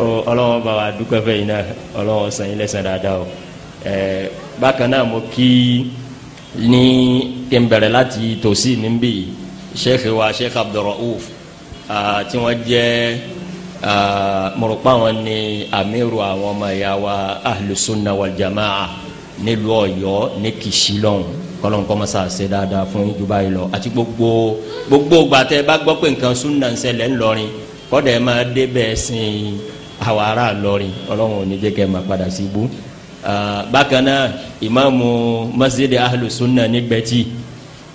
ọlọ́wọ́ wa dúpẹ́ fẹ́ yìí náà ọlọ́wọ́ san lẹ́sẹ̀ dáadáa o ẹ̀ẹ́ bákan náà mo kí ní kí n bẹ̀rẹ̀ láti tòsí mi bí sheikh wa sheikh abdulrauf tí wọ́n jẹ́ mọ̀rọ̀pá wọn ni amiru àwọn ọmọ ìyá wa ahlusunna wal jamaa nílùú ọ̀yọ́ ní kìsì lọ́hùn kọlọ́n kọ́ masa ṣe dáadáa fún yín ju báyìí lọ àti gbogbo gbogbo gbàtẹ́ bá gbọ́ pé nǹkan sunna ń ṣẹlẹ̀ ńlọrin kọ́dà ẹ̀ máa débẹ̀ sìn àwọn ará lọrin ọlọ́run ò ní jẹ́ kẹ́ ẹ̀ máa padà sí ibú. bákan náà ìmáàmù masjid ahlus sunna nígbẹ́tì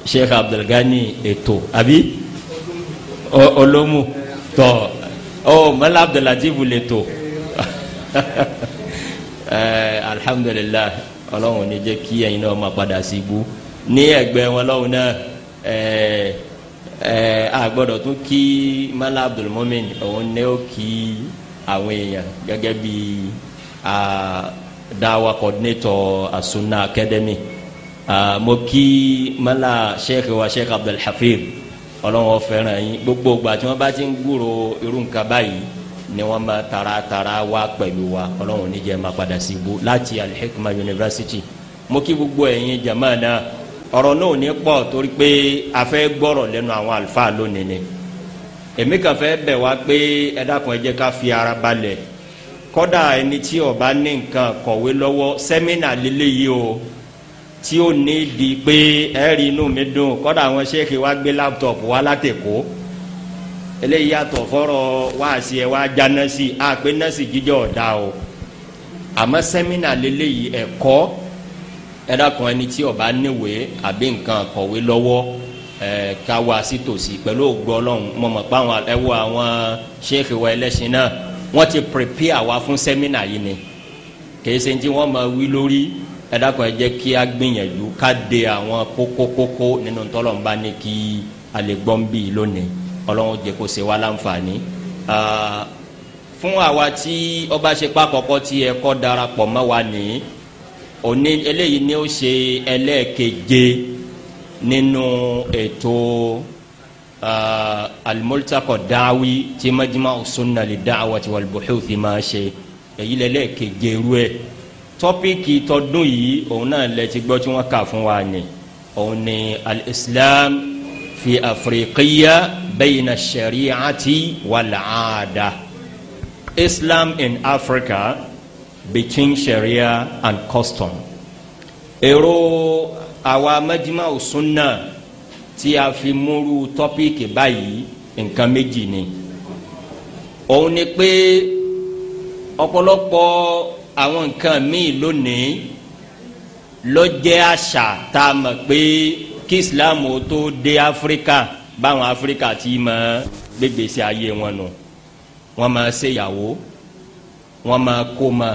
sheikh abdulgani ètò àbí olómù tọ ọ mọ́lá abdulatif lè tò alhamdulilah ọlọ́run ò ní jẹ́ kí ẹ̀yin náà máa padà sí ibú ní ẹgbẹ́ wọn lọ́wọ́ náà a tún kí mọ́lá abdulmumin òun ní ó kí àwọn èèyàn gẹ́gẹ́ bí dawa coordinator asunna academy mo kí mọ́là sheikh wa sheikh abdulhafiz ọlọ́wọ́ fẹ́ràn yín gbogbo ìgbà tí wọ́n bá ti ń gbúrò irú nǹkan báyìí ni wọ́n máa taratara wá pẹ̀lú wa ọlọ́wọ́ oníjẹ́ máa padà sí ibú láti alihikma university mo kí gbogbo ẹ̀yin jama náà ọ̀rọ̀ náà ò ní pọ̀ torí pé a fẹ́ gbọ́rọ̀ lẹ́nu àwọn àlùfáà lónìí ni èmi kàn fẹ́ bẹ̀ wá pé ẹ dákun ẹ jẹ́ ká fi ara balẹ̀ kọ́dà ẹni tí ó bá ní nǹkan kọ̀wé lọ́wọ́ sẹ́mínà lélẹ́yìí o tí ó ní di pé ẹ rí inú mi dùn kọ́dà àwọn sẹ́ẹ̀kì wá gbé láptọ̀pù wá látẹ̀kọ́ eléyìí yàtọ̀ fọ́rọ̀ wá sí ẹ wá já nọ́ọ̀sì á pé nọ́ọ̀sì jíjọ́ ọ̀dà o àmọ́ sẹ́mínà lélẹ́yìí ẹ̀kọ́ ẹ dákun ẹni tí ó níwèé àbí nǹkan kọ̀wé lọ́wọ́ ẹ ká wá sí tòsí pẹ̀lú ògbọ́ ọlọ́run mo mọ̀ pé àwọn ẹ wo àwọn ṣéèkì wa ẹlẹ́sìn náà wọ́n ti prepare wa fún sẹ́mínà yìí ni kìí ṣe tí wọ́n máa wí lórí ẹ dákun ẹ jẹ́ kí a gbìyànjú ká de àwọn kókókókó nínú tọ́lọ̀mùbá ní kí a lè gbọ́n bí i lónìí ọlọ́run jẹ́ kó ṣe wá láǹfààní. fún àwa tí ọba ṣe pa kọ́kọ́ tí ẹ darapọ̀ mọ́ wa nìyí òní eléyìí ni ó ṣe ẹlẹ́ẹ̀keje nínú ètò alimọ́lítàkọ̀ dáwí tí majima sunnali da'wati wal buhuthi máa ṣe èyí lẹ́lẹ́keje rú ẹ̀ tọ́píìkì tọdún yìí òun náà lẹ ti gbọ́ tí wọ́n kà fún wa ni òun ni al fi afirikiya bayna shari'ati wal 'ada islam in africa between sharia and custom èrò àwa mẹjìmá òsúnà tí a fi múru tọ́píìkì báyìí nǹkan méjì ni òun ni pé ọ̀pọ̀lọpọ̀ àwọn nǹkan míì lónìí ló jẹ́ àṣà tá a mọ̀ pé kí islam tó dé áfíríkà báwọn áfíríkà ti mọ gbégbèsè ayé wọn nù wọn máa ṣèyàwó wọn máa kó ma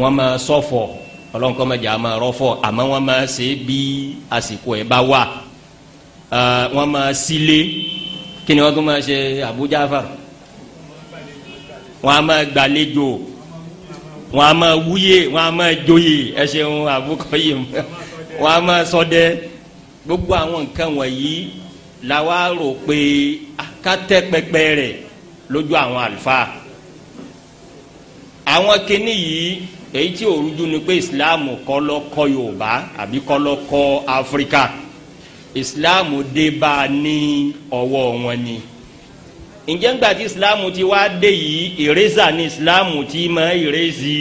wọn máa ṣọ̀fọ̀. So ọlọ́run kọ́ mẹ́jà máa rọ́fọ̀ àmọ́ wọ́n máa ṣe bí àsìkò ẹ̀ bá wà wọ́n máa sílé kí ni wọ́n tún máa ṣe Abu Jafar wọ́n á máa gbàlejò wọ́n á máa wúyè wọ́n á máa joyè ẹ ṣeun àbúkọ́yè wọ́n á máa ṣọdẹ gbogbo àwọn nǹkan wọ̀nyí la wá rò pé akátẹ́ pẹpẹ rẹ̀ lójú àwọn àlùfáà àwọn kinní yìí èyí tí òrujú ni pé ìsìláàmù kọ́ ló kọ́ yorùbá àbí kọ́ ló kọ́ áfíríkà ìsìláàmù dé bá a ní ọwọ́ wọn ni ǹjẹ́ ńgbà tí ìsìláàmù ti wá dé yìí ìrẹ́sà ni ìsìláàmù ti mọ ìrẹ́sì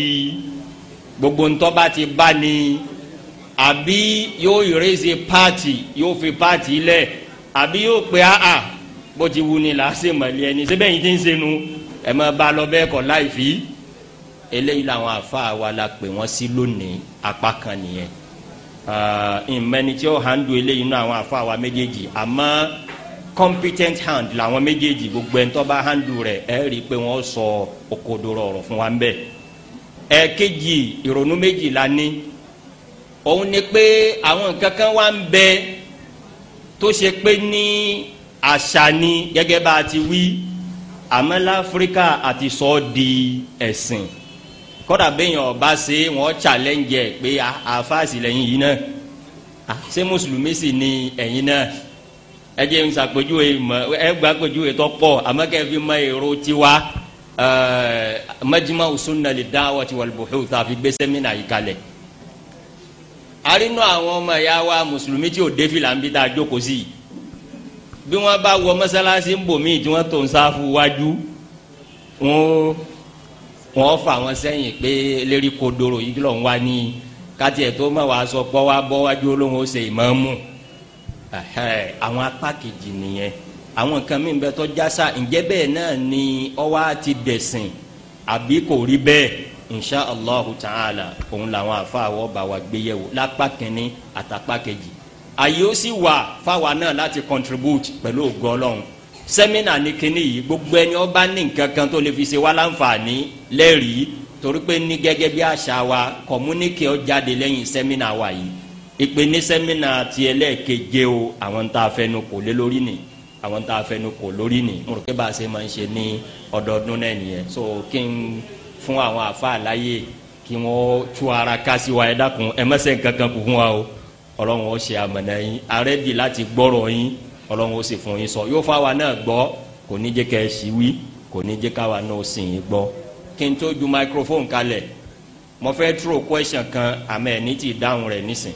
gbogbo ńtọ́ bá ti bá ni àbí yóò ìrẹ́sì pààtì yóò fi pààtì lẹ̀ àbí yóò pe àà bó ti wù ni làásìmọ̀lẹ́ ẹni síbẹ̀ yìí ti ń senu ẹ̀ mọ́ ba lọ bẹ́ẹ̀ kọ́ láì fi eléyìí làwọn àfáà wa la pè wọ́n sí lónìí apá kan nìyẹn ìmẹ́ni ah, tí ó hàn dùn eléyìí nínú àwọn àfáà wa méjèèjì àmọ́ competent hand làwọn méjèèjì gbogbo ẹni tó bá hàn dùn rẹ̀ ẹ rí i pé wọ́n sọ òkodoro ọ̀rọ̀ fún wa ń bẹ̀ ẹ̀ẹ́kejì ìrònú méjì la ní òun ni pé àwọn nǹkan kan wá ń bẹ tó ṣe pé ní àṣà ni gẹ́gẹ́ bá a ti wí àmọ́ láfíríkà àti sọ di ẹ̀sìn. E kọ́dà bẹ́yìn ọba ṣe wọ́n challenge ẹ̀ pé ah, àfáàsì lẹ́yìn yìí náà ah, ṣé mùsùlùmí sì ni ẹ̀yin náà ẹ jẹ́ ń sàpèjúwe mọ ẹ gba àpèjúwe tó pọ̀ àmọ́ kẹ́ fi mọ èrò tiwa eh, mẹ́jìmá sunna li da'wati wal buhuth tàbí gbé sẹ́mínà yìí kalẹ̀ arínú àwọn ọmọ ìyá wa mùsùlùmí tí ò dé fìlà ń bí tá a jókòó sí i bí wọ́n bá wọ mọ́sálásí ń bò míì tí wọ́n tó ń sáfù wájú wọn wọ́n fà wọ́n sẹ́yìn pé lérí kodoro yìí lọ́n wá ní káti ẹ̀ tó má wàá sọ pọ́ wá bọ́ wájú olóhùn ó ṣe ìmáàmù àwọn apá kejì nìyẹn àwọn kan mí bẹ tó jásá ǹjẹ́ bẹ́ẹ̀ náà ni ọwá ti dẹ̀sìn àbí kò rí bẹ́ẹ̀ insha allah ta'ala òun làwọn àfàwọ́ bá wa gbé yẹ̀wò lápá kínní àtàpá kejì àyè ó sì wà fáwa náà láti contribute pẹ̀lú ògo Ọlọ́run sẹ́mínà ni kinní yìí gbogbo ẹni ọba ní nǹkan kan tó lè fi ṣe wá láǹfààní lẹ́rìí torí pé ní gẹ́gẹ́ bí àṣà wa kọ̀múníkì ọ̀jáde lẹ́yìn sẹ́mínà wa yìí ìpè ní sẹ́mínà tiẹ̀ lẹ́ẹ̀keje o àwọn ń ta afẹnu kò lé lórí ni àwọn ń ta afẹnu kò lórí ni mo rò pé bá a ṣe máa ń ṣe ní ọdọọdún náà nìyẹn so kí n fún àwọn àfa àláyé kí wọ́n tú ara ká sí wa ẹ dákun ẹ mẹ́sẹ̀ nǹkan kan kù fún wa o ọlọ́run ó ṣe àmọ̀nà yín arẹ́dì láti gbọ́rọ̀ yín ọlọ́run ó sì fún yín sọ yóò fáwa náà gbọ́ kò ní jẹ́ ká ẹ sì wí kò ní jẹ́ káwa náà sìn yín gbọ́ kí n tó ju microphone kalẹ̀ mo fẹ́ tró question kan àmọ́ ẹ̀ ní ti dáhùn rẹ̀ nísìn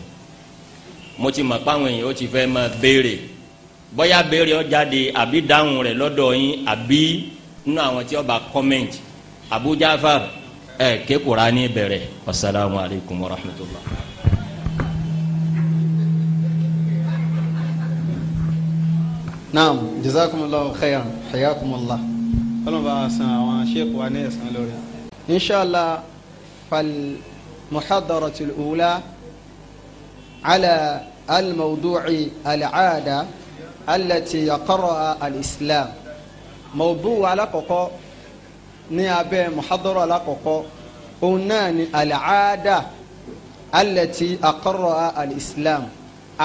mo ti mọ̀ páwọn èèyàn ó ti fẹ́ máa béèrè bóyá béèrè ó jáde àbí dáhùn rẹ̀ lọ́dọ̀ yín àbí nínú àwọn tí ó comment Abu Jafar ẹ̀ eh, kékùrá ní bẹ̀rẹ̀ wasalaamualeykum wa rahmatulah. naam jazakumullahu khairan hayakumullah ọlọ́run bá san àwọn sheikh wa ní ẹ̀sán lórí. inshallah fal muhadarati ula ala almawduci alcaada alati yaqara'a alislam mawdu alakoko ní abẹ́ muhadara alakoko òun náà ni alcaada alati yaqara'a alislam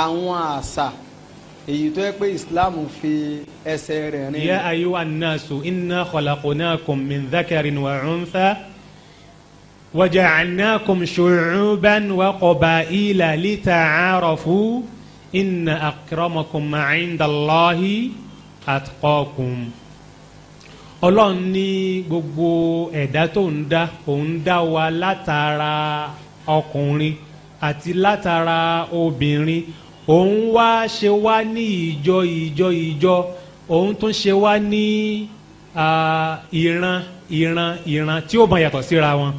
àwọn àṣà èyí tó yẹ pé islam fi ẹsẹ̀ rẹ̀ rìn. ya ayyuha nnasu inna khalaqnakum min dhakarin wa untha wa ja'alnakum shu'uban wa qaba'ila lita'arafu inna akramakum 'inda Allahi atqakum. ọlọ́run ní gbogbo ẹ̀dá tó ń dá òun dá wa látara ọkùnrin àti látara obìnrin òun wá ṣe wá ní ìjọ ìjọ ìjọ òun tún ṣe wá ní ìran ìran ìran tí ó bá yàtọ̀ síra wọn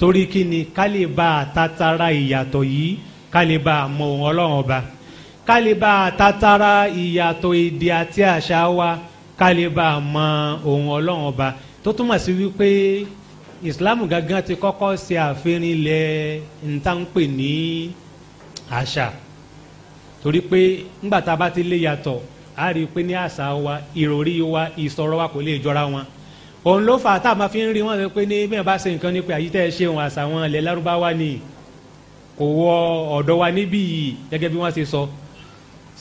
torí kí ni ká lè bá àtàtàrà ìyàtọ̀ yìí ká lè bá àmọ́ òun ọlọ́run ọba ká lè bá àtàtàrà ìyàtọ̀ èdè àti àṣà wa ká lè bá àmọ́ òun ọlọ́run ọba tó túmọ̀ sí wípé ìsìláàmù gangan ti kọ́kọ́ ṣe àfihàn ilẹ̀ ntànpẹ̀ ní àṣà torí pé ńgbà tá a bá ti lé yàtọ̀ a rí i pé ní àṣà wa ìròrí wa ìsọ̀rọ̀ wa kò lè jọra wọn òun ló fà á tá a máa fi ń rí wọn pé ní bẹ́ẹ̀ bá ṣe nǹkan ní pé àyítẹ́ ṣe òun àṣà wọn ilẹ̀ lárúbáwá ni kò wọ ọ̀dọ̀ wa níbí yìí gẹ́gẹ́ bí wọ́n ṣe sọ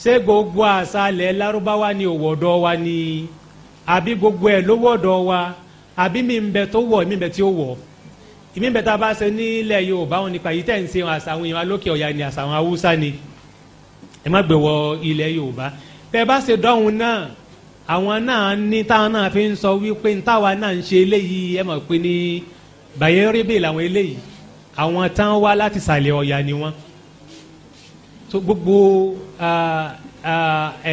ṣé gbogbo àṣà ilẹ̀ lárúbáwá ni òwò ọ̀dọ̀ wa ni àbí gbogbo ẹ̀ lówó ọ̀dọ̀ wa àbí mi ń bẹ tó wọ̀ mi ń bẹ tí ó wọ̀ ìmí ń bẹ tá a bá ṣe nílẹ̀ Yorùbá wọn nípa àyítẹ́ ń ṣe àṣà wọn ìwà lókè ọ̀yà ni àṣà wọn Haúsá ni ẹ má gbé wọ ilẹ̀ yorùbá bẹ́ẹ̀ bá ṣe dọ́hùn náà àwọn náà ní táwọn náà fi ń sọ wípé táwa náà ń ṣe eléyìí ẹ mọ̀ pé ní bàyẹ́rẹ́bẹ̀ làwọn eléyìí àwọn tán wá láti sàlẹ̀ ọ̀yà ni wọ́n so gbogbo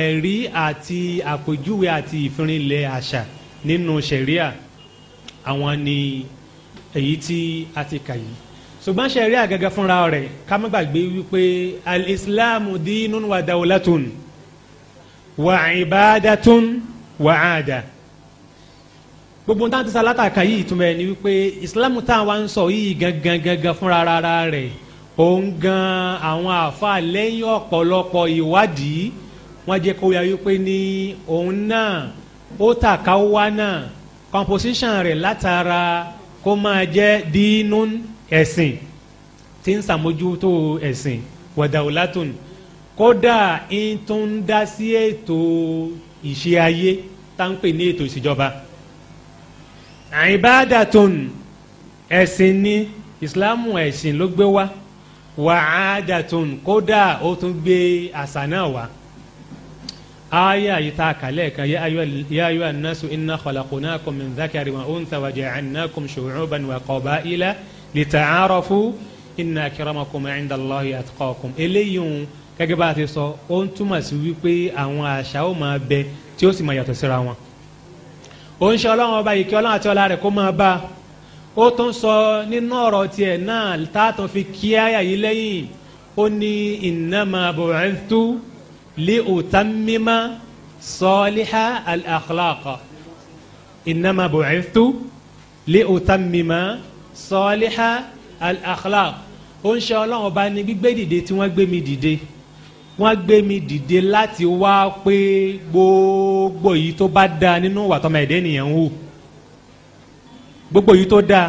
ẹ̀rí àti àpèjúwe àti ìfinrinlẹ̀ àṣà nínú ṣẹ̀ríà àwọn ni èyí tí a ti kà yìí ṣùgbọ́n ṣẹ̀rí àgàgà fúnra rẹ̀ ká má gbàgbé wípé alìsílámù dínún wà dáwọ́látún wà ìbádàtún wà àdà gbogbo táwọn ti sálátà kan yìí ìtumọ̀ ẹni wípé ìsìlámù táwọn wá ń sọ yìí gangan gangan fúnra rárá rẹ̀ òun gan àwọn àfa lẹ́yìn ọ̀pọ̀lọpọ̀ ìwádìí wọ́n jẹ́ kó yà wípé ní òun náà ó tàkà náà composition rẹ̀ látara kó máa jẹ́ dínún ẹ̀sìn tí ń sàmójútó ẹ̀sìn wàdàwùlátùn kódà ń tó ń dá sí ètò ìṣe ayé tá ń pè ní ètò ìṣèjọba àìbádàtùn ẹ̀sìn ni ìsìláàmù ẹ̀sìn ló gbé wá wàádàtùn kódà ó tún gbé àṣà náà wá aya yìí tá a kan yá ayọ́ anasu inna khalaqnakum min dhakari wa untha wa ja'alnakum shu'uban wa qaba'ila litaarafu inna akramakum inda Allahi atqakum eléyìí ń gẹ́gẹ́ bá a ti sọ ó ń túmọ̀ sí wípé àwọn àṣà ó máa bẹ tí ó sì máa yàtọ̀ síra wọn. ó ń ṣe ọlọ́run ọba yìí kí ọlọ́run àti ọlá rẹ̀ kó máa bá a ó tún sọ nínú ọ̀rọ̀ tiẹ̀ náà táàtàn fi kí àyà yìí lẹ́yìn ó ní innama bu'ithtu li utammima saliha al-akhlaqa innama bu'ithtu li utammima sọ́ọ́líhà al-akhlaq ó ń ṣe ọlọ́run ọba ní gbígbé dìde tí wọ́n gbé mi dìde wọ́n gbé mi dìde láti wá pé gbogbo yìí tó bá dáa nínú ìwà tọmọ ẹ̀dẹ́ nìyẹn ń hù gbogbo yìí tó dáa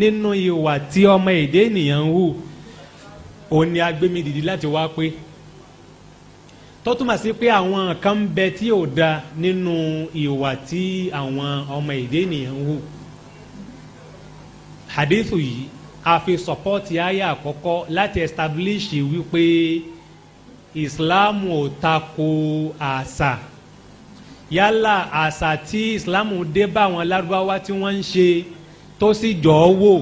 nínú ìwà tí ọmọ èdè ènìyàn ń hù òun ni agbémi dìdí láti wá pé tó sí pé àwọn kan bẹ tí ò dáa nínú ìwà tí àwọn ọmọ èdè ènìyàn ń hù hadithu yìí a fi sọpọ́tì àyà àkọ́kọ́ láti establish wípé islam ò tako àṣà yálà àṣà tí islam dé bá àwọn lárúbáwá tí wọ́n ń ṣe tó sì jọ ọ́ wò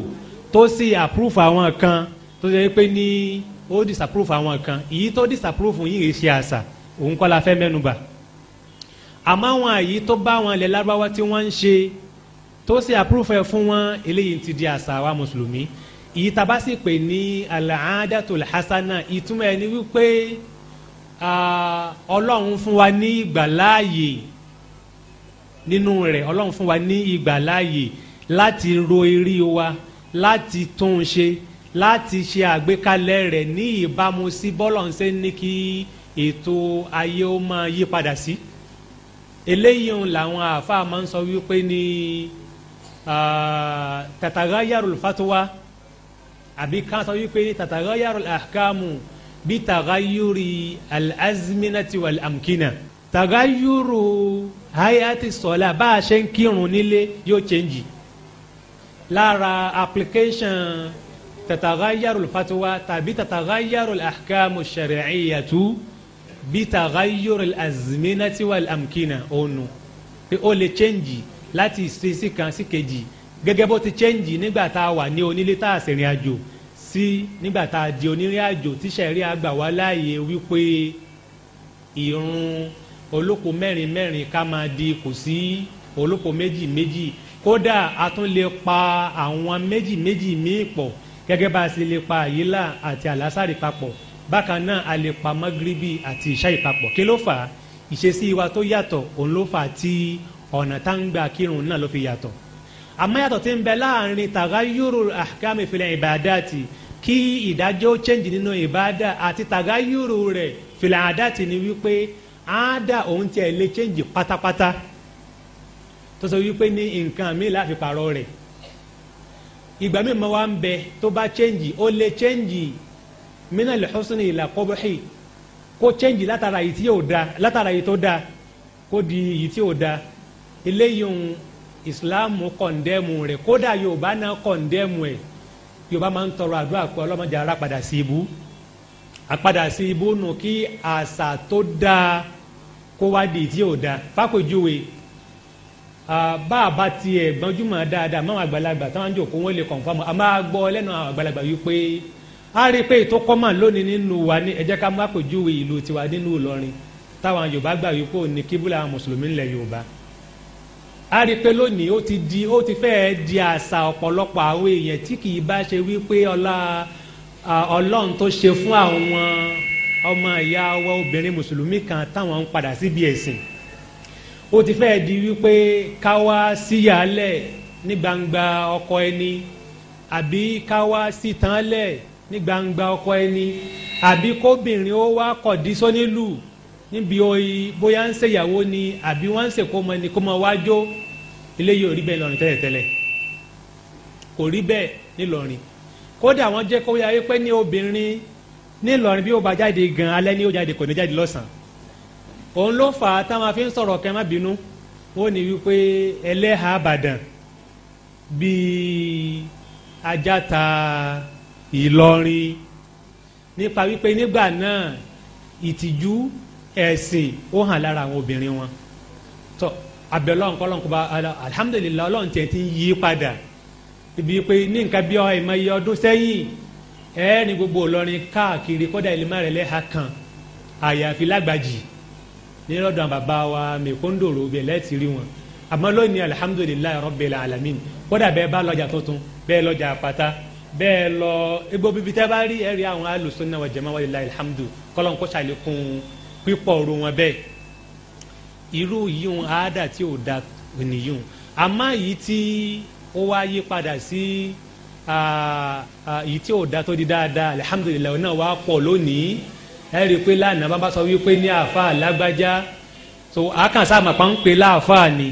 tó sì approve àwọn kan tó ṣe pé ní ó disapprove àwọn kan èyí tó disapprove yìí kìí ṣe àṣà òun kọ́ la fẹ́ mẹ́nuba àmọ́ àwọn àyí tó bá àwọn ilẹ̀ lárúbáwá tí wọ́n ń ṣe tó ṣe àpúrúfẹ́ fún wọn eléyìí ti di àṣà wa mùsùlùmí èyí tá a bá sì pè ní al-aadatul hasana ìtumọ̀ ẹni wípé ọlọ́run fún wa ní ìgbàláàyè nínú rẹ̀ ọlọ́run fún wa ní ìgbàláàyè láti ro eré wa láti tún un ṣe láti ṣe àgbékalẹ̀ rẹ̀ ní ìbámu sí bọ́lọ̀ ní kí ètò ayé ó máa yí padà sí eléyìí làwọn àáfàá máa ń sọ wípé ní. Ni Ah, tatagayarul fatuwa àbí kan sọ wípé tatagayarul ahkamu bí tagayuri al-azminati wal amkina tagayuru hayati sọlá bá a ṣe ń kírun nílé yóò change lára application tatagayarul fatuwa tàbí tatagayarul ahkamu shari'iyatu bí tagayurul azminati wal ònu pé ó lè láti ìṣesí kan sí kejì gẹ́gẹ́ bó ti chẹ́ǹjì nígbà tá a wà ní onílé tá a ṣèrìn àjò sí nígbà tá a di onírìn àjò tí sẹ̀rí àgbà wá láàyè wípé ìrun olóko mẹ́rin mẹ́rin ká máa di kò sí olóko méjì méjì kódà a tún lè pa àwọn méjì méjì míì pọ̀ gẹ́gẹ́ bá a sì lè pa àyílà àti àlásàrì papọ̀ bákan náà a lè pa magribi àti ìṣá ìpapọ̀ kí ló fà á ìṣesí wa tó yàtọ̀ òun ló fà á tí ọ̀nà tá ń gbà kírun náà ló fi yàtọ̀ àmọ́ yàtọ̀ tí ń bẹ láàrin tagayuru ahkami fil ibadati kí ìdájọ́ change nínú ìbádà àti tagayuru rẹ̀ fil adati ni wípé àádà òun tiẹ̀ lè change pátápátá tó sọ wípé ní nǹkan mi láfi pààrọ̀ rẹ̀ ìgbà mi ma wá ń bẹ tó bá change ó lè change mina lixusni ila qobuxi kó change látara yìí tí yóò tó da kó di yìí tí da eléyìí ohun ìsìláàmù kọ̀ǹdẹ́mù rẹ̀ kódà yorùbá náà kọ̀ǹdẹ́mù ẹ̀ yorùbá máa ń tọrọ àdúrà pé ọlọ́mọdé ara padà sí ibú àpadà sí ibú nù kí àṣà tó dáa kó wá di tí ò dáa fápèjúwe bá a bá tiẹ̀ gbọ́njúmọ̀ dáadáa máwọn àgbàlagbà táwọn ń jòkó wọn lè kọ̀ǹfàmù a máa gbọ́ lẹ́nu àwọn àgbàlagbà yìí pé a rí i pé ètò kọ́mọ̀ lónìí nínú wa ní ẹ jẹ́ ká má pèjúwe ìlú tiwa nínú Ìlọrin táwọn Yorùbá gbà wípé òní kíbúlà àwọn mùsùlùmí ńlẹ̀ Yorùbá Ari rí i lónìí ó ti di ó ti fẹ́ẹ́ di àṣà ọ̀pọ̀lọpọ̀ àwọn èèyàn tí kì í bá ṣe wípé ọlá ọlọ́run tó ṣe fún àwọn ọmọ ìyá wa obìnrin mùsùlùmí kan táwọn ń padà síbi ẹ̀sìn ó ti fẹ́ẹ́ di wípé ká wá síyàálẹ̀ ní gbangba ọkọ ẹni àbí ká wá sítánlẹ̀ ní gbangba ọkọ ẹni àbí kóbìnrin ó wá kọ̀dísọ́nílù. So níbi bóyá ń ṣèyàwó ni àbí wọ́n ń ṣèkómọ ni kó mọ wájó eléyìí ò rí bẹ́ẹ̀ lọ́rin tẹ́lẹ̀tẹ́lẹ̀ kò rí bẹ́ẹ̀ nílọrin kódà wọ́n jẹ́ kó yáyé pé ní obìnrin nílọrin bí ó bá jáde gan alẹ́ ni ó jáde kò ní jáde lọ́sàn-án òun ló fà á táwọn afi ń sọ̀rọ̀ kẹ́ má bínú wọ́n ní wípé ẹlẹ́hàá àbàdàn bíi ajáta ìlọrin nípa wípé nígbà náà ìtìjú ẹ̀sìn ó hàn lára àwọn obìnrin wọn tó abẹ́ ọlọ́run kọ́ ọlọ́run kó bá alhamdulilayi ọlọ́run tiẹ̀ ti ń yí padà ibi pé ní nǹkan bí ọmọ iye ọdún sẹ́yìn ẹ ní gbogbo Ìlọrin káàkiri kódà ìlú márẹ̀lẹ́ ha kan àyàfi lágbàjì ní lọ́dọ̀ bàbá wa mẹ́kóńdòrò bẹ̀ lẹ́tì rí wọn àmọ́ lónìí alihamudulilayi rabbil alamin kódà bẹ́ẹ̀ bá lọ́jà tuntun bẹ́ẹ̀ lọ́jà àpáta bẹ́ẹ̀ lọ egbò bíbí tẹ́ bá rí ẹ̀rí àwọn alùsùn náà wà jẹ́mọ́ wàlíláyìí alihamudu kọ́lọ́n kó pípọ̀ ro wọn bẹ́ẹ̀ irú yíyún àádà tí ò da nìyún àmọ́ yìí tí ó wá yí padà sí yìí tí ò da tó di dáadáa alihamudulilayi náà wá pọ̀ lónìí ẹ rí i pé lánàá bá bá sọ wípé ní àáfà lágbájá so àkànṣe àmàpá ń pe láàfà ni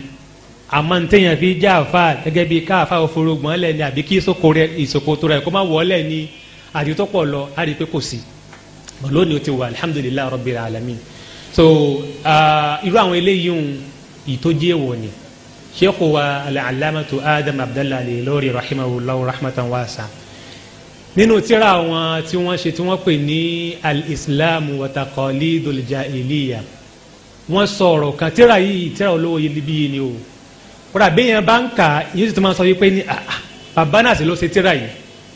àmọ́ ntẹ̀yàn fi já àáfà gẹ́gẹ́ bí káàfà òfurufú gbọ́n lẹ́ni àbí kí ìsòkò rẹ̀ kó má wọ́ lẹ́ni àdìtọ́pọ̀ lọ á rí i pé kò sí lónìí o ti wà alihamudulilayi rabbil alamin so uh, irú àwọn eléyìí ń ìtọ́jú èèwọ̀ ni sheikh wa alalamatu adam abdallah al-Ilori rahimahullahu rahmatan wasa nínú tírà àwọn tí wọ́n ṣe tí wọ́n pè ní al-islam wa taqalidul jahiliya wọ́n sọ̀rọ̀ kan tírà yìí tírà olówó yìí níbí yìí ni o kódà bí yẹn bá ń kà yìí tó máa sọ wípé ní ah, ah, bàbá náà sì ló ṣe tírà yìí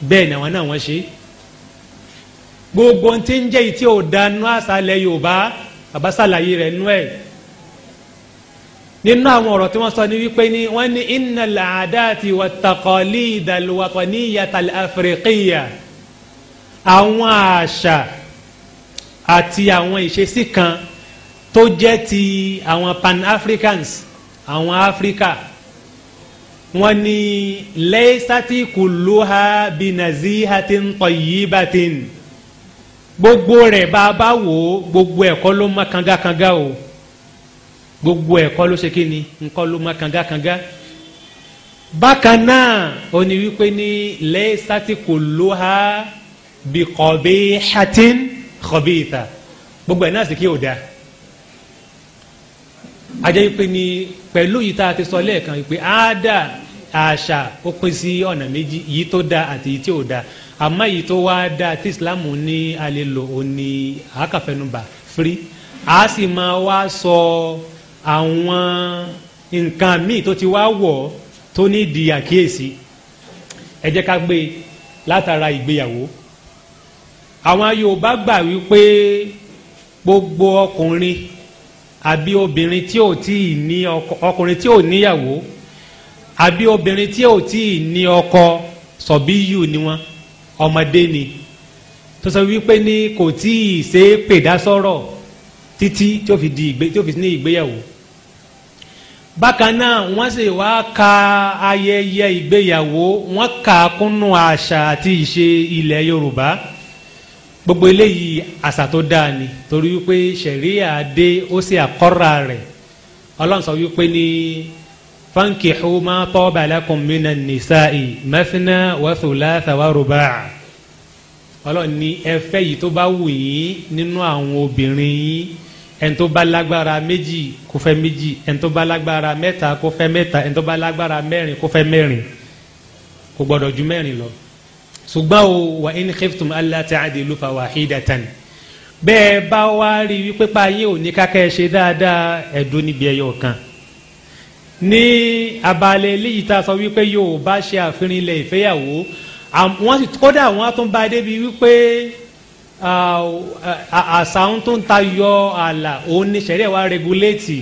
bẹ́ẹ̀ ni àwọn náà wọ́n ṣe é gbogbo ń ti ń jẹ́ ìtí ọ̀dánú àṣàlẹ̀ yorùbá bàbá ṣàlàyé rẹ̀ nú ẹ̀ nínú àwọn ọ̀rọ̀ tí wọ́n sọ ni wípé ni wọ́n ní innal aadati wattaqalida alwataniyata alafriqiya àwọn àṣà àti àwọn ìṣesí kan tó jẹ́ ti àwọn pan-africans àwọn áfíríkà wọ́n ní laysati kulluha binazihatin tayyibatin gbogbo rẹ̀ bá a bá wò ó gbogbo ẹ̀kọ́ ló má kangakanga o gbogbo ẹ̀kọ́ ló ṣe kí ni nǹkan ló má kangakanga bákan náà ó wípé ní lẹ́sàtì kò ló ha bí kọ̀bí hatin kọ̀bí ìta gbogbo ẹ̀ náà sì kí o dáa ajẹ́ pé ni pẹ̀lú yìí tá a ti sọ lẹ́ẹ̀kan pé àádà àṣà ó pín sí ọ̀nà méjì yìí tó dáa àti yìí tí ò dáa àmọ́ èyí tó wá dáa tí islam ní alẹ́ lò ó ní àákàfẹnubà firi a sì máa wá sọ àwọn nǹkan míì tó ti wá wọ̀ tó ní di àkíyèsí ẹ jẹ́ ká gbé látara ìgbéyàwó àwọn Yorùbá gbà wípé gbogbo ọkùnrin àbí obìnrin tí ò tí ì ní ọkùnrin tí ò níyàwó àbí obìnrin tí ò tí ì ní ọkọ sọ̀bíyù ni wọ́n. So ọmọdé ni tó sọ wípé ní kò tí ì ṣe é pè dá sọ̀rọ̀ títí tó fi di ìgbé tó fi ní ìgbéyàwó bákan náà wọ́n sì wá ka ayẹyẹ ìgbéyàwó wọ́n kà á kúnnú àṣà àti ìṣe ilẹ̀ Yorùbá gbogbo eléyìí àṣà tó dáa ni torí wípé ṣẹ̀ríà dé ó sì àkọ́ra rẹ̀ ọlọ́run sọ wípé ní fankihu ma taba lakum minan nisa'i mathna wa thulatha wa ruba' ọlọ́run ní ẹ fẹ́ yìí tó bá wù yín nínú àwọn obìnrin yín ẹni tó bá lágbára méjì kó fẹ́ méjì ẹni tó bá lágbára mẹ́ta kó fẹ́ mẹ́ta ẹni kò gbọ́dọ̀ ju mẹ́rin lọ. ṣùgbọ́n o wa in khiftum alla ta'dilu fawahidatan bẹ́ẹ̀ bá wá rí wípé pa yín ò ní kákẹ́ ṣe dáadáa ẹ̀dùn níbi ẹyọ kan ní abalẹ̀ eléyìí tá a sọ wípé yorùbá ṣe àfihàn ilẹ̀ ìfẹ́yàwó wọ́n sì kódà wọ́n tún bá a débi wípé àṣà ń tún tayọ ààlà òun ní sẹ́rẹ̀ wa rẹ́gúléètì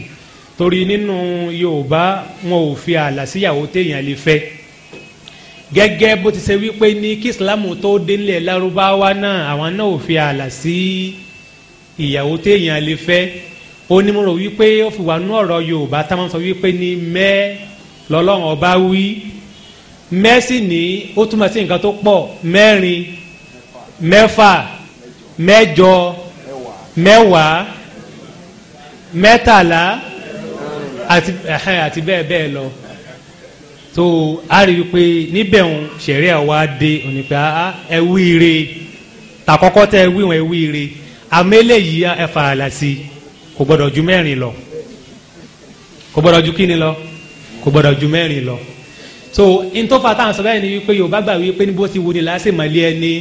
torí nínú yorùbá wọn ò fi ààlà síyàwó téèyàn lè fẹ́ gẹ́gẹ́ bó ti ṣe wípé ní kí islam tó délẹ̀ lárúbáwá náà àwọn náà ò fi ààlà sí ìyàwó téèyàn lè fẹ́ ó ní mo rò wípé ó fi wà nú ọ̀rọ̀ Yorùbá tá a máa sọ wípé ní mẹ́ lọ́lọ́run ọba wí mẹ́ sì ní ó túmọ̀ sí nǹkan tó pọ̀ mẹ́rin mẹ́fà mẹ́jọ mẹ́wàá mẹ́tàlá àti àti bẹ́ẹ̀ bẹ́ẹ̀ lọ tó a rí i pé níbẹ̀ ń ṣẹ̀ríà wa dé òní pé ẹ wí ire tàkọ́kọ́ tẹ ẹ ẹ wí ire àmọ́ eléyìí ẹ fàràlà kò gbọ́dọ̀ ju mẹ́rin lọ kò gbọ́dọ̀ ju kíni lọ kò gbọ́dọ̀ ju mẹ́rin lọ so in tá à ń sọ ni wípé yorùbá gbà wípé níbo ti wo ni láàṣẹ mọ̀lẹ́ ẹni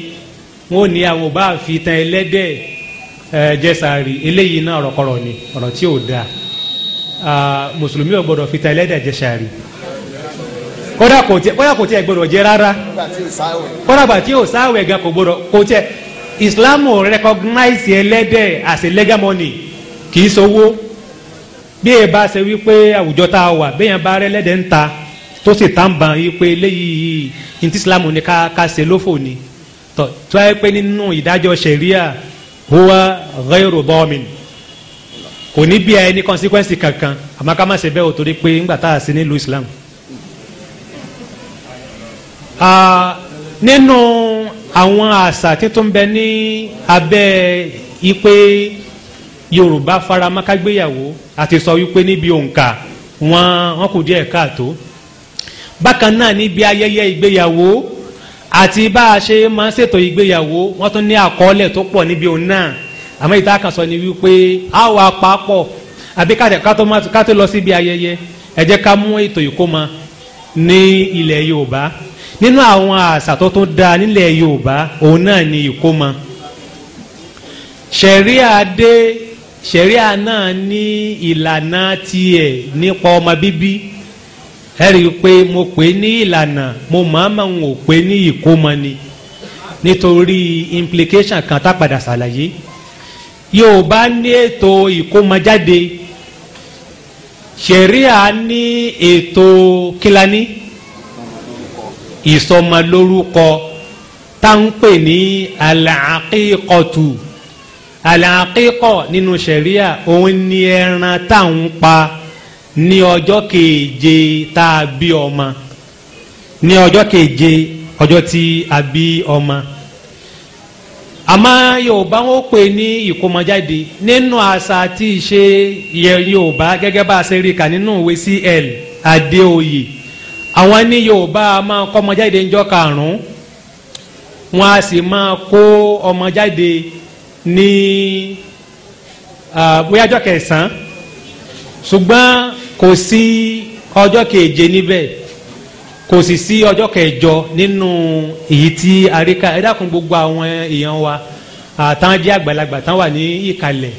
wọn ò ní àwọn ò bá fi tan ẹlẹ́dẹ̀ ẹ jẹsàárì eléyìí náà ọ̀rọ̀kọ̀rọ̀ ni ọ̀rọ̀ tí ò dáa mùsùlùmí ò gbọ́dọ̀ fi tan ẹlẹ́dẹ̀ jẹsàárì kódà kò tiẹ̀ kódà jẹ rárá kódà gbà tí ò sáwẹ̀ gan kò gbọ́dọ̀ kò tiẹ̀ Islam recognize ẹlẹ́dẹ̀ as a legal money kì í sowó bí ẹ bá ṣe wípé àwùjọ tá a wà béèyàn bá rẹ lẹ́dẹ̀ ń ta tó sì tá ń ban wípé eléyìí ní tí Islam ní ká ká ṣe lófò ni tó tó yẹ pé nínú ìdájọ́ ṣẹ̀ríà huwa ghayru dhamin kò ní bí ẹni consequence kankan àmọ́ ká má ṣe bẹ́ẹ̀ o torí pé ńgbà tá a ṣe nílùú Islam. nínú àwọn àṣà títún bẹ ní abẹ́ ipe yorùbá faramọ́ kágbéyàwó àti sọ wípé níbi òǹkà wọn wọn kù díẹ̀ káàtó bákan náà níbi ayẹyẹ ìgbéyàwó àti bá a ṣe máa ń ṣètò ìgbéyàwó wọn tún ní àkọọ́lẹ̀ tó pọ̀ níbi òun náà àmọ́ ìta kan ni wípé a wà papọ̀ àbí ká tó lọ síbi ayẹyẹ ẹ jẹ́ ká mú ètò ìkómọ ní ilẹ̀ yorùbá nínú àwọn àṣà tó tún da nílẹ̀ yorùbá òun náà ni ìkómọ sẹ̀ríà dé sẹ̀ríà náà ní ìlànà tiẹ̀ nípa ọmọ bíbí ẹ̀rí pé mo pè ní ìlànà mo màmá ń ò pè ní ìkómọ ni nítorí implication kan tá padà ṣàlàyé yóò bá ní ètò ìkómọjáde sẹ̀ríà ní ètò kílání ìsọmọlórúkọ tá ń pè ní àlàákìkọ̀tù àlàkíkọ̀ nínú ṣẹ̀ríà òun ni ẹran táwọn pa ní ọjọ́ keje tá a bí ọmọ ní ọjọ́ keje ọjọ́ tí a bí ọmọ àmọ́ yorùbá wọn pè ní ìkómọjáde nínú àṣà àti ìṣe yorùbá gẹ́gẹ́ bá a ṣe rí kà nínú ìwé cl adéoyè àwọn ní yorùbá máa kọ́mọjáde ńjọ́ karùn-ún wọn a sì máa kó ọmọ ní bóyá ọjọ́ kẹsàn-án ṣùgbọ́n kò sí ọjọ́ keje níbẹ̀ kò sì sí ọjọ́ kẹjọ nínú èyí tí àríkà ẹ dákun gbogbo àwọn èèyàn wa àtàn jẹ́ àgbàlagbà tán wà ní ìkàlẹ̀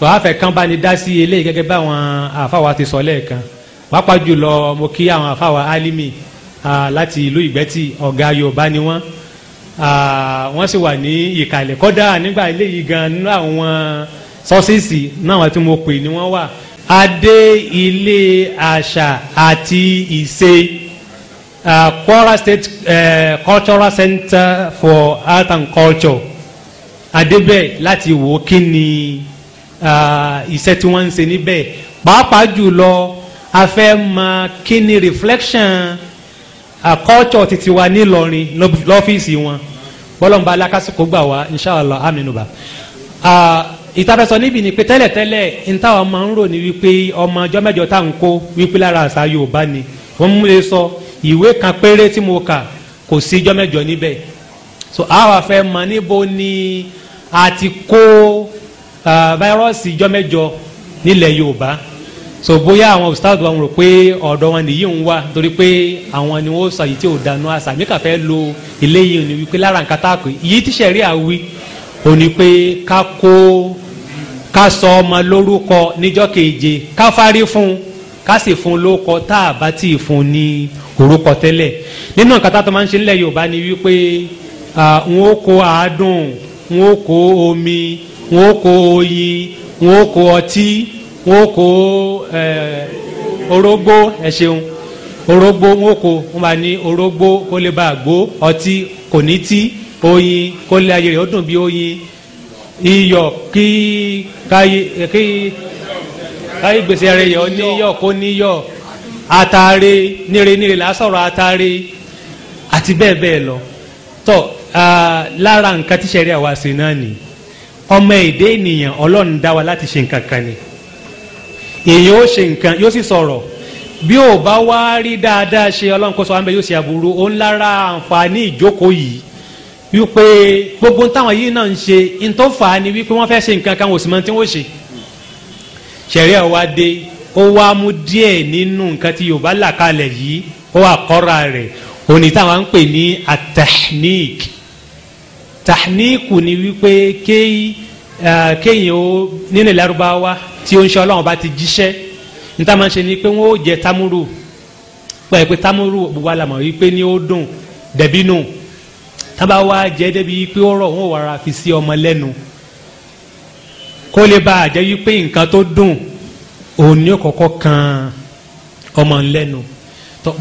tó a fẹ́ kán bá ní dá sí eléyìí gẹ́gẹ́ bá àwọn àfáwà ti sọ lẹ́ẹ̀kan pàápàá jùlọ mo kí àwọn àfáwà alimi láti ìlú ìgbẹ́tì ọ̀gá yorùbá ni wọ́n wọ́n sì wà ní ìkàlẹ̀ kọ́dà nígbà eléyìí gan nínú àwọn sọ́sìsì náà tí mo pè ní wọ́n wà adé ilé àṣà àti ìṣe Kwara State uh, Cultural Center for Art and Culture adébẹ̀ láti wò kí ni iṣẹ́ tí wọ́n ń ṣe níbẹ̀ pàápàá jùlọ a fẹ́ mọ kí ni reflection àkọ́ọ̀tsọ̀ titi wa nílọrin lọ́fíìsì wọn bọ́lọ́mùbá alákàsíkò gbà wá inṣàlá aminuba. ìtafẹsọ níbi ni pé tẹ́lẹ̀tẹ́lẹ̀ ntàwa máa ń rò ní wípé ọmọ ọjọ́ mẹ́jọ tá à ń kó wípé lára àṣà Yorùbá ni wọ́n mú lè sọ ìwé kan péré tí mo kà kò sí ọjọ́ mẹ́jọ níbẹ̀ so àwa fẹ́ mọ níbo ni a ti kó fáírọ́ọ̀sì ọjọ́ mẹ́jọ nílẹ̀ Yorùbá so bóyá àwọn ustaz wa rò pé ọ̀dọ̀ wọn nìyí ń wá torí pé àwọn ni wọ́n sọ yìí tí ò dànù àṣà mi kà fẹ́ lo eléyìí ni wípé lára nǹkan tá a pè yìí tí sẹ̀rí àwí ò ní pé ká kó ká sọ ọmọ lórúkọ níjọ́ keje ká fárí fún ká sì fún lórúkọ tá a bá tì í fún ní orúkọ tẹ́lẹ̀ nínú nǹkan tá a tó máa ń ṣe nílẹ̀ Yorùbá ni wípé n ó kó àádùn n ó kó omi n ó kó oyin n ó kó ọtí wọn kó orógbó ẹ ṣeun orógbó wọn kó wọn bá ní orógbó kó lè bá àgbo ọtí kò ní tí oyin kó lè ayé rẹ̀ ó dùn bí oyin iyọ̀ kí káyé kí káyé gbèsè rẹ̀ yọ níyọ̀ kó níyọ̀ atare nírenire lásọ̀rọ̀ atare àti bẹ́ẹ̀ bẹ́ẹ̀ lọ tọ́ lára nǹkan tíṣẹ̀rí àwa sí náà ni ọmọ èdè ènìyàn ọlọ́run dá wa láti ṣe nǹkan kan ni èèyàn ó ṣe nǹkan yóò sì sọ̀rọ̀ bí ò bá wá rí dáadáa ṣe ọlọ́run kó sọ àmì yóò ṣe àbúrò ó ń lára àǹfààní ìjókòó yìí wípé gbogbo táwọn yìí náà ń ṣe ń tó fà á ni wípé wọ́n fẹ́ ṣe nǹkan kan òsì mọ́ tí wọ́n ṣe ṣẹ̀ríà wa dé ó wá mú díẹ̀ nínú nǹkan tí Yorùbá là kalẹ̀ yìí ó wà kọ́ra rẹ̀ òní táwọn ń pè ní atahnik tahniku ni wípé kéyìí kéèyàn ó nílẹ̀ Lárúbáwá tí ó ń ṣe ọlọ́run bá ti jíṣẹ́ níta máa ń ṣe ni pé wọ́n ó jẹ támúrù pẹ̀lú pé támúrù gbogbo àlàmọ̀ yìí pé ní ó dùn dẹ̀bí nù tábà wá jẹ́ débi pé ó rọ̀ wọ́n wàrà fi sí ọmọ lẹ́nu kó lè bá a jẹ́ wípé nǹkan tó dùn òun ni ó kọ́kọ́ kan ọmọ lẹ́nu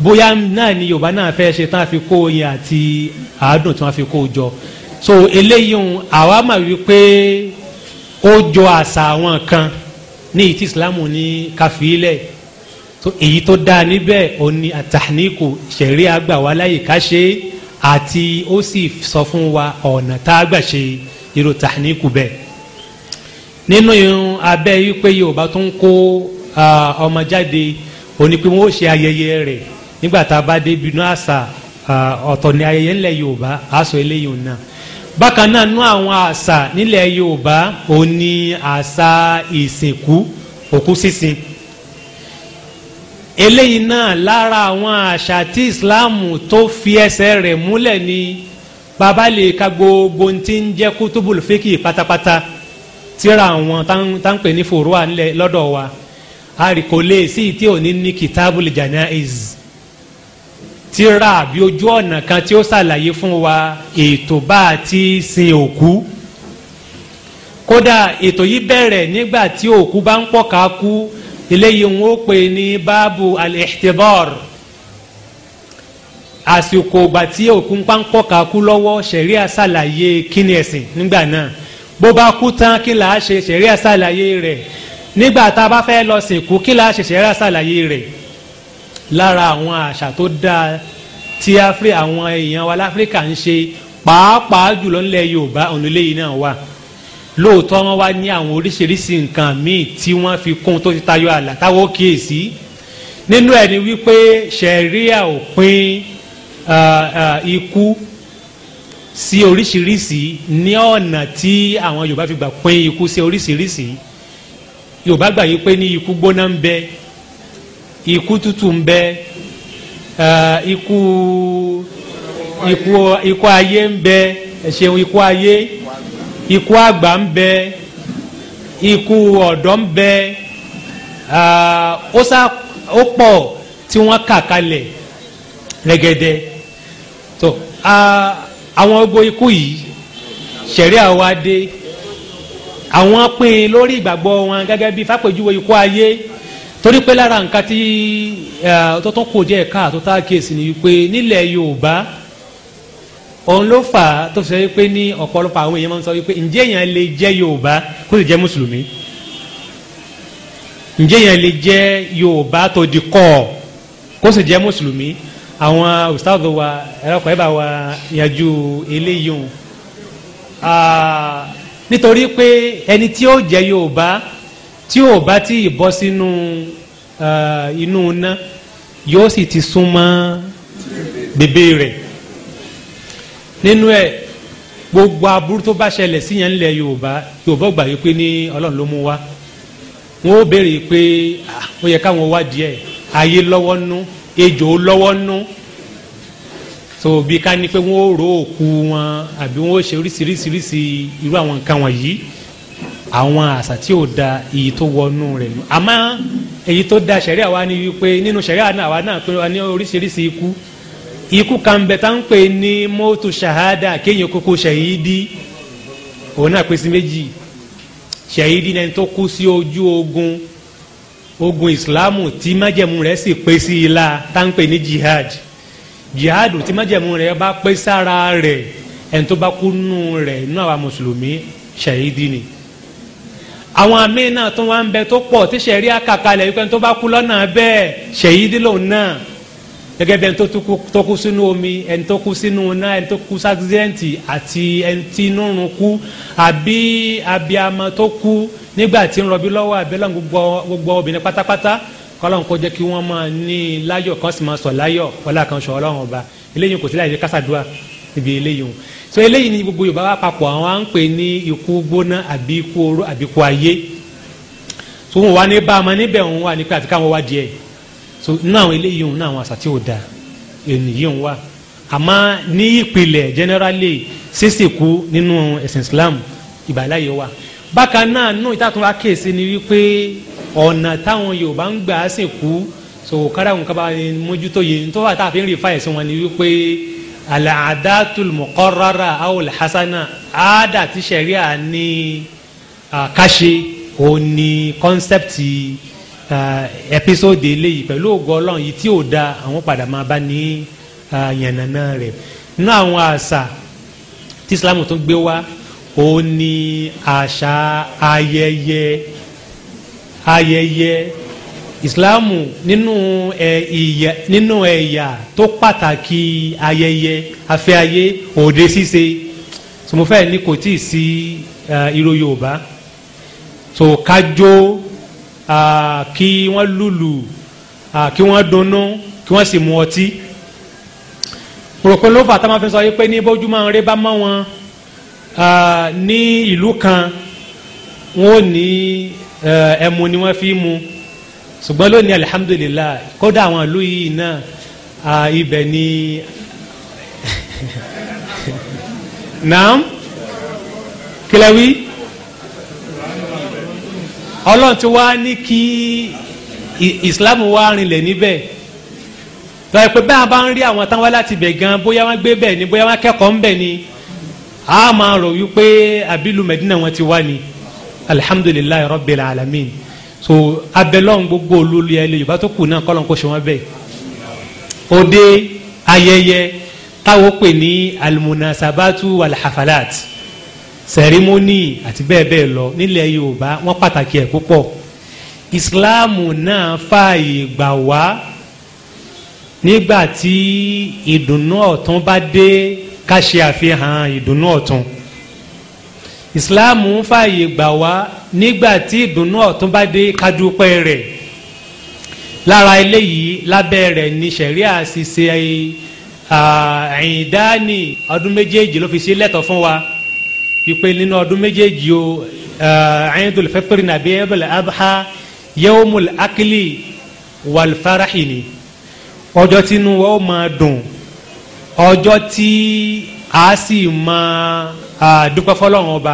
bóyá náà ni Yorùbá náà fẹ́ ṣe tán àfi kó oyin àti àádùn tí wọ́n fi kó jọ so eléyìí àwa mà wípé ó jọ àṣà àwọn kan ní ìtì islam ní káfílẹ̀ èyí tó dáa níbẹ̀ ó ní àtàníkù ṣẹ̀rí àgbà wa láyè ká ṣe àti ó sì sọ fún wa ọ̀nà tá a gbà ṣe irú tàníkù bẹ́ẹ̀ nínú abẹ́ yìí pé yorùbá tó ń kó ọmọ jáde òní pé wọ́n ó ṣe ayẹyẹ rẹ̀ nígbà tá a bá dé bínú àṣà ọ̀tọ̀ ní ayẹyẹ ńlẹ̀ yorùbá àṣọ eléyìí náà bákan náà nú àwọn àṣà nílẹ̀ yorùbá òun ni àṣà ìsìnkú òkú sísìn eléyìí náà lára àwọn àṣà tí ìsìláàmù tó fi ẹsẹ̀ rẹ̀ múlẹ̀ ni bàbá lè ka gbogbo tí ń jẹ́ kútúbùl fíkì pátápátá tíra àwọn táǹpẹ̀ ní fòrúwà lọ́dọ̀ wa a rí kò lè sí tí ò ní ní kìtábùl jànáìz tíra àbí ojú ọ̀nà kan tí ó ṣàlàyé fún wa ètò bá a ti sin òkú kódà ètò yìí bẹ̀rẹ̀ nígbà tí òkú bá ń pọ̀ka kú eléyìí ń ó pè ní báàbù al-ihtibor àsìkò ìgbà tí òkú ń pa ń pọ̀ka kú lọ́wọ́ ṣẹ̀ríà ṣàlàyé kíni ẹ̀sìn nígbà náà bó bá kú tán kí là á ṣe ṣẹ̀ríà ṣàlàyé rẹ̀ nígbà tá a bá fẹ́ lọ sìnkú kí là á ṣe ṣẹ̀ríà ṣàlàyé rẹ̀ lára àwọn àṣà tó dáa tí áfíríkà àwọn èèyàn wa láfíríkà ń ṣe pàápàá jùlọ ńlẹ̀ yorùbá ònúléyìí náà wà lóòótọ́ wọn wá ní àwọn oríṣiríṣi nǹkan míì tí wọ́n fi kún tó ti tayọ ààlà táwọn ó kíyèsí nínú ẹ̀ ni wípé ṣẹ̀ríà ò pín ikú sí oríṣiríṣi ní ọ̀nà tí àwọn yorùbá fi gbà pín ikú sí oríṣiríṣi yorùbá gbà yí pé ní ikú gbóná ń bẹ ikú tútù ń bẹ ikú ikú ikú ayé ń bẹ ẹ̀ṣẹ̀hún ikú ayé ikú àgbà ń bẹ ikú ọ̀dọ́ ń bẹ ó sá ó pọ̀ tí wọ́n kà kalẹ̀ rẹ́gẹ́dẹ́ tó àwọn gbogbo ikú yìí ṣẹ̀ríà wa dé àwọn pín lórí ìgbàgbọ́ wọn gẹ́gẹ́ bí fàpèjúwe ikú ayé torí pé lára nǹkan tí tó tún kò díẹ̀ ká tó kíyèsí ni wípé nílẹ̀ Yorùbá òun ló fà á tó sọ wípé ní ọ̀pọ̀lọpọ̀ àwọn èèyàn máa ń sọ wípé ǹjẹ́ èèyàn lè jẹ́ Yorùbá kó sì jẹ́ mùsùlùmí ǹjẹ́ èèyàn lè jẹ́ Yorùbá tó di kọ́ kó sì jẹ́ mùsùlùmí àwọn ustaz wa ẹ̀rọ̀pọ̀ ẹ̀ bá wa yanjú eléyìí hùn nítorí pé ẹni tí ó jẹ́ Yorùbá tí ò bá tí ì bọ́ sínú inú iná yóò sì ti súnmọ́ bèbè rẹ̀ nínú ẹ̀ gbogbo aburú tó bá ṣẹlẹ̀ síyẹn ńlẹ̀ yorùbá yorùbá gbà yìí pé ní ọlọ́run ló mú wá wọn ó béèrè pé ó yẹ káwọn wá díẹ̀ ayé lọ́wọ́ nú ejò lọ́wọ́ nú so bí ká ní pé wọn ó ro òkú wọn àbí wọn ó ṣe oríṣiríṣiríṣi irú àwọn nǹkan wọ̀nyí àwọn àṣà tí ò da èyí tó wọnú rẹ̀ nù àmọ́ èyí tó da sẹ̀ríà wa ni wípé nínú sẹ̀ríà náà wa náà pé wa ní oríṣiríṣi ikú ikú kan bẹ tá ń pè ní mọ́tò ṣahada kéèyàn kókó ṣẹ̀yídì òun náà pèsè méjì ṣẹ̀yídì náà tó kú sí ojú ogun ogun ìsìláàmù tí májẹ̀mú rẹ̀ sì pé sí i tá ń pè ní jihad jihad tí májẹ̀mú rẹ̀ bá pé sára rẹ̀ ẹni tó bá kú nù rẹ̀ nù àwa mùsùlùmí ṣẹ̀yídì ni àwọn àmì náà tó wá ń bẹ tó pọ̀ tí sẹ̀rí àkàkalẹ̀ yìí pé tó bá kú lọ́nà bẹ́ẹ̀ ṣèyídì lòun náà gẹ́gẹ́ bí ẹni tó kú sínú omi ẹni tó kú sínú iná ẹni tó kú sáksidẹ́ǹtì àti ẹni tí inú run kú àbí abiyamọ tó kú nígbà tí ń rọbí lọ́wọ́ àbẹ́lẹ̀ gbogbo obìnrin pátápátá kọ́lọ́n kó jẹ́ kí wọ́n máa ní láyọ̀ kan sì máa sọ̀ láyọ̀ wọlé àkànṣe ọlọ́run ọba eléyìí kò sí láyé kásádùá ibi eléyìí so eléyìí ni gbogbo yorùbá wa papọ̀ àwọn à ń pè ní ikú gbóná àbí ikú oró àbí ikú ayé so wọn wà ní bá a ma níbẹ̀ wọn wà ní pé àti káwọn wá díẹ̀ so nínú àwọn eléyìí òun náà àwọn àṣà tí ò da ènìyí òun wà àmọ́ ní ìpìlẹ̀ generally sísìkú nínú ẹ̀sìn Islam ìbàláyé wà bákan náà nínú ìtàkùn akéèsí ni wípé ọ̀nà táwọn yorùbá ń gbà á sìnkú so kára òun kábàá mójútó yìí nítorí àtàfin rìfáyẹ̀sì wọn ni wípé alaadatul muqarrara awul hasana aada ti sẹ̀ríà ní kàṣe ó ní kọ́nsẹ́pìtì ẹpisóòdì eléyìí pẹ̀lú ògo ọlọ́run yìí tí ò da àwọn padà máa bá ní yànnànà rẹ̀ nínú àwọn àṣà tí islam tún gbé wá ó ní àṣà ayẹyẹ ayẹyẹ ìsìláàmù nínú ẹ̀yà nínú ẹ̀yà tó pàtàkì ayẹyẹ afẹ́ ayé òde ṣíṣe so mo fẹ́ ní kò tíì sí ìró yorùbá so kájó kí wọ́n lùlù kí wọ́n dunnú kí wọ́n sì mu ọtí pòròpóló fàtà máa fi sọ yìí pé ní bójúmọ́ ń bá mọ́ wọn ní ìlú kan wọn ò ní ẹmu ni wọ́n fi mu ṣùgbọ́n lónìí alihamudulilayi kódà àwọn ìlú yìí náà ibẹ̀ ni naam kílẹ̀wí ọlọ́run ti wá ní kí islam wá rinlẹ̀ níbẹ̀ tọ́yẹ pé bẹ́ẹ̀ bá ń rí àwọn táwọn láti bẹ̀ gan bóyá wọ́n gbé bẹ̀ ni bóyá wọ́n kẹ́kọ̀ọ́ ń bẹ̀ ni a máa rò wípé abilu medina wọn ti wá ni alihamudulilayi rabbil alamin so abẹ́lọ́n gbogbo olórí ẹ̀ lè yorùbá tó kù náà kọ́lọ́n kó ṣe wọ́n bẹ́ẹ̀ òde ayẹyẹ táwọn pè ní almunasabatu alhafalat sẹ̀rímónì àti bẹ́ẹ̀ bẹ́ẹ̀ lọ nílẹ̀ yorùbá wọ́n pàtàkì ẹ̀ púpọ̀ ìsìláàmù náà fààyè gbà wá nígbà tí ìdùnnú ọ̀tún bá dé ká ṣe àfihàn ìdùnnú ọ̀tún ìsìláàmù ń fààyè gbà wá nígbà tí ìdùnnú ọ̀tún bá dé kádúpẹ́ rẹ̀ lára eléyìí lábẹ́ rẹ̀ ni sẹ̀ríà sì ṣe àìdáni ọdún méjèèjì ló fi ṣe lẹ́tọ̀ fún wa wípé nínú ọdún méjèèjì o Eidul Fitr nàbí Eidul Adha yawmul akili wal farahi ni ọjọ́ tínú wa ó máa dùn ọjọ́ tí a sì máa àdúpẹ́ fọlọ́run ọba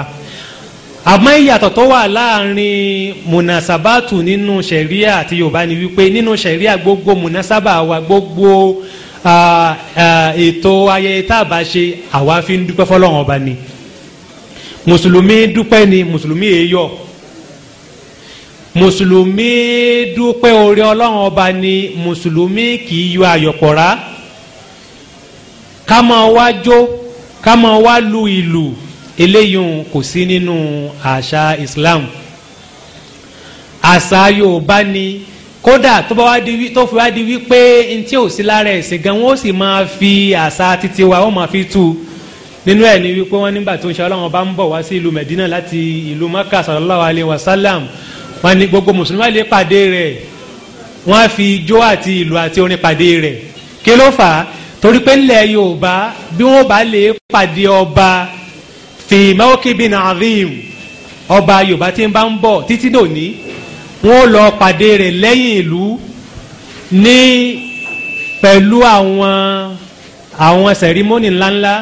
àmọ́ ìyàtọ̀ tó wà láàrin mùnàsábàtù nínú ṣẹ̀ríà àti yorùbá ni wípé nínú ṣẹ̀ríà gbogbo mùnàsábà wa gbogbo ètò ayẹyẹ tá a bá ṣe àwa fi ń dúpẹ́ fọlọ́run ọba ni mùsùlùmí dúpẹ́ ni mùsùlùmí èyọ mùsùlùmí dúpẹ́ orí ọlọ́run ọba ni mùsùlùmí kì í yọ àyọ̀pọ̀ra ká máa wá Kama máa lu ìlù eléyìí kò sí nínú àṣà Islam àṣà Yorùbá ni kódà tó bá wá di wí tó fi wá di wí pé ntí ò sí lára ẹ̀sìn gan wọ́n sì máa fi àṣà títí wa wọ́n máa fi tu nínú ẹ̀ ni wípé wọ́n nígbà tó ń ṣe ọlọ́run bá ń bọ̀ wá sí ìlú Medina láti ìlú Maka sallallahu alayhi wa sallam wọ́n ní gbogbo mùsùlùmí lè pàdé rẹ̀ wọ́n á fi ijó àti ìlú àti orin pàdé rẹ̀ kí ló fà á torí pé ńlẹ̀ yorùbá bí wọ́n bá lè pàdé ọba fìmáwókè bíi nàdìm ọba yorùbá tí ń bá ń bọ̀ títí dòní wọ́n lọ pàdé rẹ̀ lẹ́yìn ìlú ní pẹ̀lú àwọn àwọn sẹ̀rímọ́nì ńláńlá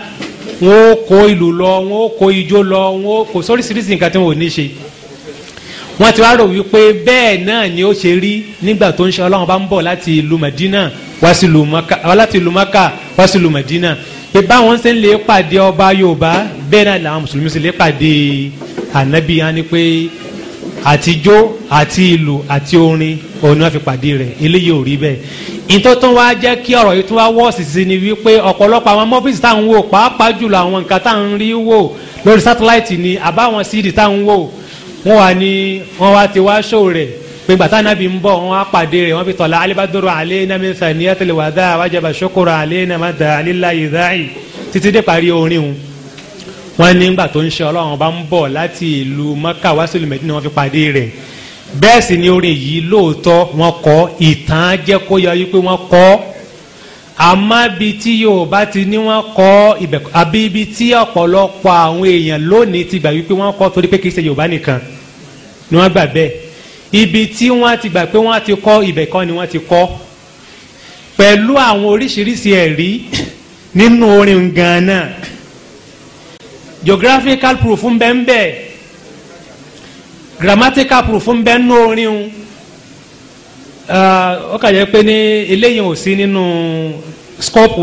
wọ́n kó ìlú lọ wọ́n kó ijó lọ wọ́n kó sóríṣiríṣi nǹkan tí wọ́n ò ní ṣe wọ́n ti wá rò wípé bẹ́ẹ̀ náà ni ó ṣe rí nígbà tó ń ṣe ọlọ́run bá ń bọ̀ láti ìlú Madina Wasilumaka, sí ìlú maka wá láti ìlú maka wá sí ìlú Madina ìbá wọn ṣe ń lè pàdé ọba Yorùbá bẹ́ẹ̀ náà làwọn mùsùlùmí ṣe lè pàdé ànábì yẹn ni pé àtijọ́ àti ìlú àti orin òun náà fi pàdé rẹ̀ eléyìí ò rí bẹ́ẹ̀ ìtọ́tún wa jẹ́ kí ọ̀rọ̀ yìí tún wá wọ́ sísè ni wípé ọ̀pọ̀lọpọ̀ àwọn mọ́fíìsì táwọn wò pàápàá jùlọ àwọn nǹkan táwọn rí wò lórí sátáláìtì ni àbáwọn síìdì táwọn wò wọ́n wà ní wọ́n wá ti wá ṣó rẹ̀ gbẹgbàtà nàbì ń bọ̀ wọn apàdé rẹ̀ wọn fi tọ̀la alibadoro alẹ́ nami sani atẹlẹwàdà wàjàbà sokoro alẹ́ nàmà dà alilayi zayi títí dé parí orin wọn. wọn ní gbà tó ń ṣe ọlọ́run bá ń bọ̀ láti ìlú maka wá sí wọn fi pàdé rẹ̀ bẹ́ẹ̀ sì ni orin yìí lóòótọ́ wọn kọ ìtàn jẹ́ kó yọ wípé wọn kọ́ àmọ́ bíi tí yorùbá ti ní wọ́n kọ́ ibẹ̀ àbí ibi tí ọ̀pọ̀lọpọ̀ àwọn èèyàn lónìí ti gbà wípé wọ́n kọ́ torí pé kì í ṣe yorùbá nìkan ni wọ́n gbà bẹ́ẹ̀ ibi tí wọ́n ti gbà pé wọ́n ti kọ́ ibẹ̀ kọ́ ni wọ́n ti kọ́ pẹ̀lú àwọn oríṣiríṣi ẹ̀rí nínú orin gan geographical proof ń bẹ grammatical proof ń bẹ nínú orin un ah, ó kà jẹ́ pé ní eléyìí ò sí nínú scope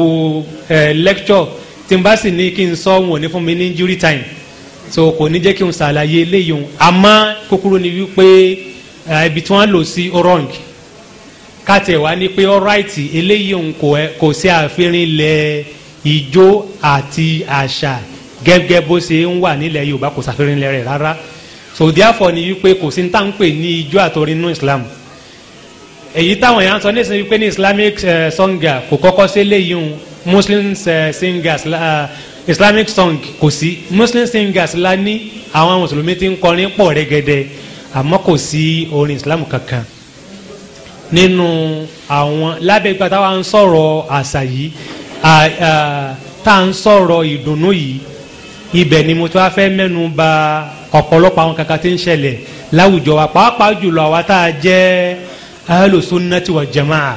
eh, lecture tí n bá sì ní kí n sọ wọn ò ní fún mi ní jury time so kò ní jẹ́ kí n ṣàlàyé eléyìí un àmọ́ kúkúrú ni wípé. Eh, ibi tí wọ́n lò sí wrong kátẹ̀ wá ní pé alright eléyìí òun kò ṣe eh, àfihàn lẹ ijó àti àṣà gẹ́gẹ́ bó ṣe ń wà nílẹ̀ Yorùbá kò ṣàfihàn lẹ rẹ̀ rárá so therefore ni wípé kò sí ní ń pè ní ijó àtọrin nínú Islam èyí táwọn èèyàn sọ nísìnyí wípé ní Islamic uh, eh, songa kò kọ́kọ́ sí eléyìí òun Muslim uh, singers uh, Islamic song kò sí Muslim singers la ní àwọn mùsùlùmí ti ń kọrin pọ̀ rẹ́gẹ́dẹ́ àmọ́ kò sí orin islam kankan nínú àwọn lábẹ́ ìgbà táwa ń sọ̀rọ̀ àṣà yìí tá à ń sọ̀rọ̀ ìdùnnú yìí ibẹ̀ ni mo ti wá fẹ́ mẹ́nu ba ọ̀pọ̀lọpọ̀ àwọn kankan tí ń ṣẹlẹ̀ láwùjọ wa pàápàá jùlọ àwa tá a jẹ́ alùsùnnàtì wà jàmáà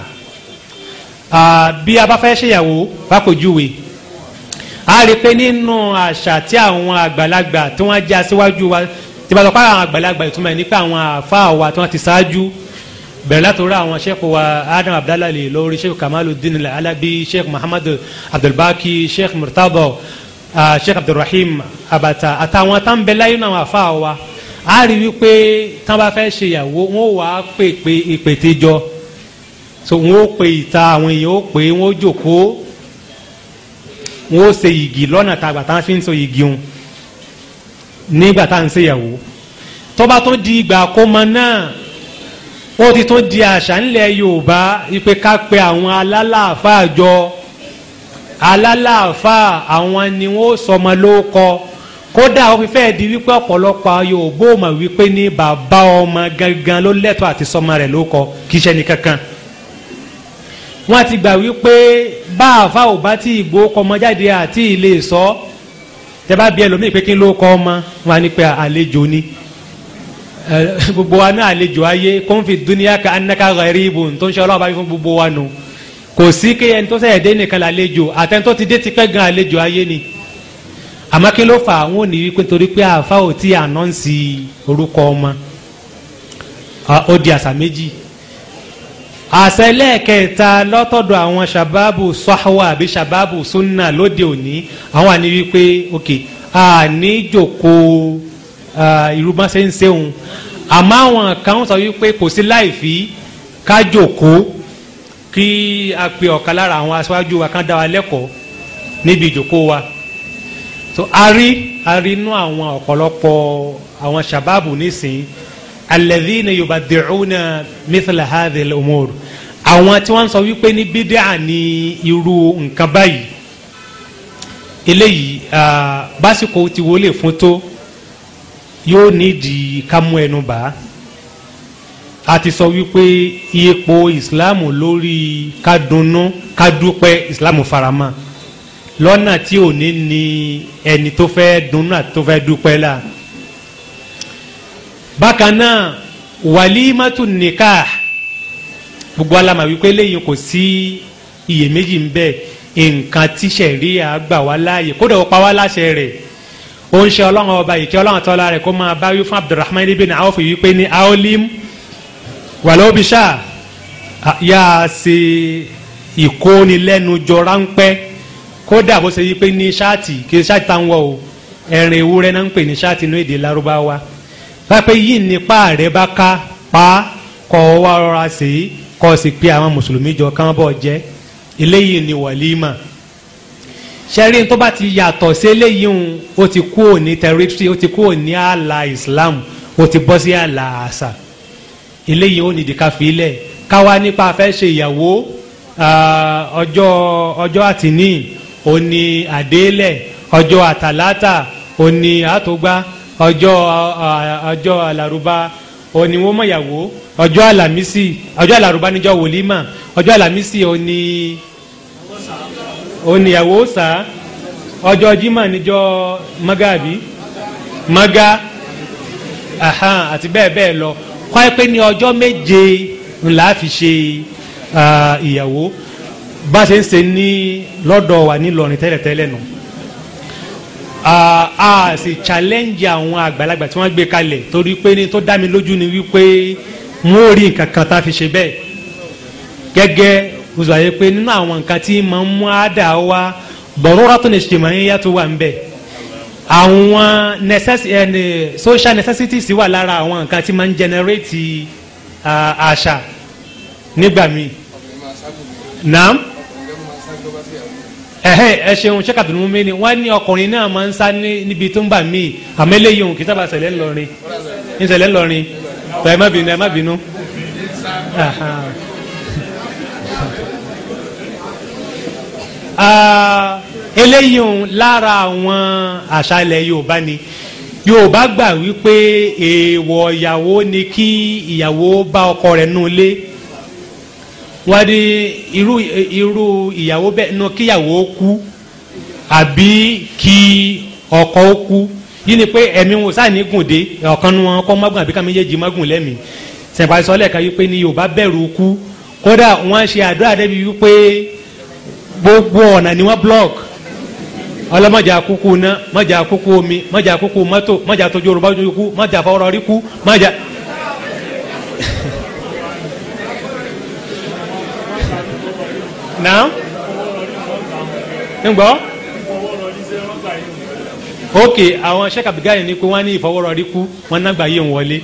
bí a bá fẹ́ ṣèyàwó fàkójúwe a rí i pé nínú àṣà tí àwọn àgbàlagbà tí wọ́n jẹ́ aṣíwájú wa. Uh, tí bá sọ pé àwọn àgbàlagbà ìtumọ̀ ní pé àwọn àfa wa tí wọ́n ti ṣáájú bẹ̀rẹ̀ látòrí àwọn sheikh wa adam abdallah lè lórí sheikh kamaluddin alabi sheikh muhammad abdulbaki sheikh murtaba sheikh abdulrahim abata àtàwọn tá ń bẹ láyé náà àfa wa a rí wípé tí wọ́n bá fẹ́ ṣe ìyàwó wọn ò wá pè pé ìpètè jọ so wọn ò pè ìta àwọn èèyàn ò pè wọn ò jòkó wọn ò ṣe yìgì lọ́nà tàgbà tá a fi ń so yìgì òun nígbà tá à ń ṣèyàwó tọ́ba tó di ìgbà àkómọ náà ó ti tún di àṣà ńlẹ̀ Yorùbá ipe ká pe àwọn alálàáfà jọ alálàáfà àwọn ni wọ́n sọmọ lórúkọ kódà ó fi fẹ́ẹ́ di wípé ọ̀pọ̀lọpọ̀ Yorùbá ò mọ̀ wípé ní bàbá ọmọ gangan ló lẹ́tọ̀ọ́ àti sọmọ rẹ̀ lórúkọ kì í ṣe nìkankan wọ́n ti gbà wípé bá ò bá tí ìgbó kọmọ jáde àti ilé sọ tẹ́bá bí ẹlòmíì pé kí ló kọ́ ọmọ wọn ni pé àlejò ni gbogbo wa náà àlejò ayé kóńfì dúníyà ká anáka gharibun tó ń ṣe ọlọ́wọ́ bá fi fún gbogbo wa nù kò sí kí ẹni tó sẹ̀yẹ̀ dé nìkan làlejò àtẹnitó ti dé ti pẹ́ gan àlejò ayé ni àmọ́ kí ló fà àwọn òní wípé torí pé àfa ò tí ànọ́ǹsì orúkọ ọmọ ó di àṣà méjì àṣẹ lẹ́ẹ̀kẹta lọ́tọ̀dọ̀ àwọn ṣàbábù sọ́hàwà àbí ṣàbábù súnà lóde òní àwọn àní wípé ok àní jòkó ìrúbọ́nsẹ̀ ń ṣeun àmọ́ àwọn kan sọ wípé kò sí láìfí ká jòkó kí a pe ọ̀kan lára àwọn aṣáájú wa kan dá wa lẹ́kọ̀ọ́ níbi ìjòkó wa so a rí a rí inú àwọn ọ̀pọ̀lọpọ̀ àwọn ṣàbábù nísìnyí alladhina yubaddi'una mithla hadhihi al-umur àwọn tí wọ́n sọ wípé ní bídíà ní irú nǹkan báyìí eléyìí básìkò ti wọlé fún tó yóò nídìí kámú ẹnu bá a ti sọ wípé ipò ìsìláàmù lórí kádùnnú kádúpẹ́ ìsìláàmù farama lọ́nà tí ò ní ní ẹni tó fẹ́ dunnú àti tó fẹ́ dúpẹ́ la bákan náà wàlímàtú nìkà gbogbo alama wípé lẹ́yìn kò sí iyèméjì ń bẹ nǹkan tí sẹ̀ríà gbà wá láàyè kódà ó pa wá láṣẹ rẹ̀ ó ń ṣe ọlọ́run ọba ìkẹ́ ọlọ́run tọ́lá rẹ̀ kó máa bá wí fún abdulrahman ibn awf wípé ní aolim wàlóbíṣà yà á ṣe ìkónilẹ́nujọ ráńpẹ́ kódà bó ṣe yí pé ní ṣáàtì kí ṣáàtì táwọn o ẹ̀rìn ewúrẹ́ náà ń pè ní ṣáàtì inú èdè lárúbáwá lápẹ́ yìí nípa rẹ̀ bá ká pa kọ́ wa rọra sí i kọ́ sì pé àwọn mùsùlùmí jọ kán bọ̀ jẹ́ eléyìí ni wàlímà sẹ́rí tó bá ti yàtọ̀ sí eléyìí ń ó ti kú òní tẹ̀rítírì ó ti kú òní ààlà Islam ó ti bọ́ sí ààlà àṣà eléyìí ó nìdí ká filẹ̀ káwa nípa afẹ́ ṣe ìyàwó ọjọ́ ọjọ́ àtìní òní àdélẹ̀ ọjọ́ àtàlátà òní àtògbá ọjọ́ ọjọ́ alárúbá òní wọ́n mọ̀yàwó ọjọ́ alámísì ọjọ́ alárúbá níjọ́ wòlímà ọjọ́ alámísì oni òníyàwó sá ọjọ́ jimá níjọ́ magabi maga ahan àti bẹ́ẹ̀ bẹ́ẹ̀ lọ kọ́ ẹ pé ní ọjọ́ méje ńlá fi ṣe ìyàwó bá ṣe ń ṣe ní lọ́dọ̀ wa ní Ìlọrin tẹ́lẹ̀tẹ́lẹ̀ nù. No a sì challenge àwọn àgbàlagbà tí wọ́n gbé kalẹ̀ torí pé ní tó dá mi lójú ni wípé wọn ò rí nǹkan kan tá a fi ṣe bẹ́ẹ̀ gẹ́gẹ́ òṣùwàyẹ pé nínú àwọn nǹkan tí màá mú àdá wa bọ̀rọ̀rọ̀tún ìṣèmọ̀nyẹ́yà tó wà ń àwọn eh, social necessities wà lára àwọn nǹkan tí máa ń generate àṣà nígbà míì. naam ẹ ṣeun ṣé kàtúntò mú mi ni wọn ní ọkùnrin náà máa ń sá níbi tó ń bà mí àmẹlẹ yìí òun kì í sábà ṣẹlẹ̀ ńlọrin ńṣẹlẹ̀ ńlọrin tọ ẹ má bínú ẹ má bínú. eléyìí òun lára àwọn àṣà ilẹ̀ Yorùbá ni Yorùbá gbà wípé èèwọ̀ ìyàwó ni kí ìyàwó bá ọkọ rẹ̀ nù lé wá di irú irú ìyàwó bẹ́ẹ̀ nu kíyàwó kú àbí kí ọkọ kú yìí ni pé ẹ̀mí wọn sáà ní gùn dé ọ̀kan nu wọn kọ́ mágùn àbí ká méjèèjì mágùn lẹ́mìí sẹ̀ǹpà sọ́lẹ̀ kan wípé ni Yorùbá bẹ̀rù kú kódà wọ́n ṣe àdúrà débi wípé gbogbo ọ̀nà ni wọ́n block ọlọmọjà kúkú ná mọjà kúkú omi mọjà kúkú mọ́tò mọjà tójú orúbá ojú kú mọjà fọwọ́rọ́ kú mọjà. náà ń gbọ́ ok àwọn sheikh ni pé wọ́n ní ìfọwọ́rọ̀rí kú wọ́n nágbà yé ń wọlé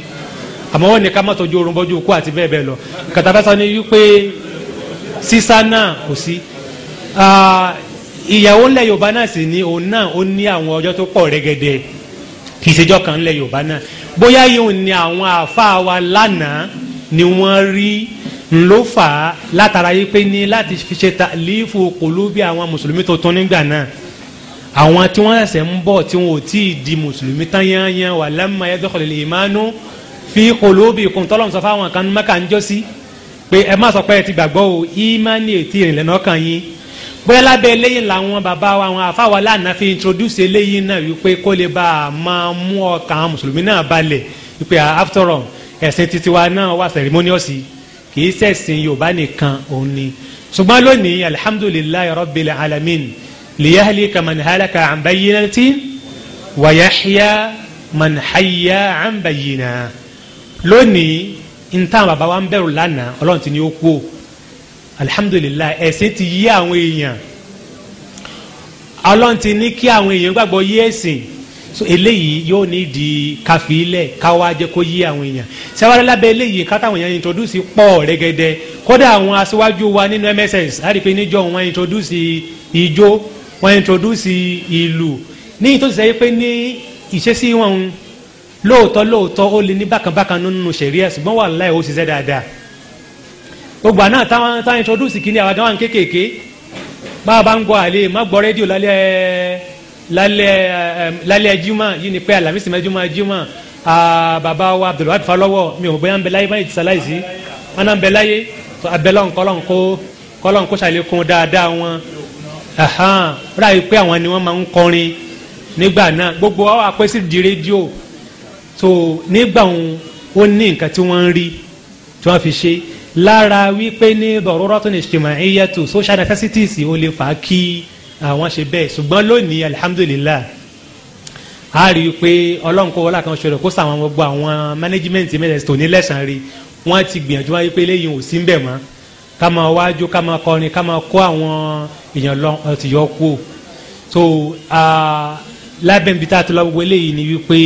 àmọ́ wọ́n ní ká má tọ́jú orun bọ́jú kú àti bẹ́ẹ̀ bẹ́ẹ̀ lọ kàtàfẹ́sọ ni wípé sísá náà kò sí ìyàwó ńlẹ̀ yorùbá náà sì ni òun náà ó ní àwọn ọjọ́ tó pọ̀ rẹ́gẹ́dẹ́ kì í ṣèjọ́ kan ńlẹ̀ yorùbá náà bóyá yìí ni àwọn àáfàá wa lánàá ni wọ́n rí ló fà á látara yìí pé ní láti fi ṣe ta lífù kòlóbì àwọn mùsùlùmí tuntun nígbà náà àwọn tí wọ́n ṣẹ̀ṣẹ̀ ń bọ̀ tí wọn ò tí ì di mùsùlùmí tán yányán wà lámà yẹn dọ́kọ̀lẹ̀ lè máa nú fi kòlóbì kùn tọ́lọ́mù sọ fáwọn kan mẹ́ka ń jọ́sí pé ẹ má sọ pé ẹ ti gbàgbọ́ o ìmánì ètí ìrìnlẹ̀ náà kàn yín bóyá lábẹ́ eléyìí làwọn bàbá wa àwọn àfáwà lánàá fi introduce eléyìí náà wípé kó lè bá a máa mú ọkàn mùsùlùmí náà balẹ̀ wípé after all ẹ̀sìn titiwa náà wà ceremonious yìí kìí ṣẹ̀sìn yorùbá nìkan òun ni ṣùgbọ́n lónìí alihamudulilayi rabbil alamin liyahli kaman halaka an bayyinati wa yahya man hayya an bayyina lónìí ntaàn bàbá wa ń bẹ̀rù lánàá ọlọ́run ti ní ó kú o alihamudulilayi ẹ̀sìn ti yí àwọn èèyàn ọlọ́run ti ní kí àwọn èèyàn gbàgbọ́ yí ẹ̀sìn so eléyìí yóò ní di káfílẹ̀ káwá jẹ́ kó yí àwọn èèyàn sẹ́wárẹ́ lábẹ́ eléyìí kátáwọn èèyàn introduce pọ̀ rẹ́gẹ́dẹ́ kódà àwọn aṣáájú wa nínú MSS láti pé níjọ́ wọn introduce ijó wọn introduce ìlú ní ìtòsí sẹ́yìn pé ní ìṣesí wọn ń lóòótọ́ lóòótọ́ ó lè ní bákanbákan nínú sẹ̀ríà ṣùgbọ́n wà láì ó ṣiṣẹ́ dáadáa gbogbo àná táwọn táwọn introduce kìíní àwọn àdáwọn kéékèèké bá a bá ń gbọ́ àlè má gbọ́ rédíò lálẹ́ ẹ̀ẹ́ lálẹ́ lálẹ́ juma yìí ni pé alamisi mẹ́juma juma baba wa abdulwadi falọ́wọ́ mi ò bóyá ń bẹ láyé báyìí ti sàlàyé ana ń bẹ láyé abẹ́lọ́ nkọ́lọ́ nkó kọ́lọ́ nkó ṣàlékún dáadáa wọn ráyè pé àwọn ni wọ́n máa ń kọrin nígbà náà gbogbo àwọn apẹ́sí di rédíò tó nígbà wọn ó ní nǹkan tí wọ́n ń rí tí wọ́n fi ṣe lára wípé ní dọ̀rọ̀rọ̀ tó ní ṣèmọ̀ ẹ̀yẹ tó social necessities ó lè fà á kí àwọn ah, ṣe bẹ́ẹ̀ ṣùgbọ́n lónìí alihamudulilayi a rí i pé ọlọ́run kó wọlé àkànṣe rẹ̀ kó sàwọn gbogbo àwọn management minister tó ní lẹ́sàn-án rí wọ́n ti gbìyànjú wáyé pé eléyìí ò sí ń bẹ̀ mọ́ ká máa wájú ká máa kọrin ká máa kó àwọn èèyàn lọ ọtí kú so lábẹ́nbi tá a ti lọ gbogbo eléyìí ni wípé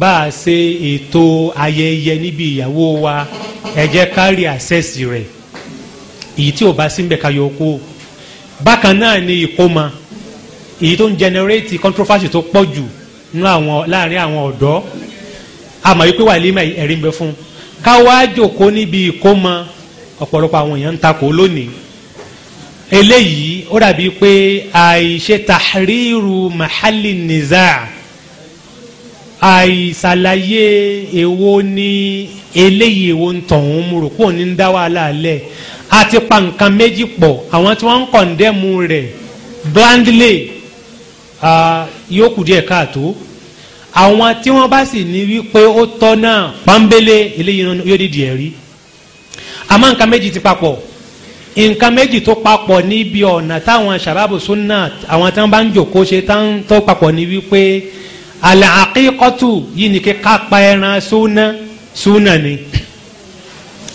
bá a ṣe ètò ayẹyẹ níbi ìyàwó wa ẹ jẹ́ àṣẹ́sì rẹ̀ èyí tí ò bá sí ká yọ kú o bákan náà ni ìkómọ èyí tó ń generate controversy tó pọ̀ jù nínú àwọn láàrin àwọn ọ̀dọ́ àmọ́ wípé wàlímà ẹ̀rí ń bẹ fún káwá jòkó níbi ìkómọ ọ̀pọ̀lọpọ̀ àwọn èèyàn ń takò lónìí eléyìí ó dàbí pé àìṣe tahriru mahali niza àìsàlàyé èwo ni eléyìí èwo ń tọ̀hún mú rò pò ní ń dá wàhálà lẹ̀ a ti pa nǹkan méjì pọ̀ àwọn tí wọ́n ń kọ̀ǹdẹ́mù rẹ̀ blandly yóò kù díẹ̀ káàtó àwọn tí wọ́n bá sì ní wípé ó tọ́ náà pọ́nbélé eléyìí yóò dìdì ẹ̀ rí àmọ́ nǹkan méjì ti papọ̀ nǹkan méjì tó papọ̀ níbi ọ̀nà táwọn sàbábù súnà àwọn tí wọ́n bá ń jòkó ṣe tán tó papọ̀ ní wípé àlẹ́ àkíkọ́tù yìí ni kí ká ẹran súnà súnà ni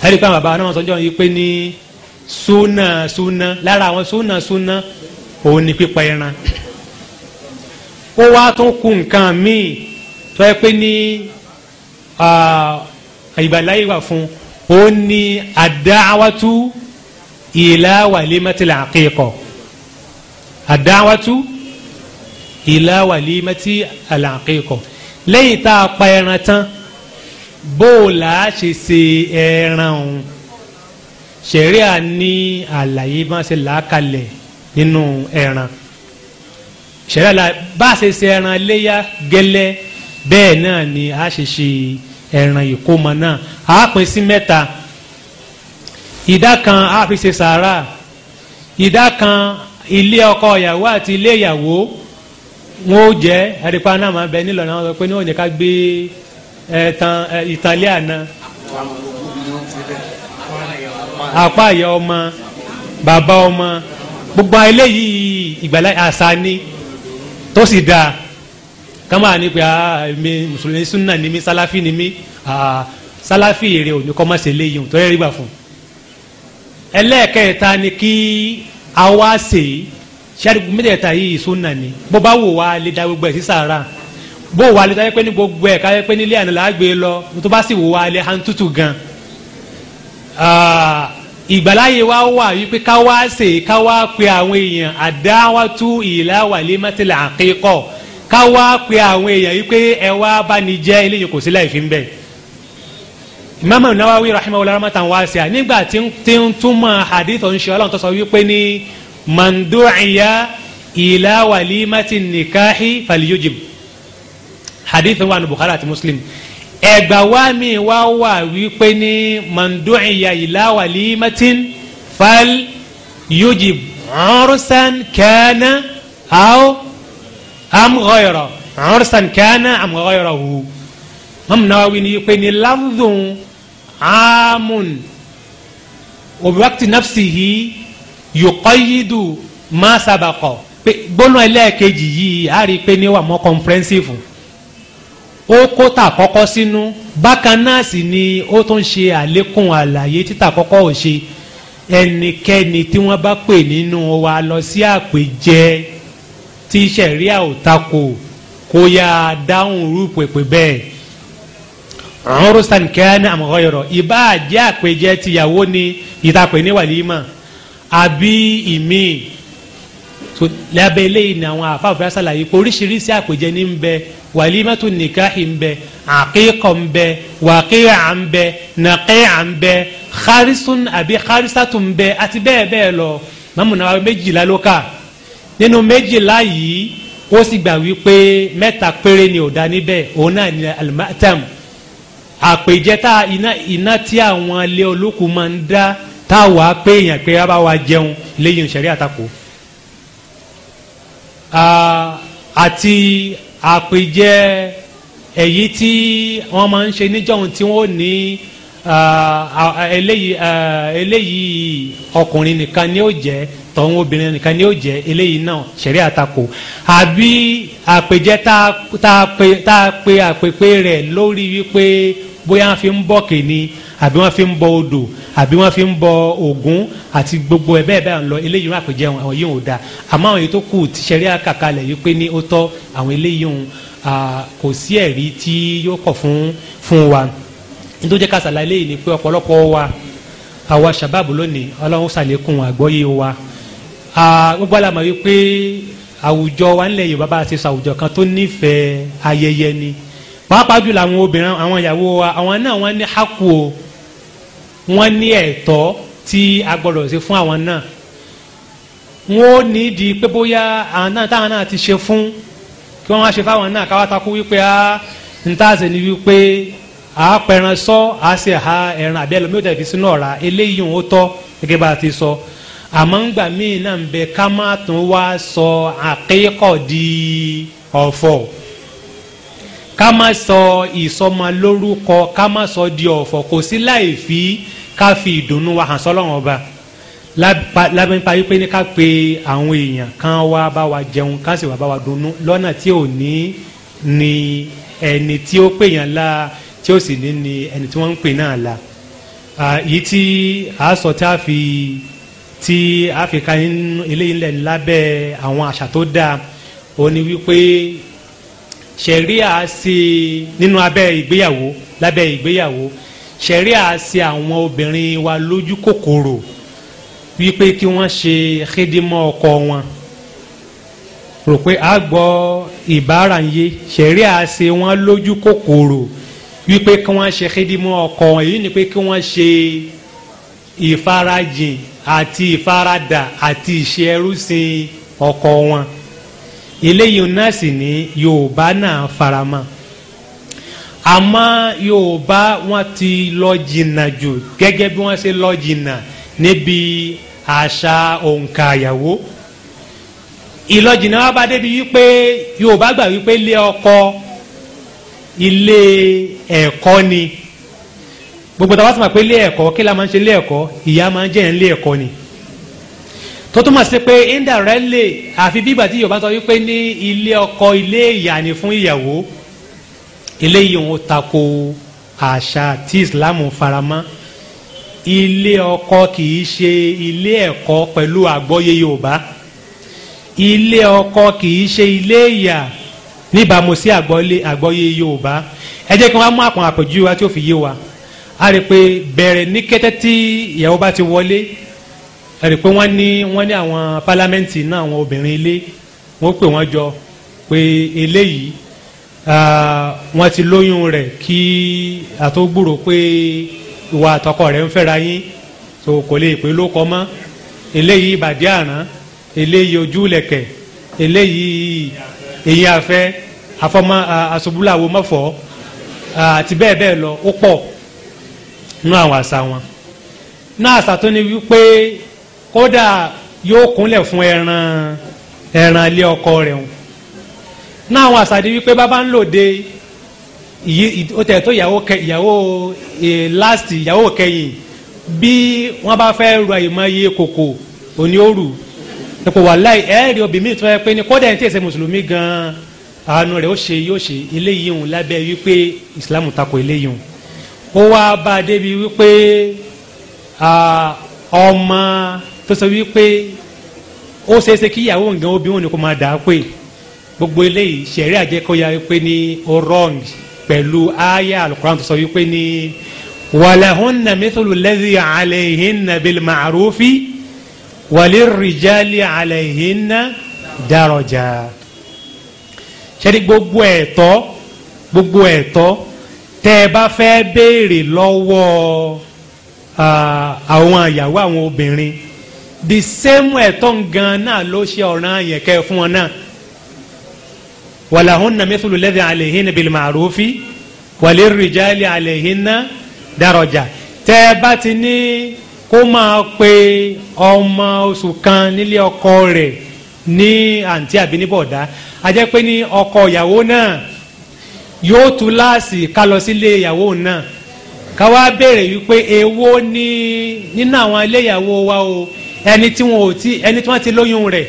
ẹ̀rí pé àwọn bàbá náà sọ́jọ́ yìí pé ní súnà súnà lára àwọn súnà súnà òun ni pípa ẹran ó wá tún kú nǹkan míì tó yẹ pé ní ìbàláyé wà fún ó ní àdáwátú ìlà wàlímẹ́tìlà àkíkọ̀ àdáwátú ìlà wàlímẹ́tìlà àkíkọ̀ lẹ́yìn tá a pa ẹran tán bó o là á ṣe ṣe ẹran òun ṣẹ̀ríà ní àlàyé bá ṣe làákalẹ̀ nínú ẹran ṣẹ̀ríà la bá ṣe ṣe ẹran léyà gẹ́lẹ́ bẹ́ẹ̀ náà ni a ṣe ṣe ẹran ìkómọ náà a pín sí mẹ́ta ìdá kan a fi ṣe sàárà ìdá kan ilé ọkọ ìyàwó àti ilé ìyàwó wọn ò jẹ ẹ̀rípa náà máa bẹ nílò náà wọn sọ pé ní òun ká gbé ẹ̀tàn ìtàlẹ́ àná apá àyà ọmọ bàbá ọmọ gbogbo eléyìí ìgbàlá àṣà ni tó sì dáa kama ah, ni pe aa mi mùsùlùmí sunna ni mi salafi ni mi aa salafi yẹrẹ o ni kọ́ ma ṣe léyìn o tọ́yẹ̀rì gbà fún. ẹlẹ́ẹ̀kẹta ni kí a wá ṣe sẹ́dùkú mẹ́tẹ̀ẹ̀ta yìí sunna ni bó bá wò wá lè da gbogbo ẹ̀ sí sàrà bó wà lè dáyẹ pé ní gbogbo ẹ̀ káyẹ pé nílé àná làá gbé lọ tó bá sì wò wá lè hàn tútù gan. Ah, ìgbàláyè wa wà wípé ká wá ṣe ká wá pe àwọn èèyàn àdáwàtú ìlàwàlẹ̀ mẹ́tẹ̀lẹ̀ àkẹ́kọ̀ ká wá pe àwọn èèyàn wípé ẹ wá bá ní jẹ́ eléyìí kò sí láìfín bẹ́ẹ̀. imaamu nawawi rahimahu rahmatan wasi'a nígbà tí ń túmọ̀ hadithu ń ṣe ọlọ́run tó sọ wípé ní mandu'iya ìlàwàlẹ̀ mẹ́tẹ̀lẹ̀ nìkáhì falyujib hadithu wa ní bukhari àti muslim ẹgbà wa mi wá wà wípé ní mandu'iya ila walimatin fal yujib ursan kana aw am ghayra ursan kana am ghayrahu Imam Nawawi ní wípé ní lafdhun amun wa bi waqti nafsihi yuqayyidu ma sabaqa pé gbóná ẹlẹ́ẹ̀kejì yìí a pé ní wà mọ́ comprehensive ó kó tà kọ́kọ́ sínú bákan náà sì ni ó tún ṣe àlékún àlàyé títà kọ́kọ́ ò ṣe ẹnikẹ́ni tí wọ́n bá pè nínú wa lọ sí àpèjẹ tí sẹ̀ríà ò takò kó yá dáhùn irú pèpè bẹ́ẹ̀ ọ̀rùsàn kẹ́hánà àmọ́ yọ̀rọ̀ ìbá jẹ́ àpèjẹ tìyàwó ni ìtàpè ní wàlímà àbí ìmíì lábẹ́ eléyìí ni àwọn àfáàfẹ́ àṣàlàyé oríṣiríṣi àpèjẹ ní ń bẹ walimatu nikahi ń bẹ aqiqa ń bẹ waqi'a ń bẹ naqi'a ń bẹ kharisun àbí kharisatu ń bẹ àti bẹ́ẹ̀ bẹ́ẹ̀ lọ mamuna méjìlá ló kà nínú méjìlá yìí ó sì gbà wípé mẹ́ta péré ni ò dá níbẹ̀ òun náà ni alimatam àpèjẹta iná iná tí àwọn ilé olókùn máa ń dá táwa pé èèyàn pé bá wa jẹun lẹ́yìn ìṣẹ̀rí àtakò àti àpèjẹ èyí tí wọ́n máa ń ṣe níjọ́hun tí wọ́n ní eléyìí eléyìí ọkùnrin nìkan ni ó jẹ́ tọ̀hún obìnrin nìkan ni ó jẹ́ eléyìí náà ṣẹ̀rí àtakò àbí àpèjẹ tá a pe àpèpè rẹ̀ lórí wípé bóyá fi ń bọ̀ kìíní àbí wọ́n fi ń bọ odò àbí wọ́n fi ń bọ ògún àti gbogbo ẹ̀ bẹ́ẹ̀ bẹ́ẹ̀ ń lọ eléyìí rà pèjẹ́ àwọn yìí ò da àmọ́ àwọn èyí tó kù sẹ́ríà kàkalẹ̀ yìí pé ní ó tọ́ àwọn eléyìí òun kò sí ẹ̀rí tí yóò kọ̀ fún fún wa nítorí jẹ́ ká ṣàlàyé eléyìí ni pé ọ̀pọ̀lọpọ̀ wa àwa sàbáàbù lónìí ọlọ́run ṣàlékún àgbọ́yé wa gbogbo àlàmọ́ yìí pé àwùjọ wa ńlẹ̀ Yorùbá bá a ṣe sọ àwùjọ kan tó nífẹ̀ẹ́ ayẹyẹ ni pàápàá jùlọ àwọn obìnrin àwọn ìyàwó wa àwọn náà wọ́n ní hákù o wọ́n ní ẹ̀tọ́ tí a gbọ́dọ̀ ṣe fún àwọn náà wọ́n ó ní di pé bóyá àwọn náà táwọn náà ti ṣe fún kí wọ́n wá ṣe fáwọn náà káwá takú wípé a ń tàṣe ni wípé a pẹran sọ a sì ha ẹran àbí ẹlòmíì òtẹ̀ fi sínú ọ̀ra eléyìí òun ó tọ́ gẹ́gẹ́ bá a ti sọ àmọ́ ńgbà míì náà ń bẹ ká má tún wá sọ àkíkọ̀ di ọ̀fọ̀ ká má sọ ìsọmọlórúkọ ká má sọ di ọ̀fọ̀ kò sí láì fi ká fi ìdùnnú wa hàn sọ́lọ́run ọba lábẹ́npa yí pé ní ká pe àwọn èèyàn kan wá bá wa jẹun ká sì wá bá wa dunnú lọ́nà tí ò ní ni ẹni tí ó pèèyàn la tí ó sì ní ni ẹni tí wọ́n ń pè náà la yìí tí a sọ tí a fi tí a fi ka eléyìí lẹ̀ lábẹ́ àwọn àṣà tó dáa ó ní wípé ṣẹ̀ríà ṣe nínú abẹ́ ìgbéyàwó lábẹ́ ìgbéyàwó ṣẹ̀rí àṣẹ àwọn obìnrin wa lójú kòkòrò wípé kí wọ́n ṣe xédìmọ́ ọkọ wọn rò pé a gbọ́ ìbára yé ṣẹ̀rí àṣẹ wọn lójú kòkòrò wípé kí wọ́n ṣe xédìmọ́ ọkọ wọn èyí ni pé kí wọ́n ṣe ìfarajìn àti ìfaradà àti ìṣe ẹrúsìn ọkọ wọn eléyìí náà sì ní Yorùbá náà faramọ́ àmọ́ yorùbá wọn ti lọ jìnnà jù gẹ́gẹ́ bí wọ́n ṣe lọ jìnnà níbi àṣà òǹkà àyàwó ìlọjìnnà wa bá débi wípé yorùbá gbà wípé ilé ọkọ ilé ẹ̀kọ́ ni gbogbo tá a bá sọ ma pé ilé ẹ̀kọ́ kí la máa ń ṣe ilé ẹ̀kọ́ ìyá máa ń jẹ́yìn ilé ẹ̀kọ́ ni tó túmọ̀ sí pé indirectly àfi bí ìgbà tí yorùbá sọ wípé ní ilé ọkọ ilé ìyá ni fún ìyàwó eléyìí wọn tako àṣà tí islam faramọ́ ilé ọkọ kìí ṣe ilé ẹ̀kọ́ pẹ̀lú àgbọ́yé yorùbá ilé ọkọ kìí ṣe ilé ìyà níbàámu sí àgbọ́yé yorùbá ẹ jẹ́ kí wọ́n mú àpọ̀n àpèjúwe wa tí ó fi yé wa a rí i pé bẹ̀rẹ̀ ní kété tí ìyàwó bá ti wọlé a rí pé wọ́n ní wọ́n ní àwọn pálámẹ́ǹtì náà àwọn obìnrin ilé wọ́n pè wọ́n jọ pé eléyìí Ah, wọ́n ti lóyún rẹ̀ kí àtọ́gbòrò pé ìwà àtọkọ rẹ̀ ń fẹ́ra yín so kò lè pè lóko mọ́ eléyìí ìbàdí àrán eléyìí ojúlẹ̀kẹ̀ eléyìí èyí àfẹ́ afọmọ asobúláwo mọ́fọ́ àti bẹ́ẹ̀ bẹ́ẹ̀ lọ ó pọ̀ nínú àwọn àṣà wọn náà àṣà tó ní wípé kódà yóò kúnlẹ̀ fún ẹran ẹran ilé ọkọ rẹ̀ wọn náà àwọn àṣàdé wípé bàbá ń lòde ó tẹ̀ tó ìyàwó ìyàwó eh, last ìyàwó kẹyìn bí wọ́n bá fẹ́ ru àyèmáyé kòkò òní òru nípò wàláì ẹ̀ẹ́rì obìnrin tó yẹ pé ní kódà ẹni tí èsè mùsùlùmí gan-an àánú rẹ̀ ó ṣe yóò ṣe eléyìí òun lábẹ́ wípé ìsìlámù takò eléyìí òun ó wá bá a débi wípé ọmọ tó sọ wípé ó ṣeéṣe kí ìyàwó nǹkan obìnrin òun ni kò máa dà á pé gbogbo eléyìí sẹ̀rí àjẹkọ̀yà wípé ní o wrong pẹ̀lú aya alukoran tó sọ wípé ní walahunna mithlu alladhi alayhinna bil ma'rufi walirrijali alayhinna daraja sẹ́ni gbogbo ẹ̀tọ́ gbogbo ẹ̀tọ́ tẹ́ ẹ bá fẹ́ béèrè lọ́wọ́ àwọn ìyàwó àwọn obìnrin the same ẹ̀tọ́ gan náà ló ṣe ọ̀ràn yẹn kẹ́ fún wọn náà walahunna mithlu alladhi alayhinna bil ma'rufi walirrijali درجة تابتني tẹ́ أقوي bá سكان ní kó máa pe ọmọ بودا kan nílé ọkọ rẹ̀ ní àǹtí àbí ní bọ̀dá a jẹ́ pé ní ọkọ ìyàwó náà yóò tú láàsì ká lọ sílé ìyàwó náà ká wá béèrè wípé èwo ni nínú àwọn ilé ìyàwó wa o ẹni tí wọn ti lóyún rẹ̀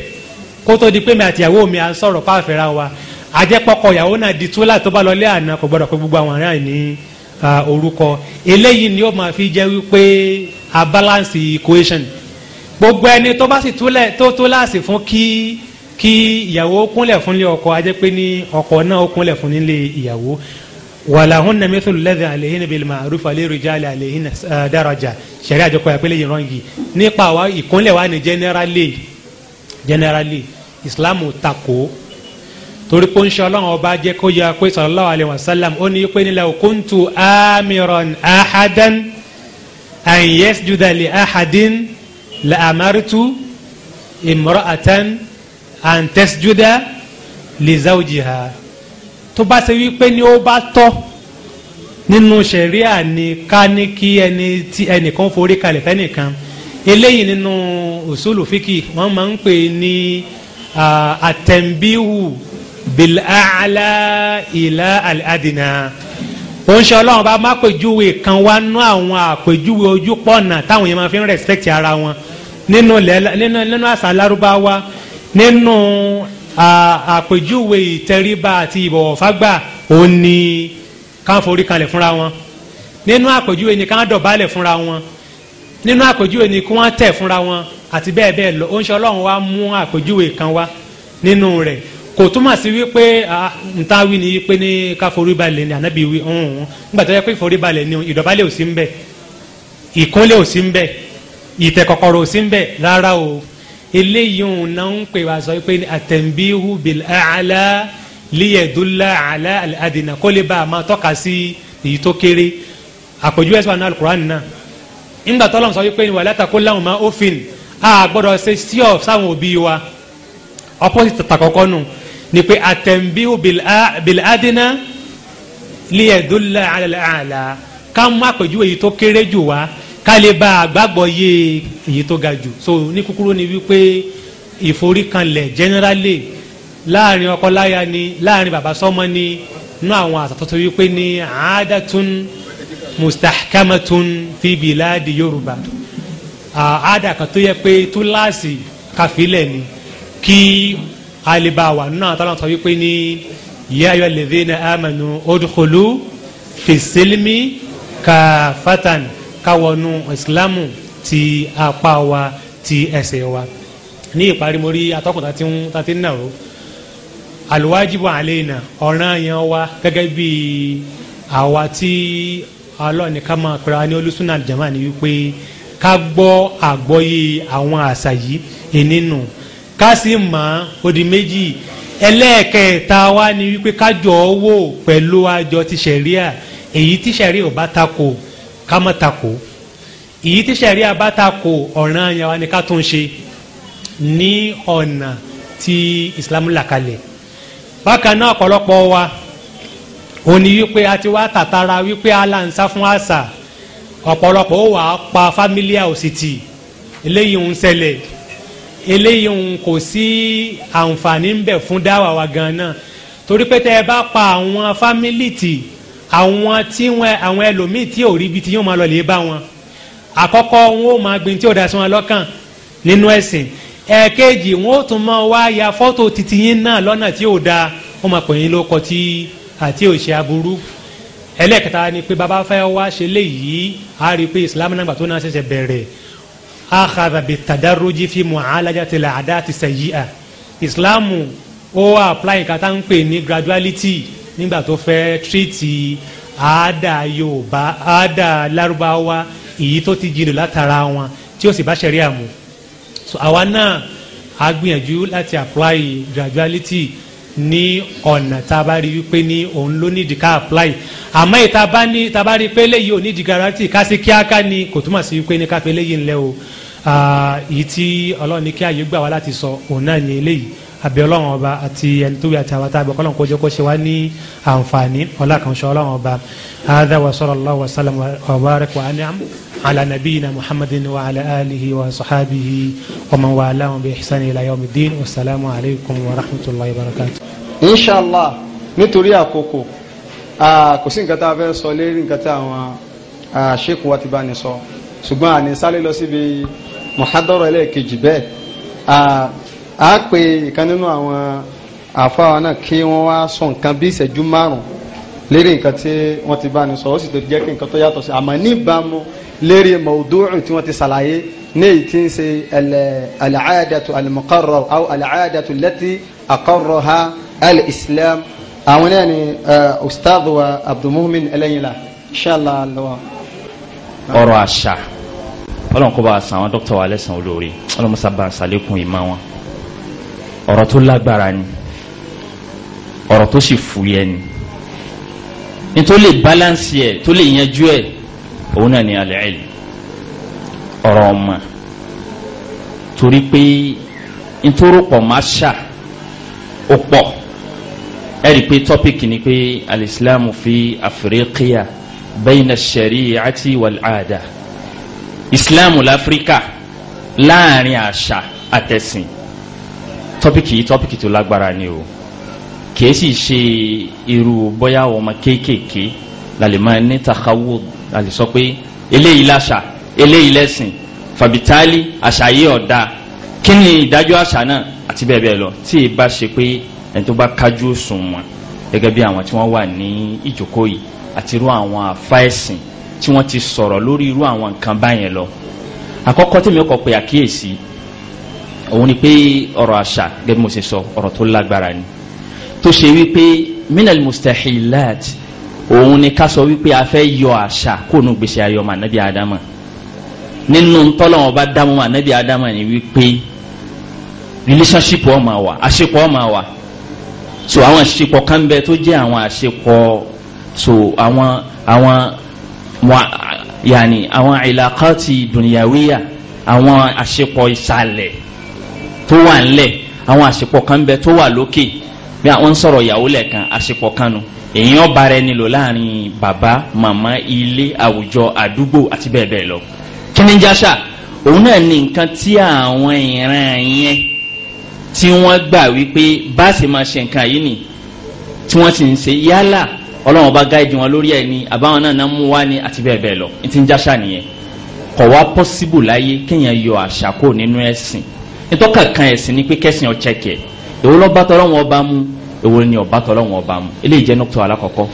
kó tó di pé mi àtìyàwó mi à ń sọ̀rọ̀ pàfẹ́ra wa ajẹ́pọ̀kọ ìyàwó náà di tó láti tó bá lọlé àná kò gbọ́dọ̀ pé gbogbo àwọn ará ní orúkọ eléyìí ni ó máa fi jẹ́ wípé a balance equation gbogbo ẹni tó bá sì tó tó láàsì fún kí kí ìyàwó kúnlẹ̀ fún ilé ọkọ ajẹ́ pé ní ọkọ náà ó kúnlẹ̀ fún nílé ìyàwó walahunna mithlu alladhi alayhinna bil ma'ruf lirijali alayhinna daraja sẹ̀rí àjọpọ̀ ìpínlẹ̀ ìran yìí nípa ìkúnlẹ̀ wa ni generally generally Islam takò torí pé ń ṣe ọlọ́run ọba jẹ́ kó yẹ pé sallallahu alayhi wa sallam ó ní pé nílẹ̀ kuntu amiran ahadan an yasjuda li ahadin la amartu imra'atan an tasjuda li zawjiha tó bá ṣe wípé ni ó bá tọ́ nínú ṣẹ̀ríà ni ká ní kí ẹni tí ẹnìkan forí kalẹ̀ fẹ́nìkan eléyìí nínú usulu fíkì wọ́n máa ń pè ní àtẹ̀m̀bíhù bil'a'la ila al-adna oúnjẹ ọlọ́run bá má pèjúwe kan wá nú àwọn àpèjúwe ojú pọ̀nà táwọn yẹn máa fi ń respect ara wọn nínú nínú àṣà lárúbáwá nínú àpèjúwe ìtẹríba àti ìbọ̀wọ̀ fágbà òun ni ká forí kalẹ̀ fúnra wọn nínú àpèjúwe ni ká dọ̀bálẹ̀ fúnra wọn nínú àpèjúwe ni kí wọ́n tẹ̀ fúnra wọn àti bẹ́ẹ̀ bẹ́ẹ̀ lọ oúnjẹ ọlọ́run wá mú àpèjúwe kan wá nínú rẹ̀ kò túmọ̀ sí wípé nta wí ni pé ní ká foríbalẹ̀ ni ànábì wí ọ̀hún nígbà tó yẹ pé foríbalẹ̀ ni ìdọ̀bálẹ̀ ò sí ń bẹ̀ ìkúnlẹ̀ ò sí ń bẹ̀ ìtẹ̀kọ̀kọ̀rọ̀ ò sí ń bẹ̀ rárá o eléyìí òun náà ń pè wá sọ pé àtẹ̀m̀bíhu bil àlá líyẹ̀dúlá àlá àdìnà kó lè bá a máa tọ́ka sí èyí tó kéré àpèjú ẹ̀sùn àná alukur'an náà nígbà tó lọ́n sọ wípé wala taqul lahuma uffin a gbọ́dọ̀ ṣe sí ọ̀ sáwọn òbí wa opposite tàkọ́kọ́ nù ni pé atẹ̀m̀bíu bìládínà liyadullah ala ala ká mú àpèjúwe èyí tó kéré jù wá ká lè bá àgbàgbọ́ yé ga jù so ni kukuru ni wípé ìforíkanlẹ̀ generally láàrin ọkọ ni láàrin bàbá sọmọ ni nú àwọn àṣà tuntun wípé ni àádátún mustahkamatun fi biladi yoruba àádà kan tó yẹ pé túláàsì kàfílẹ̀ ni kí àlebà wà nínú àwọn tọ́lá sọ wípé ní ya ayyuhal ladhina amanu udkhulu fi kafatan káwọnú ìsìlámù ti apá wa ti ẹsẹ̀ wa ní ìparí mo rí atọ́kùnrin tí ń tàbí náà o alwajibu alayna ọ̀ràn yẹn wa gẹ́gẹ́ bí àwa tí ọlọ́ọ̀ni ká máa pera ní olùsúnà jama ni wípé ká gbọ́ àgbọ́yé àwọn àṣà yìí ènínú ká ma mọ̀ meji méjì ẹlẹ́ẹ̀kẹta wá ni wípé kájọ wò pẹ̀lú àjọ ti ṣẹ̀ríà èyí tí ṣẹ̀ríà ò bá takò ká má takò èyí tí ṣẹ̀ríà bá takò ọ̀ràn àyàn wa ni ká tún ṣe ní ọ̀nà tí Islam là kalẹ̀ bákan náà ọ̀pọ̀lọpọ̀ wa ó wípé a ti wá tàtàrà wípé aláǹsá fún àṣà ọ̀pọ̀lọpọ̀ ó wàá pa family house tì eléyìí ń ṣẹlẹ̀ eléyìí kò sí àǹfààní ń bẹ fún dáwà wa gan náà torí pé tẹ ẹ bá pa àwọn fámìlì tì àwọn tí wọn àwọn ẹlòmíì tí ò rí ibi tí yóò máa lọ lè bá wọn àkọ́kọ́ wọn ò máa gbin tí ò dá sí wọn lọ́kàn nínú ẹ̀sìn ẹ̀ẹ̀kejì wọn ò tún máa wá ya fọ́tò titi yín náà lọ́nà tí ò dáa wọn máa pè yín lóko tí àti òṣè aburú ẹlẹ́ẹ̀kẹta ni pé bàbá wá ṣe léyìí a rí i pé ìsìlámù náà gbà tó náà ṣẹ̀ṣẹ̀ bẹ̀rẹ̀ akhadha bitadarruji fi mu'alajati al-'adati sayyi'a ìsìláàmù ó apply nǹkan tá à ń graduality nígbà tó fẹ́ tírìtì àádá yorùbá àádá larubawa èyí tó ti jìnnà látara wọn tí ó sì bá ṣẹ̀rí àmú so àwa náà a gbìyànjú láti apply graduality ní ọ̀nà tá a bá rí wípé ní òun ló nídìí ká apply àmọ́ ìta bá ní ta bá rí pé léyìí ò nídìí guarantee ká sí kíáká ni kò túmọ̀ sí wípé ní ká fi léyìí ńlẹ́ o ah, èyí tí ọlọ́run ní kí ààyè gbà wá láti sọ òun náà ní eléyìí àbí ọlọ́run ọba àti ẹni tó bí àti àwọn àtàbí ọkọ́ ọlọ́run kó jẹ́ kó ṣe wá ní àǹfààní ọlá kan ṣe ọlọ́run ọba hadha wa sallallahu wa sallam wa barak wa an'am ala nabiyyina muhammadin wa ala alihi wa sahabihi wa man walahum bi ihsan ila yawmiddin wa salaamu alaykum wa rahmatulahi wa barakatuh. inshallah nítorí àkókò kò sí nǹkan tá a fẹ́ sọ lérí nǹkan tá àwọn ṣéèkù wa ti bá ní sọ ṣùgbọ́n àní sálẹ̀ lọ síbi muhadara ẹlẹ́ẹ̀kejì bẹ́ẹ̀ a pe ìkan nínú àwọn àfáà náà kí wọ́n wá sọ nǹkan bí ìṣẹ́jú márùn-ún lérí nǹkan tí wọ́n ti bá ní sọ ó sì tó jẹ́ kí nǹkan tó yàtọ̀ sí àmọ́ níbàámu lérí mọ̀ọ́dúnrún tí wọ́n ti ṣàlàyé ní èyí tí ń ṣe al-aadatu al-muqarrar aw al-aadatu allati aqarraha al-islam àwọn náà ni eh, ustaz wa abdulmumin ẹlẹ́yìnlá inshallah lọ́wọ́. ọ̀rọ̀ àṣà ọlọ́run kó bá a san àwọn dókítà wa lẹ́sàn-án olóore ọlọ́run sábà ń sàlékún ìmọ̀ wọn ọ̀rọ̀ tó lágbára ni ọ̀rọ̀ tó sì fúyẹ́ ni nítorí lè balance ẹ̀ tó lè yanjú ẹ̀ òun náà ni alẹ́ ẹ̀ ọ̀rọ̀ ọmọ torí pé nítorí pọ̀ máa ṣà ó pọ̀ ẹ rí i pé tọ́pìkì ni pé alìsílámù fi àfìríkìyà bayna shari'ati wal aada ìsìlámù láfíríkà láàrin àṣà àtẹ̀sìn tọ́pìkì yìí tọ́pìkì tó lágbára ni o kìí sì ṣe irú bóyá ọmọ kéékèèké lálẹ́ máa ní takawo lálẹ́ sọ pé eléyìí láṣà eléyìí lẹ́sìn fàbítálì àṣà yìí ọ̀dà kí ni ìdájọ́ àṣà náà àti bẹ́ẹ̀ bẹ́ẹ̀ lọ tí ì bá ṣe pé ẹni tó bá kájú òsùn wọn gẹ́gẹ́ bí àwọn tí wọ́n wà ní ìjókòó yìí àti irú àwọn àfa ẹ̀sìn tí wọ́n ti sọ̀rọ̀ lórí irú àwọn nǹkan báyẹn lọ àkọ́kọ́ tèmi kọ pé àkíyèsí òun ni pé ọ̀rọ̀ àṣà gẹ́gẹ́ mo ṣe sọ ọ̀rọ̀ tó lágbára ni tó ṣe wípé minal mustahilat òun ni ká sọ wípé a fẹ́ yọ àṣà kóònù gbèsè ayọ̀mọ̀ ànábì ádámà nínú ntọ́lọ́wọ́n bá dámú ànábì ádámà ni wípé relationship wọn máa wà àṣepọ̀ wọn máa wà so àwọn àṣepọ̀ kan bẹ tó jẹ́ àwọn àṣepọ̀ so àwọn àwọn yàní àwọn ìlàkàtì dùnìyàwíyà àwọn àṣepọ̀ ìsàlẹ̀ tó wà ńlẹ̀ àwọn àṣepọ̀ kan bẹ tó wà lókè bí àwọn sọ̀rọ̀ ìyàwó lẹ́ẹ̀kan àṣepọ̀ kan nu èèyàn bára ẹni lò láàrin bàbá màmá ilé àwùjọ àdúgbò àti bẹ́ẹ̀ bẹ́ẹ̀ lọ. kíni jáṣà òun náà ní nǹkan tí àwọn ìran yẹn tí wọ́n gbà wípé bá a sì máa ṣe nǹkan yìí nì tí wọ́n sì ń ṣe yálà ọlọ́run bá gáìdì wọn lórí ẹ̀ ni àbáwọn náà náà mú wá ní àti bẹ́ẹ̀ bẹ́ẹ̀ lọ ní ti ń jáṣà nìyẹn kọ̀ pọ́síbù láyé kéèyàn yọ àṣà kò nínú ẹ̀sìn ìtọ́ka kan ẹ̀sìn ni pé kẹ́sìn ọ̀chẹ́ kẹ̀ èwo lọ bá tọ́lọ́ wọn ọba mu èwo ni ọba tọ́lọ́ wọn ọba mu eléyìí jẹ́ nọ́kítọ̀ alákọ̀ọ́kọ́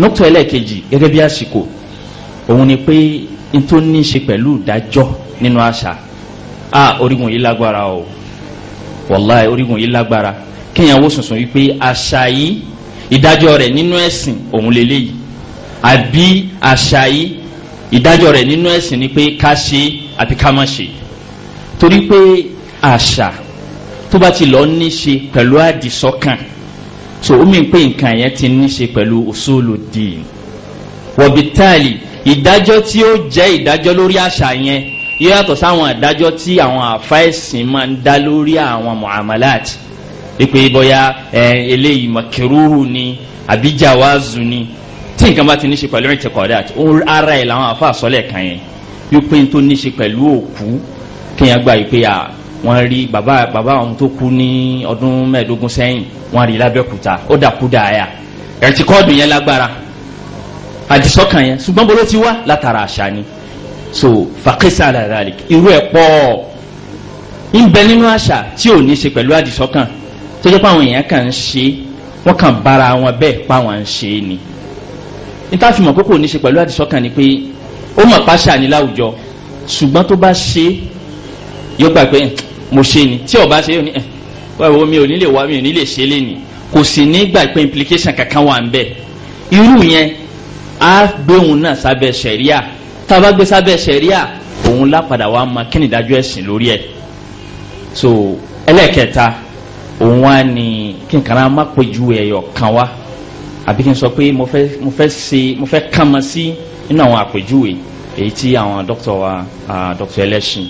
nọ́kítọ̀ ẹlẹ́ẹ̀kejì gẹ́gẹ́ bí àsìkò òun ni pé n tó ní í ṣe pẹ̀lú ìdájọ́ nínú àṣà a orígun yìí lágbára o wàláì orígun yìí lágbára kéèyàn wò sùnsùn wípé àṣà yìí ìdájọ́ rẹ̀ nínú ẹ̀sìn òun lélẹ́yìí àbí àṣà ni pé ká ṣe àti ká má àṣà tó bá ti lọ ní ṣe pẹ̀lú àdìsọ́kàn so omi pé nǹkan yẹn ti ní ṣe pẹ̀lú usulu din wọ̀bítàlì ìdájọ́ tí ó jẹ́ ìdájọ́ lórí àṣà yẹn yíyàtọ̀ sáwọn ìdájọ́ tí àwọn àfáìsìn máa ń dá lórí àwọn muamalat pípé bóyá eléyìí makiruhu ni àbí jawazu ni tí nǹkan bá ti ní ṣe pẹ̀lú ìtẹ̀kọ̀dá ara ẹ̀ làwọn àfa àsọlẹ̀ kan yẹn yóò pé n tó ní ṣe pẹ̀lú òkú kéèyàn gbà yìí pé wọ́n rí baba bàbá àwọn tó kú ní ọdún mẹ́ẹ̀ẹ́dógún sẹ́yìn wọ́n rí lábẹ́kúta ó dàkúdà àyà ẹ̀rìtìkọ́ọ̀dù yẹn lágbára àdìsọ́kàn yẹn ṣùgbọ́n bó ti wá látara àṣà ni so fàkísà àlàyé irú ẹ̀ pọ̀ ń bẹ nínú àṣà tí ò ní ṣe pẹ̀lú àdìsọ́kàn tó jẹ́ pé àwọn èèyàn kàn ń ṣe wọ́n kàn bára wọn bẹ́ẹ̀ pa wọn ń ṣe ni níta fi mọ̀ pé kò ní ṣe pẹ̀lú àdìsọ́kàn ni pé ó mọ̀ pàṣà ní láwùjọ ṣùgbọ́n tó bá ṣe yóò gbà pé mo ṣe ni tí ọba ṣe ni ẹ eh, wáwo mi ò ní lè wá mi ò ní lè ṣe lé ni kò sì ní gbà pé implication kankan wà ń bẹ irú yẹn á gbé òun náà sábẹ́ sẹ̀ríà tá a bá gbé sábẹ́ sẹ̀ríà òun lápadà wàá ma kí ni ìdájọ́ ẹ̀sìn lórí ẹ̀ so ẹlẹ́kẹta òun wá ní kí n kàn án má péjú ẹ̀yọ̀ kan wá àbí kí n sọ pé mo fẹ́ mo fẹ́ ṣe mo fẹ́ kàn mọ́ sí nínú àwọn àpèjúwe èyí tí àwọn dókítà wa dókítà ẹlẹ́sìn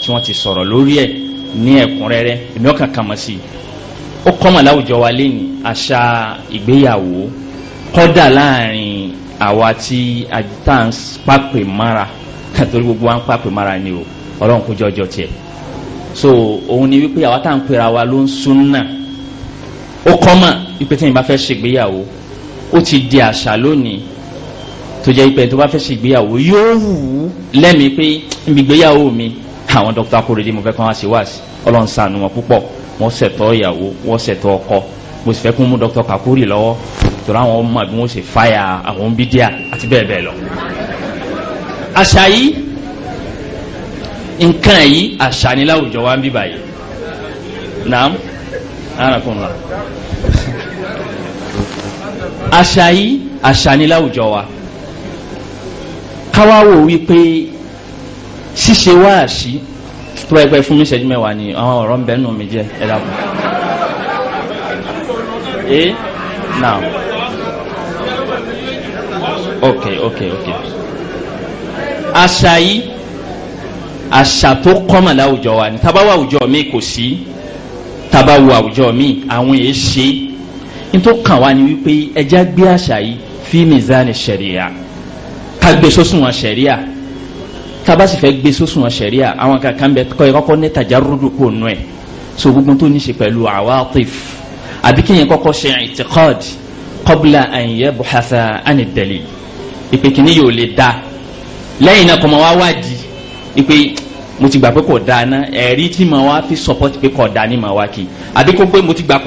tí wọ́n ti sọ̀rọ̀ lórí ẹ̀ ní ẹ̀kúnrẹ́rẹ́ èmi ọkàn kà mọ sí i ó kọ́mọ̀ láwùjọ wa lẹ́nu àṣà ìgbéyàwó kọ́dà láàrin àwa tí àjítà ń pàpè kàtórí gbogbo wa ń pàpè mára ni o ọlọ́run kó jọjọ tiẹ̀ so òun ni wípé àwa tá à ń pera wa ló ń súnà ó kọ́mọ̀ wípé tí èèyàn bá fẹ́ ṣègbéyàwó ó ti di àṣà lónìí tó jẹ́ ìpẹ́ tó bá fẹ́ ṣègbéyàwó yóò wù ú lẹ́mìí pé ìgbéyàwó mi àwọn dókítà Kóredé mo fẹ́ kàn wá sí wáàsí Ọlọ́run ṣàánú wọn púpọ̀ wọ́n ṣètọ́ ìyàwó wọ́n ṣètọ́ ọkọ mo sì fẹ́ kún mú dókítà Kakuri lọ́wọ́ torí àwọn ọmọ àbí wọ́n ṣe fáyà àwọn bídíà àti bẹ́ẹ̀ bẹ́ẹ̀ lọ. àṣà yìí nǹkan yìí àṣà ni láwùjọ wa ń bí báyìí naam anakunla àṣà yìí àṣà ni láwùjọ wa káwá wò wípé ṣíṣe wáàsí tó bá yẹ pé fún mi ṣẹ́jú mẹ́wàá ni àwọn ọ̀rọ̀ ń bẹ nù mí jẹ́ ẹ dàpọ̀. ee now ok ok ok àṣà yìí àṣà tó kọ́mọ̀ láwùjọ wa ni tábà wà àwùjọ mi kò sí tábà wà àwùjọ mi àwọn èèyàn ṣe nítorí kàn wá ni wípé ẹja gbé àṣà yìí fí mizani ṣẹ̀ríà ká wọn ṣẹ̀ríà tabasi fẹ́ gbé sosun sariya àwọn kankan bẹ kọ́ ẹ kọ́kọ́ ne tajà rudu k'o nọ ẹ so gbogbo tó ní ṣe pẹ̀lú awatif àbí kéèyàn kọ́kọ́ ṣe itikad qabla an yabhatha ani dalil ìpè yóò lè da lẹ́yìn náà kọ́mọ wá wádìí ìpè mo ti gbà pé kò da ná ẹ̀rí tí ma wá fi support pé kò da ni ma wá kí àbí kó pé mo ti da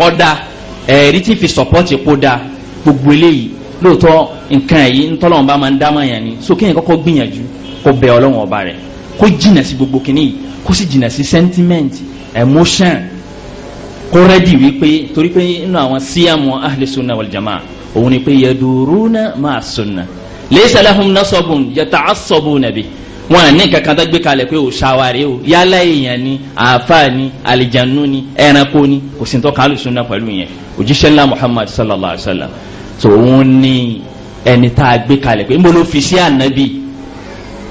ẹ̀rí tí fi support kó da gbogbo eléyìí lóòótọ́ nǹkan yìí ntọ́lọ́mọba máa ń dá mọ̀ yẹn ni so kéèyàn kọ́kọ́ gbìyànjú kó bẹ ọlọ́run ọba rẹ̀ kó jìnà sí gbogbo kìíní kó sì jìnà sí sentiment emotion kó rẹ́dì wípé torí pé inú àwọn síyàmù ahli sunna òun ni pé yaduruna máa sunna laysa lahum nasabun yata'assabuna bi wọn à ní kankan tó gbé kalẹ̀ pé o ṣàwárí o yálà èèyàn ni àáfà ni àlìjánu ni ẹranko ni kò sí ní tọ́ka ahli sunna pẹ̀lú yẹn òjíṣẹ́ ńlá muhammad sallallahu alayhi wa sallam tó òun ni ẹni tá a gbé kalẹ̀ pé n bolo fi sí ànábì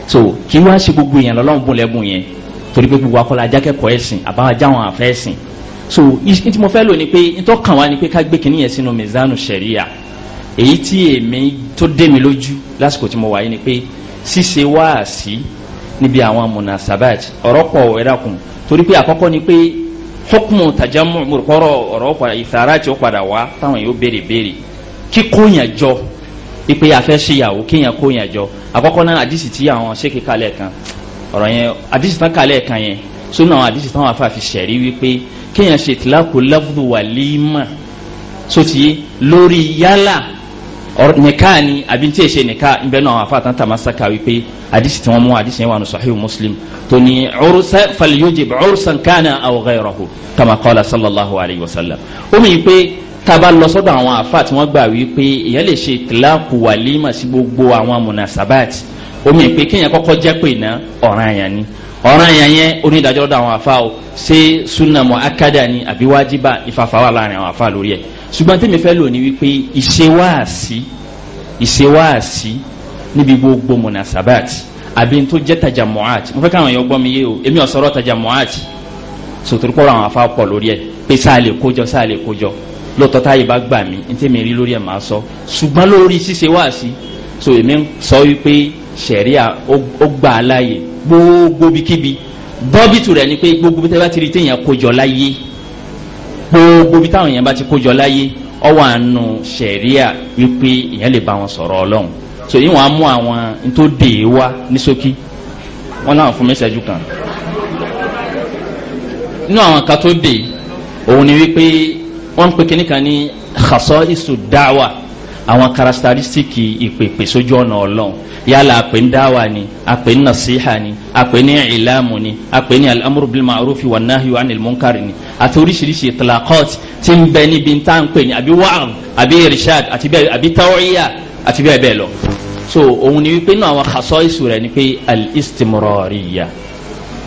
so kì í wá sí gbogbo èèyàn lọ́lọ́run bùn lẹ́bùn yẹn torí pé gbogbo akọ́lá ajákẹ́kọ̀ọ́ ẹ̀sìn àbáwájá àwọn àfẹ́ ẹ̀sìn so n tí mo fẹ́ lò ni pé n tó kàn wá ni pé ká gbé kinní yẹn sínú mizanu sharia èyí tí èmi tó dé mi lójú lásìkò tí mo wáyé ni pé ṣíṣe wáàsí níbi àwọn munasabat ọ̀rọ̀ pọ̀ ẹ̀dàkùn torí pé àkọ́kọ́ ni pé hukumu tajamu murukọrọ ọ̀rọ̀ ìfaraati ó padà wá táwọn yóò béèrè béèrè kíkóyànjọ ipe afẹ́ ṣìyàwó kéèyàn kó yẹn jọ àkọ́kọ́ náà àdìsí tí àwọn ṣéèkì kalẹ̀ kan ọ̀rọ̀ yẹn àdìsí tán kalẹ̀ kan yẹn sónú àwọn àdìsí táwọn afa fi ṣẹ̀rí wípé kéèyàn ṣe tìlákò lafdu walima sotiye lórí yálà nìka ni àbí tí èsè nìka nbẹ náà àwọn afa tàmá saka wípé àdìsí tí wọn mú àdìsí yẹn wà ní sahihu muslim tó ní urusa falyujib urusan kana aw ghayrahu kama qala sallallahu alayhi wa sallam ó mi pé Taba lọ sọ́dọ̀ àwọn àfa tí wọ́n gbà wípé èèyàn lè ṣe ìtìláàkù wàlímà sí gbogbo àwọn mùnàsábàtì omi ìpè kéèyàn kọ́kọ́ jẹ́ pé iná ọ̀ràn àyàn ni ọ̀ràn àyàn yẹn onídàájọ́ lọ́dọ̀ àwọn àfa o ṣé súnà mọ́ ni àbí wájibà ìfàfàwà láàrin àwọn àfa lórí ẹ̀ ṣùgbọ́n tèmi fẹ́ lò ní wípé ìṣewáàsí ìṣewáàsí níbi gbogbo mùnàsábàtì àbí tó jẹ́ tajà mọ́àtì mo fẹ́ káwọn èèyàn gbọ́ mi yé o èmi ò tajà mọ́àtì sòtòrúkọ́ àwọn àfa pọ̀ lórí ẹ̀ pé sáà lè kójọ sáà lè kójọ lọ́tọ̀ tá yìí bá gbà mí n tẹ́ mi rí lórí ẹ̀ máa sọ ṣùgbọ́n lórí ṣíṣe wá sí so èmi sọ wípé sẹ̀ríà ó gbà á láàyè gbogbo bíkíbi bọ́bìtù rẹ̀ ni pé gbogbo bí tẹ́lá ti rí téèyàn kójọ láyé gbogbo bí táwọn èèyàn bá ti kójọ láyé ọwọ́ àánú sẹ̀ríà wípé èèyàn lè bá wọn sọ̀rọ̀ ọlọ́run so yìí wọ́n á mú àwọn tó dè é wá ní ṣókí wọ́n láwọn fún mi kan nínú àwọn kan tó dè òun ni wípé wọ́n ń pè kíní kan ní khasaisu da'wa àwọn karasitaristiki ìpèpè sójú ọ̀nà ọlọ́run yálà àpè ń dáwà ni àpè ń nasiha ni àpè ní ìlàmù ni àpè ní al-amru bil ma'rufi wan nahyu anil munkari ni àti oríṣiríṣi itlaqat tí ń bẹ níbi ń tá ń pè ní àbí wa'ad àbí irshad àti bẹ́ẹ̀ àbí taw'iya àti bẹ́ẹ̀ bẹ́ẹ̀ lọ. so òun ni wípé náà àwọn khasaisu rẹ̀ ni pé al-istimrariya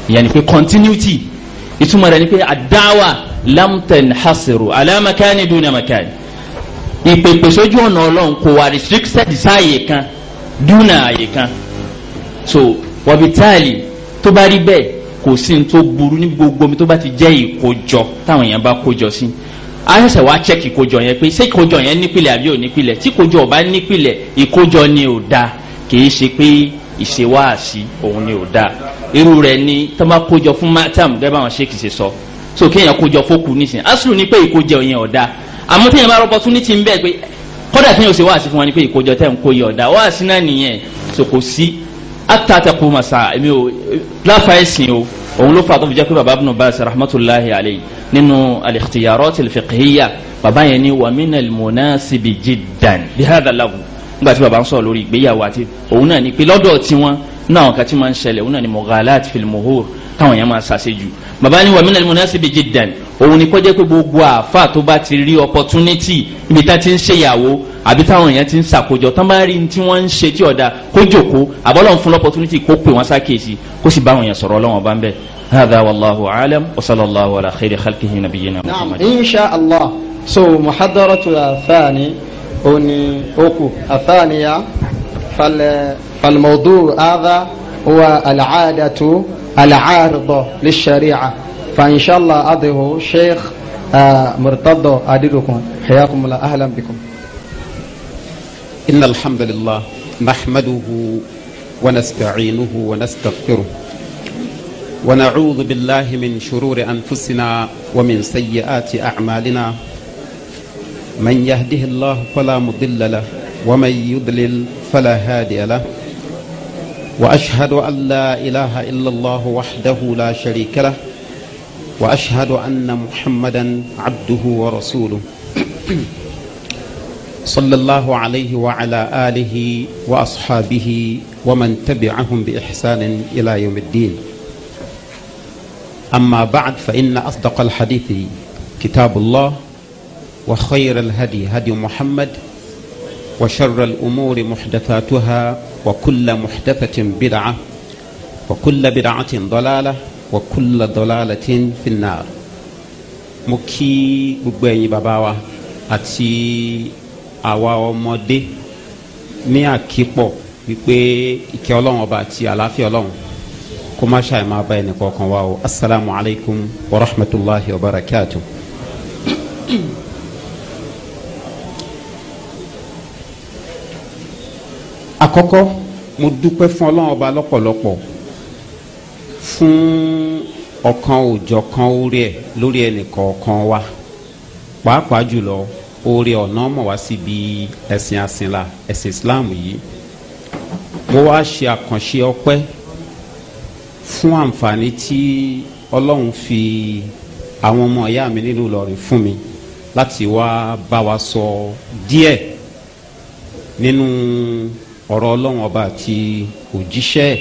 yẹn ni pé continuity ìtumọ̀ rẹ̀ ni pé àdáwà lamten hasiru alamakani dunamakani ìpèpè sójú ọ̀nà ọlọ́run kò wà restricted sáàyè kan dúnà àyè kan so wabitali tó bá rí bẹ́ẹ̀ kò sí ní tó burú ní gbogbo omi tó bá ti jẹ́ ìkójọ táwọn èèyàn bá kójọ sí ayọ̀sẹ̀ wá check ìkójọ yẹn pé ṣé ìkójọ yẹn nípìlẹ̀ àbí ò nípìlẹ̀ tí ìkójọ ò bá nípìlẹ̀ ìkójọ ni ò da kì í ṣe pé ìṣèwáàsí òun ni ò dáa irú rẹ̀ ni tó bá kójọ fún matam gẹ́gẹ́ báwọn ṣéèkì ṣe sọ so kéèyàn kójọ fókù nísìnyí asùlù ni pé ìkójọ yẹn ò dáa àmọ́ téèyàn bá rọpò tún ní ti ń bẹ́ẹ̀ pé kódà kéèyàn ṣe wáàsí fún wa ni pé ìkójọ tẹ̀ ń kó yẹ ò dáa wáàsí náà nìyẹn so kò sí àtàtàkù màsà èmi ò láfa ẹ̀sìn o òun ló fà tó fi jẹ́ pé baba ibn Baz rahmatulahi alayhi nínú al-ikhtiyarat baba yẹn ni wa min al-munasibi nígbà tí baba ń sọ̀rọ̀ lórí ìgbéyàwó àti òun náà ni pé lọ́dọ̀ tiwọn náà àwọn kan ti máa ń ṣẹlẹ̀ òun náà ni mughalat fil muhur táwọn yẹn máa ṣàṣejù baba ni wa minal munasibi jiddan òun ni kọjá pé gbogbo àáfà tó bá ti rí opportunity ibi tá ti ń ṣèyàwó àbí táwọn yẹn ti ń ṣàkójọ tán bá rí tí wọ́n ń ṣe tí ọ̀dà kó jòkó àbọ̀lọ́hún fún opportunity kó pè wọ́n sákèsì kó sì báwọn yẹn sọ̀rọ̀ ọlọ́wọ́n bá ń bẹ̀. hadha wallahu alam wa sallallahu ala khayri khalqihi nabiyyina muhammad. naam insha allah so muhadaratu thani. أني أوكو الثانية فال فالموضوع هذا هو العادة العارضة للشريعة فإن شاء الله أضيه شيخ آه، مرتضى أديركم حياكم الله أهلا بكم إن الحمد لله نحمده ونستعينه ونستغفره ونعوذ بالله من شرور أنفسنا ومن سيئات أعمالنا من يهده الله فلا مضل له ومن يضلل فلا هادي له وأشهد أن لا إله إلا الله وحده لا شريك له وأشهد أن محمدا عبده ورسوله صلى الله عليه وعلى آله وأصحابه ومن تبعهم بإحسان إلى يوم الدين أما بعد فإن أصدق الحديث كتاب الله وخير الهدي هدي محمد وشر الأمور محدثاتها وكل محدثة بدعة وكل بدعة ضلالة وكل ضلالة في النار مكي بغبي باباوا أتي أوا ọmọdé ní àkípọ̀ wípé ìkẹ́ ọlọ́run ọba àti àlàáfíà ọlọ́run kó má ṣàì máa bá ẹnì kọ̀ọ̀kan wa o asalaamualeykum wa rahmatulahi wa barakatuh. àkọ́kọ́ mo dúpẹ́ fún ọlọ́run ọba lọ́pọ̀lọpọ̀ fún ọ̀kan òjọ̀kan orí ẹ̀ lórí ẹnìkọ̀ọ̀kan wa pàápàá jùlọ orí ọ̀nà mọ̀ wá síbi ẹ̀sìn àsìnlá ẹ̀sìn Islam yìí mo wá ṣe àkànṣe ọpẹ́ fún àǹfààní tí ọlọ́run fi àwọn ọmọ ìyá mi nílùú Ìlọrin fún mi láti wá bá wa sọ díẹ̀ nínú ọ̀rọ̀ ọlọ́run ọba àti òjíṣẹ́ ẹ̀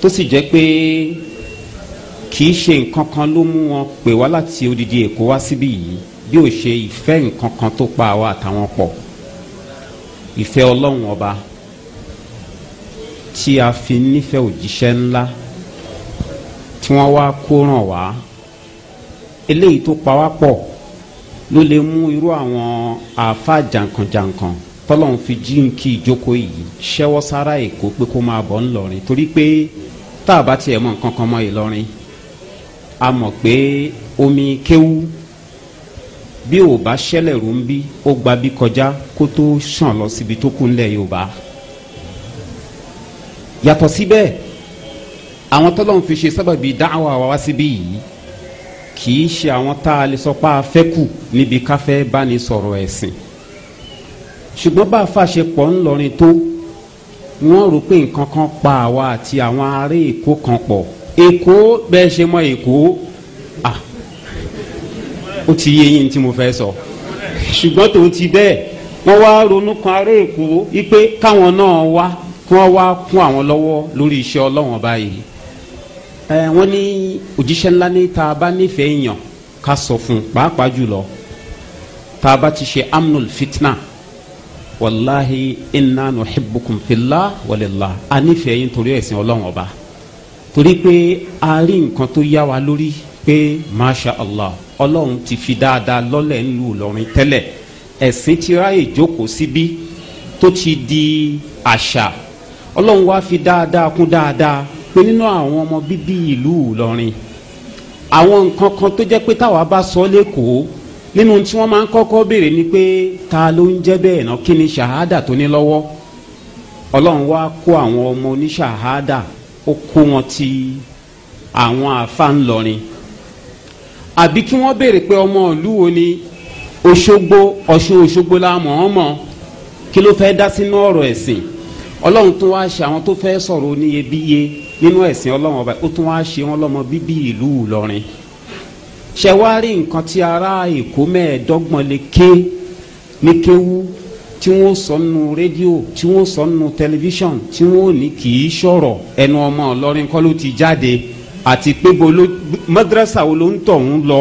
tó sì jẹ́ pé kì í ṣe nǹkan kan ló mú wọn pè wá láti odidi èkó wá síbí yìí bí ó ṣe ìfẹ́ nǹkan kan tó pa àwa àtàwọn pọ̀ ìfẹ́ ọlọ́run ọba tí a fi nífẹ̀ẹ́ òjíṣẹ́ ńlá tí wọ́n wá kó ràn wá eléyìí tó pa wá pọ̀ ló lè mú irú àwọn àáfàá jàǹkànjàǹkàn tọ́lọ́n fi jíǹkì ìjókòó yìí ṣẹ́wọ́ sára èkó pé kó máa bọ̀ ńlọrin torí pé tá a bá tiẹ̀ mọ̀ nǹkan kan mọ́ ìlọrin a mọ̀ pé omi kéwú bí ò bá ṣẹlẹ̀ rú ń bí ó gba bí kọjá kó tó ṣàn lọ síbi tó kù ńlẹ̀ yorùbá yàtọ̀ síbẹ̀ àwọn tọ́lọ́n fi ṣe sábàbí dáhùn àwa wá síbí yìí kì í ṣe àwọn tá a lè sọ pé a níbi káfẹ́ bá ní sọ̀rọ̀ ẹ̀sìn. E ṣùgbọ́n bá a fàṣẹ pọ̀ ńlọrin tó wọ́n rò pé nǹkan kan pa àwa àti àwọn ará èkó kan pọ̀ èkó bẹ́ẹ̀ ṣe mọ èkó ah ó ti yé yín tí mo fẹ́ sọ ṣùgbọ́n tòun ti bẹ́ẹ̀ wọ́n wá ronú kan ará èkó wípé káwọn náà wá kí wọ́n wá kún àwọn lọ́wọ́ lórí iṣẹ́ ọlọ́wọ́n báyìí ẹ wọ́n ní òjíṣẹ́ ńlá ní tá bá nífẹ̀ẹ́ yàn ká sọ fún pàápàá jùlọ tá bá ti ṣe amnul fitna walahi inna nuhibbukum fillah walillah a nífẹ̀ẹ́ yín torí ẹ̀sìn ọlọ́run ọba torí pé a rí nǹkan tó yá wa lórí pé masha allah ọlọ́run ti fi dáadáa lọ́lẹ̀ ńlú Ìlọrin tẹ́lẹ̀ ẹ̀sìn ti ráyè jókòó síbí tó ti di àṣà ọlọ́run wá fi dáadáa kún dáadáa pé nínú àwọn ọmọ bíbí ìlú Ìlọrin àwọn nǹkan kan tó jẹ́ pé táwa bá sọ lẹ́kọ̀ọ́ nínú tí wọ́n máa ń kọ́kọ́ béèrè ni pé ta ló ń jẹ́ bẹ́ẹ̀ náà kí ni ṣahada tó ní lọ́wọ́ ọlọ́run wá kó àwọn ọmọ oníṣahada ó kó wọn ti àwọn àfa ńlọrin àbí kí wọ́n béèrè pé ọmọ ìlú wo ni Òṣogbo Ọ̀ṣun Òṣogbo la mọ̀ ọ́n mọ̀ kí ló fẹ́ dá sínú ọ̀rọ̀ ẹ̀sìn ọlọ́run tún wá ṣe àwọn tó fẹ́ sọ̀rọ̀ oníyebíye nínú ẹ̀sìn ọlọ́run ọba ó tún wá ṣe wọn lọ́mọ bíbí ìlú Ìlọrin ṣe wá rí nǹkan tí ará èkó mẹ́ẹ̀ẹ́dọ́gbọ̀n lè ké ní kéwú tí wọ́n sọ nù rédíò tí wọ́n sọ nù tẹlifíṣàn tí wọ́n ní kì í sọ̀rọ̀ ẹnu ọmọ ọlọ́rin kọ́ ló ti jáde àti pé mọ́dírẹ́sà wo ló ń tọ̀hún lọ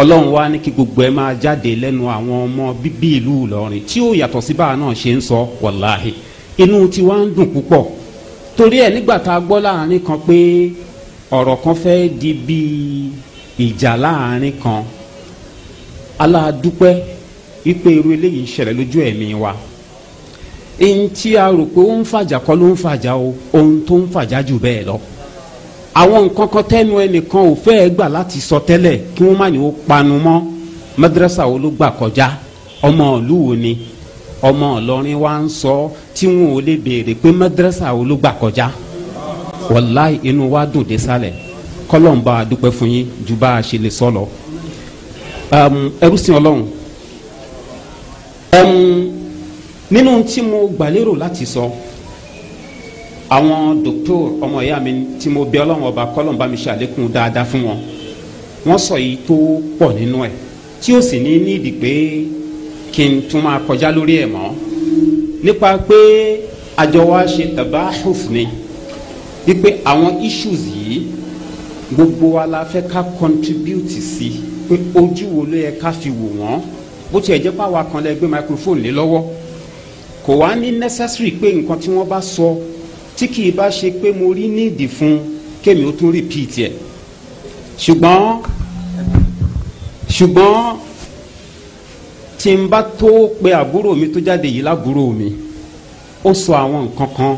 ọlọ́run wá ní kí gbogbo ẹ máa jáde lẹ́nu àwọn ọmọ bíbí ìlú ìlọrin tí ó yàtọ̀ sí báà náà ṣe ń sọ wàláhì inú tiwa ń dùn púpọ̀ torí ẹ̀ nígbà tá a gbọ́ láàrin kan pé ọ̀rọ̀ kan fẹ́ di bíi ìjà láàrin kan aláàdúpẹ́ wípé irú eléyìí ń ṣẹlẹ̀ lójú ẹ̀mí wa èyí tí a rò pé ó ń fàjà kọ́ ló ń fàjà o ohun tó ń fàjà jù bẹ́ẹ̀ lọ àwọn nǹkan kan tẹnu ẹnìkan ò fẹ́ gbà láti sọ tẹ́lẹ̀ kí wọ́n má ní ó panu mọ́ madrasa wo ló gbà kọjá ọmọ ìlú wo ni ọmọ Ìlọrin wa ń sọ tí wọn ò lè béèrè pé madrasa wo ló gbà kọjá wàláì inú wa dùn dé sálẹ̀ kọ́lọ́ǹba àdúpẹ́ fún yín ju bá a ṣe lè sọ lọ. Um, ẹrú sin ọlọ́run um, nínú tí mo gbàlérò láti sọ àwọn dòkítọ́ ọmọ ìyá mi tí mo bẹ ọlọ́run ọba kọ́lọ́ǹba mi ṣe àlékún dáadáa fún wọn wọ́n sọ yìí tó pọ̀ nínú ẹ̀ tí ó sì ní nídìí pé kí n tún máa kọjá lórí ẹ̀ mọ́ nípa pé àjọ wa ṣe tabahuf ni wípé àwọn issues yìí gbogbo wa la fẹ́ ká contribute sí pé ojú wo ló yẹ ká fi wò wọ́n bó tiẹ̀ jẹ́ pé àwa kan lẹ gbé microphone lé lọ́wọ́ kò wá ní necessary pé nǹkan tí wọ́n bá sọ tí kì í bá ṣe pé mo rí níìdì fún kémi ó tún repeat ẹ̀ ṣùgbọ́n ṣùgbọ́n tí n bá tó pe àbúrò mi tó jáde yìí lábúrò mi ó sọ àwọn nǹkan kan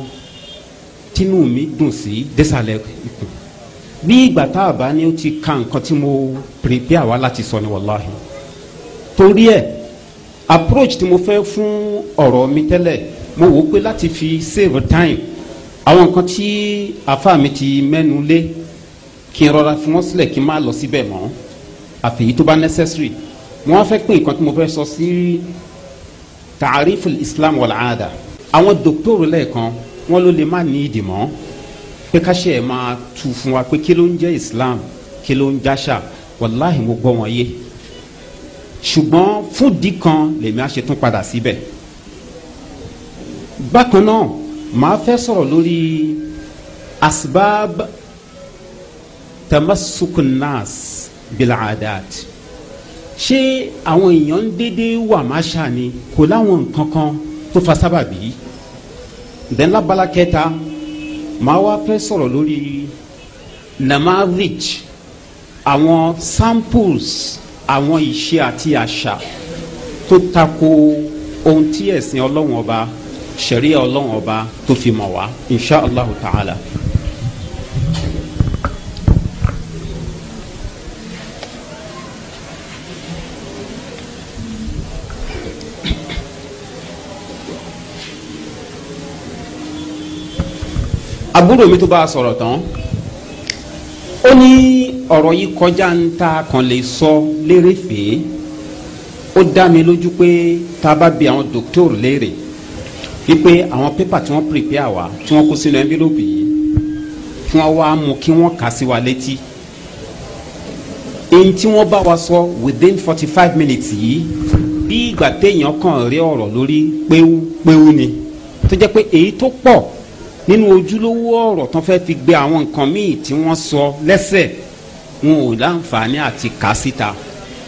tínú mi dùn sí désàlẹ̀ ikùn bí ìgbà tá a bá ní ó ti ka nǹkan tí mo prepare wa láti sọ ni wàláhi torí ẹ approach tí mo fẹ́ fún ọ̀rọ̀ mi tẹ́lẹ̀ mo wò ó pé láti fi save time àwọn nǹkan tí àfa mi ti mẹ́nu lé kí n rọra fún wọn sílẹ̀ kí n má lọ síbẹ̀ mọ́ àfẹ̀yí tó bá necessary mo wá fẹ́ pín nǹkan tí mo fẹ́ sọ sí taarif islam wal aada àwọn dòkítọ́rù lẹ́ẹ̀kan wọ́n ló lè má ní ìdìmọ́ pé káṣẹ́ ẹ̀ máa tu fún wa pé kí ló ń jẹ́ islam kí ló ń jáṣà wàláhì mo gbọ́ wọn yé ṣùgbọ́n fúndì kan lèmi àṣetún padà síbẹ̀ bákan náà màá fẹ́ sọ̀rọ̀ lórí asbab tamasukunas biladat ṣé àwọn èèyàn ń dédé wà máṣà ni kò láwọn nǹkan kan tó fa sábàbí dẹ́nlábala màá wá fẹ́ sọ̀rọ̀ lórí namadij àwọn samples àwọn ìṣe àti àṣà tó tako ohun tí ẹ̀sìn ọlọ́run ọba ṣẹ̀ríà ọlọ́run ọba tó fi mọ̀ wá insha allah ta'ala. àbúrò mi tó bá a sọ̀rọ̀ tán ó ní ọ̀rọ̀ yìí kọjá ń ta kan lè sọ lérèfèé ó dá mi lójú pé tá a bá bi àwọn dókítọ̀rù léèrè wípé àwọn pépà tí wọ́n pèpè àwa tí wọ́n kó sínú ẹ́ńbílópì yìí kí wọ́n wá mú kí wọ́n kà sí wa létí èyí tí wọ́n bá wa sọ within forty five minutes yìí bí ìgbà téèyàn kàn rí ọ̀rọ̀ lórí péwú péwú ni tó jẹ́ pé èyí tó pọ̀ nínú ojúlówó ọ̀rọ̀ tán fẹ́ fi gbé àwọn nǹkan míì tí wọ́n sọ lẹ́sẹ̀ wọn ò láǹfààní àti kà síta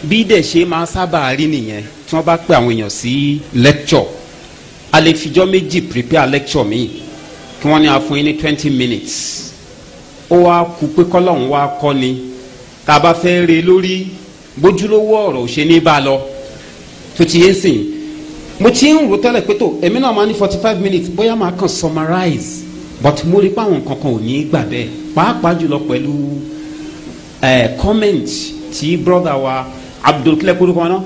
bí dẹ̀ ṣe máa sábà rí nìyẹn tí wọ́n bá pè àwọn èèyàn sí lecture a lè fijọ́ méjì prepare lecture míì kí wọ́n ní a fún yín ní twenty minutes ó wá kú pé kọ́lọ́hún wá kọ́ ni tá a bá fẹ́ re lórí bójúlówó ọ̀rọ̀ ò ṣe ní bá a lọ tó ti yé sìn mo ti ń rò tẹ́lẹ̀ pé tó èmi náà máa ní forty five minutes bóyá máa kàn summarize but mo rí pé àwọn kankan ò ní gbà bẹ́ẹ̀ pàápàá jùlọ pẹ̀lú eh, comment tí brother wa Abdul kílẹ̀ kúrú kan náà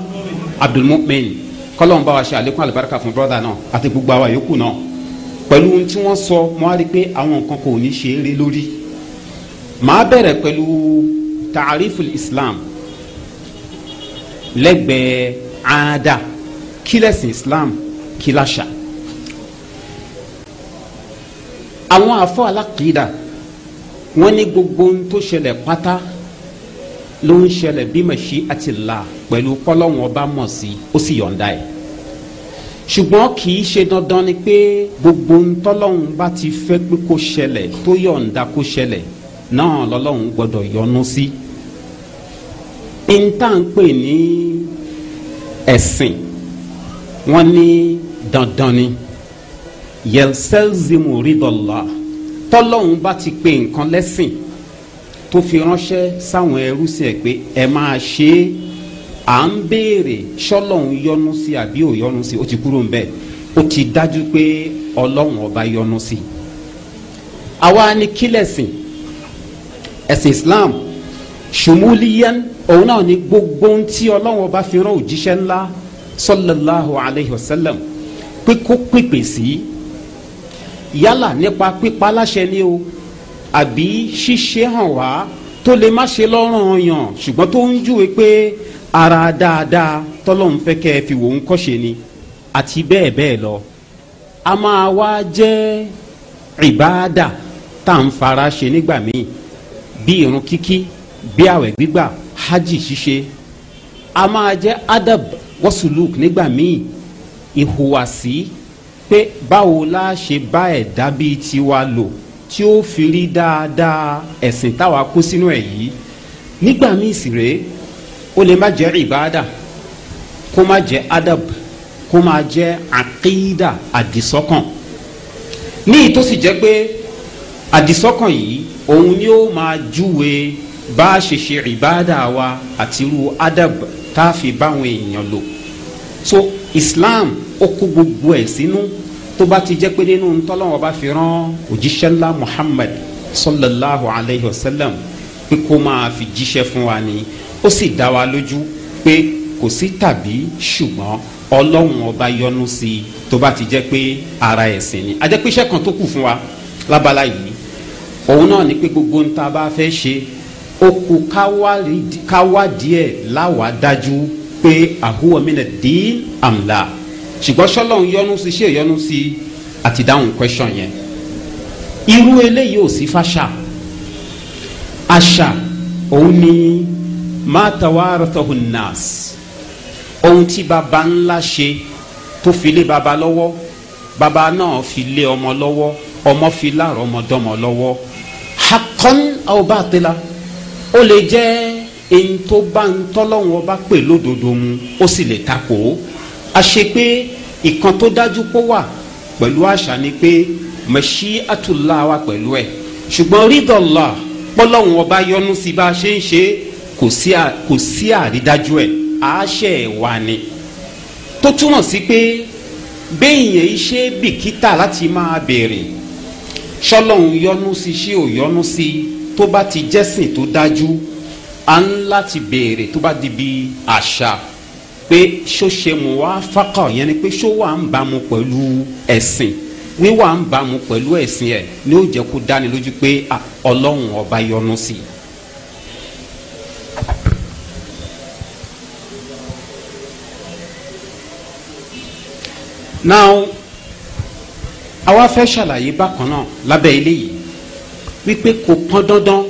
Abdul Mu'min kọ́lọ́n bá wa ṣe àlékún àlùbáríkà fún brother náà àti gbogbo àwa yòókù náà pẹ̀lú ohun tí wọ́n sọ mo á rí pé àwọn nǹkan kò ní ṣe eré lórí màá bẹ̀rẹ̀ pẹ̀lú taariful Islam lẹ́gbẹ̀ẹ́ ada kí lẹ̀sìn Islam kí láṣà àwọn àfọ alákìídà wọ́n ní gbogbo ohun tó ṣẹlẹ̀ pátá ló ń ṣẹlẹ̀ bí màṣí àti là pẹ̀lú kọ́lọ́hún ọba mọ̀ sí ó sì yọ̀ǹda ẹ̀ ṣùgbọ́n kì í ṣe dandan ni pé gbogbo ohun tọ́lọ́hún bá ti fẹ́ pé kó ṣẹlẹ̀ tó yọ̀ǹda kó ṣẹlẹ̀ náà lọ́lọ́hún gbọ́dọ̀ yọ́nú sí. ìntànpè ní ẹ̀sìn wọ́n ní dandan ni yẹlsẹ́lzimu ridọ́lá tọ́lọ́hún bá ti pe nǹkan lẹ́sìn tó fi ránṣẹ́ sáwọn ẹrú sí ẹ pé ẹ máa ṣe é à ń béèrè ṣọlọ́hún yọ́nú sí àbí ò yọ́nú sí ó ti kúrò ń bẹ̀ ó ti dájú pé ọlọ́hún ọba yọ́nú sí. àwa ni kílẹ̀sìn ẹ̀sìn Islam ṣùmúlíyẹn òun náà ni gbogbo ohun tí ọlọ́hún ọba fi rán òjíṣẹ́ ńlá sallallahu alayhi wa sallam pé kó pèpè sí yálà nípa pípa láṣẹ ni o àbí ṣíṣe hàn wá tó lè má ṣe lọ́rùn yàn ṣùgbọ́n tó ń júwe pé ara dáadáa tọ́lọ́run fẹ́ kẹ́ ẹ fi wò ń kọ́ṣe ni àti bẹ́ẹ̀ bẹ́ẹ̀ lọ a máa wá jẹ́ ìbáàdà tá à ń fara ṣe nígbà míì bí irun kíkí bí àwẹ̀ gbígbà hajj ṣíṣe a máa jẹ́ adab wasuluk nígbà míì ìhùwàsí pé báwo la ṣe bá ẹ̀dá bíi tiwa lò tí ó fi rí dáadáa ẹ̀sìn táwa kó sínú ẹ̀ yìí nígbà míì sì rèé ó lè má jẹ́ ìbáàdà kó má jẹ́ adab kó má jẹ́ àkídà àdìsọ́kàn ní ìtò sì jẹ́ pé àdìsọ́kàn yìí òun ni ó máa júwe bá a ṣe ṣe ìbáàdà wa àti irú adab tá a fi báwọn èèyàn lò so Islam ó kó gbogbo ẹ̀ sínú tó bá ti jẹ́ pé nínú ntọ́lọ́wọ́ bá fi rán òjíṣẹ́ ńlá Muhammad sallallahu alayhi wa sallam pé kó máa fi jíṣẹ́ fún wa ni ó sì dá wa lójú pé kò sí tàbí ṣùgbọ́n ọlọ́run ọba yọ́nú sí i tó bá ti jẹ́ pé ara ẹ̀sìn ni ajẹ́pẹ́ṣẹ́ kan tó kù fún wa lábala yìí òun náà ni pé gbogbo ń ta bá fẹ́ ṣe ó kú káwádìí ẹ̀ e láwàá dájú pé àhúwọ̀mínà dín àmlà ṣùgbọ́n sọ́lọ́n yọnu si ṣé yọnu sí àti dáhùn question yẹn irú eléyìí ò sí fàṣà àṣà òun ni máa tawarathahu nas ohun tí baba ńlá ṣe tó fi lé baba lọ́wọ́ baba náà fi lé ọmọ lọ́wọ́ ọmọ fi láàrọ̀ ọmọdọ́mọ lọ́wọ́ haqqan aw batila ó lè jẹ́ eyín tó bá ń tọ́lọ́wọ́n bá pè lódodo mu ó sì lè takò ó a ṣe pé ìkan tó dájú pó wà pẹ̀lú àṣà ni pé mẹ̀ṣí àtúlá wa pẹ̀lú ẹ̀ ṣùgbọ́n rídọ̀lá pọ́lọ́wọ́n ọba yọnu sí bá a ṣe ń ṣe kò sí àrídájú ẹ̀ àáṣẹ ẹ̀ wà ni tó túmọ̀ sí pé béèyàn iṣẹ́ bìkítà láti máa béèrè ṣọlọ́run yọnu sí ṣé ò yọnu sí i tó bá ti jẹ́sìn tó dájú à ń láti béèrè tó bá di bí àṣà pé ṣó ṣe mu wá fákà yẹn ni pé ṣó wà ń bámu pẹ̀lú ẹ̀sìn wíwà ń bámu pẹ̀lú ẹ̀sìn ẹ̀ ni ó jẹ́ kó dáni lójú pé ọlọ́run ọba yọ́nú sí i. now àwa fẹ́ ṣàlàyé bákan náà lábẹ́ eléyìí wípé kò pọn dandan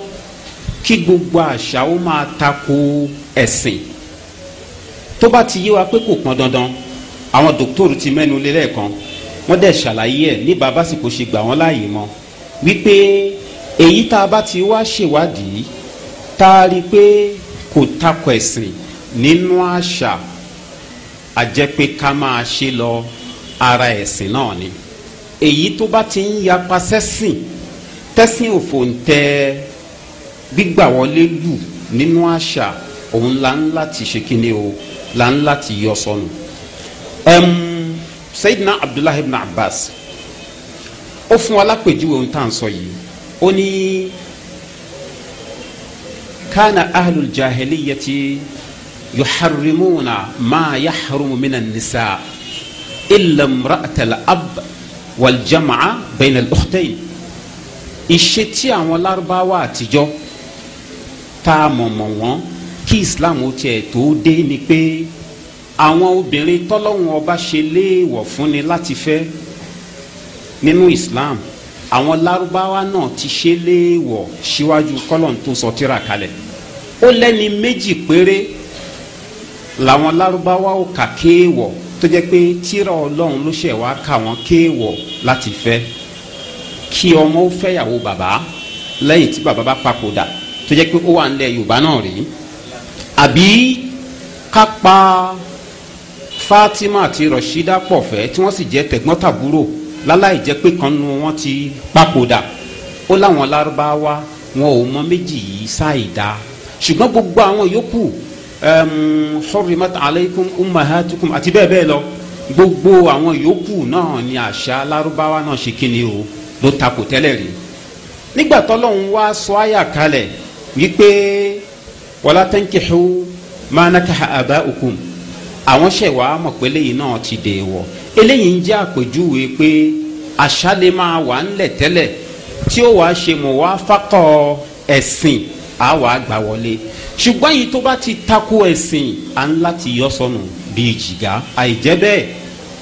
kí gbogbo àṣà ó máa tako ẹ̀sìn tó bá ti yé wa pé kò pọn dandan àwọn dòkítọ́rù ti mẹ́nu lé lẹ́ẹ̀kan wọ́n dẹ̀ ṣàlàyé ẹ̀ ní bàbá sì kò ṣe gbà wọ́n láàyè mọ́ wípé èyí tá a bá ti wá ṣèwádìí tá a rí i pé kò tako ẹ̀sìn nínú àṣà àjẹpé ká máa ṣe lọ ara ẹ̀sìn náà ni èyí tó bá ti ń yapa sẹ́sìn tẹ́sìn òfò ń tẹ gbígbà wọlé lù nínú àṣà òun la ń láti ṣe kíni o la ń láti yọ sọnù. Um, Sayyidina Abdullahi ibn Abbas ó fún wa lápèjúwe ohun tá à ń sọ yìí ó ní kana ahlul jahiliyati yuharrimuna ma yahrumu minan nisa illa imra'atal ab wal jama'a bayna al ìṣe tí àwọn lárúbáwá àtijọ́ tá a mọ̀mọ̀ wọ́n kí islam ó tiẹ̀ tó dé ni pé àwọn obìnrin tọ́lọ́hún ọba ṣe léèwọ̀ fún ni láti fẹ́ nínú islam àwọn lárúbáwá náà ti ṣe léèwọ̀ síwájú kọ́lọ̀ tó sọ tíra kalẹ̀ ó lẹ́ni méjì péré làwọn lárúbáwá ò kà kéèwọ̀ tó jẹ́ pé tíra ọlọ́run ló ṣẹ̀ wá kà wọ́n kéèwọ̀ láti fẹ́ kí ọmọ ó fẹ́yàwó bàbá lẹ́yìn tí bàbá bá papòdà tó jẹ́ pé ó wà nílẹ̀ yorùbá náà rí àbí ká pa fatima àti rashida pọ̀ fẹ́ tí wọ́n sì jẹ́ tẹ̀gbọ́n-tàbúrò láláì jẹ́ pé kan nu wọn ti papòdà ó láwọn lárúbáwá wọn ò mọ méjì yìí ṣáìdá ṣùgbọ́n gbogbo àwọn yòókù hurrimat alaykum ummahatukum àti bẹ́ẹ̀ bẹ́ẹ̀ lọ gbogbo àwọn yòókù náà ni àṣà lárúbáwá náà ṣe kíni o ló takò tẹ́lẹ̀ rí nígbà tọ́lọ́hún wá sọ àyà kalẹ̀ wípé wọlá tẹ́ńkìhù mánàkàhà àbá òkun àwọn ṣẹ̀wá mọ̀ pé eléyìí náà ti dè wọ̀ eléyìí ń jẹ́ àpèjúwe pé àṣálẹ̀ máa wà ńlẹ̀ tẹ́lẹ̀ tí ó wàá ṣe mọ̀ wá fákọ̀ ẹ̀sìn á wàá gbà wọlé ṣùgbọ́n yìí tó bá ti takò ẹ̀sìn à ń láti yọ sọnù bíi jìgá àìjẹ́ bẹ́ẹ̀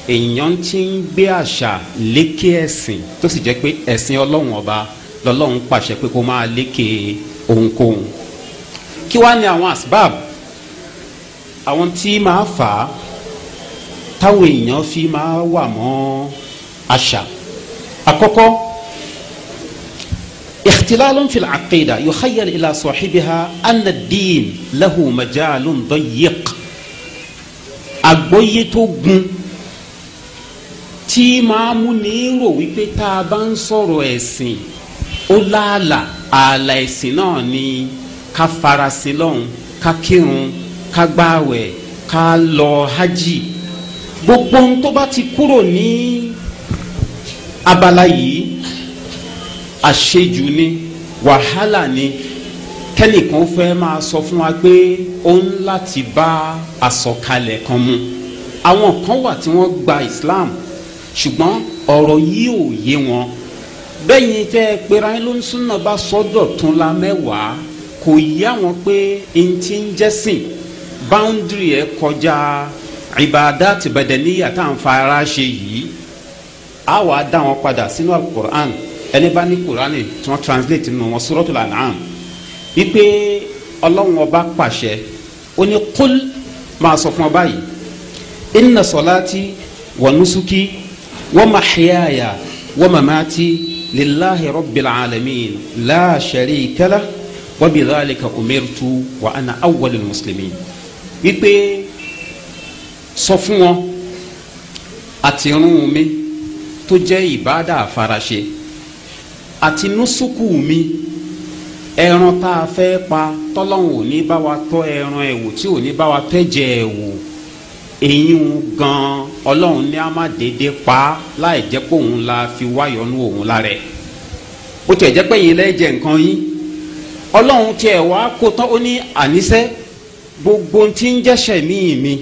èèyàn ti ń gbé àṣà lékè ẹ̀sìn tó sì jẹ́ pé ẹ̀sìn ọlọ́run ọba lọ́lọ́run pàṣẹ pé kó máa lékè ohunkóhun kí wá ní àwọn asbab àwọn tí máa fà á táwọn èèyàn fi máa wà mọ́ àṣà àkọ́kọ́ ikhtilalun fil aqida yukhayyal ila sahibiha anna ad-din lahu majalun dayiq àgbọ́yé tó gun tí máa mú ní rò wípé tá a bá ń sọ̀rọ̀ ẹ̀sìn ó láàlà ààlà ẹ̀sìn náà ni ká farasin lọ́hùn ká kírun ká gbààwẹ̀ ká lọ hajj gbogbo ohun tó bá ti kúrò ní abala yìí àṣejù ni wàhálà ni kẹ́nìkan fẹ́ máa sọ fún wa pé ó ń láti bá àsọkalẹ̀ kan mu àwọn kan wà tí wọ́n gba Islam ṣùgbọ́n ọ̀rọ̀ yìí ò yé wọn bẹ́yìn tẹ́ ẹ pera ẹ ló ń súnà bá sọ́dọ̀ tún la mẹ́wàá kò yí àwọn pé n ti ń jẹ́sìn báńdìrì ẹ kọjá ìbàdà tìbẹ̀dẹ̀níyà tá à ń fa ara ṣe yìí á wàá dá wọn padà sínú alukur'an ẹni bá ní kur'ani tí wọ́n translate nínú wọn suratul an'am wípé ọlọ́run ọba pàṣẹ ó ní kúl máa sọ fún ọ báyìí inna salati wa nusuki wa mahyaya wa mamati lillahi rabbil alamin la sharika lah wa bidhalika umirtu wa ana awwalul muslimin wípé sọ fún wọn àti irun mi tó jẹ́ ìbáàdà àfaraṣe àti nusuku mi ẹran tá a fẹ́ pa tọ́lọ́hún ò ní bá wa tọ́ ẹran ẹ̀wò tí ò ní bá wa tẹ́jẹ̀ ẹ̀wò eyín gan ọlọ́run ní a má dédé pa láì jẹ́ pé òun la fi wáyọ̀nù òun la rẹ̀ ó tiẹ̀ jẹ́ pé yín lẹ́jẹ̀ nǹkan yín ọlọ́run tiẹ̀ wá kó tán ó ní àníṣe gbogbo tí ń jẹ́sẹ̀ míì mi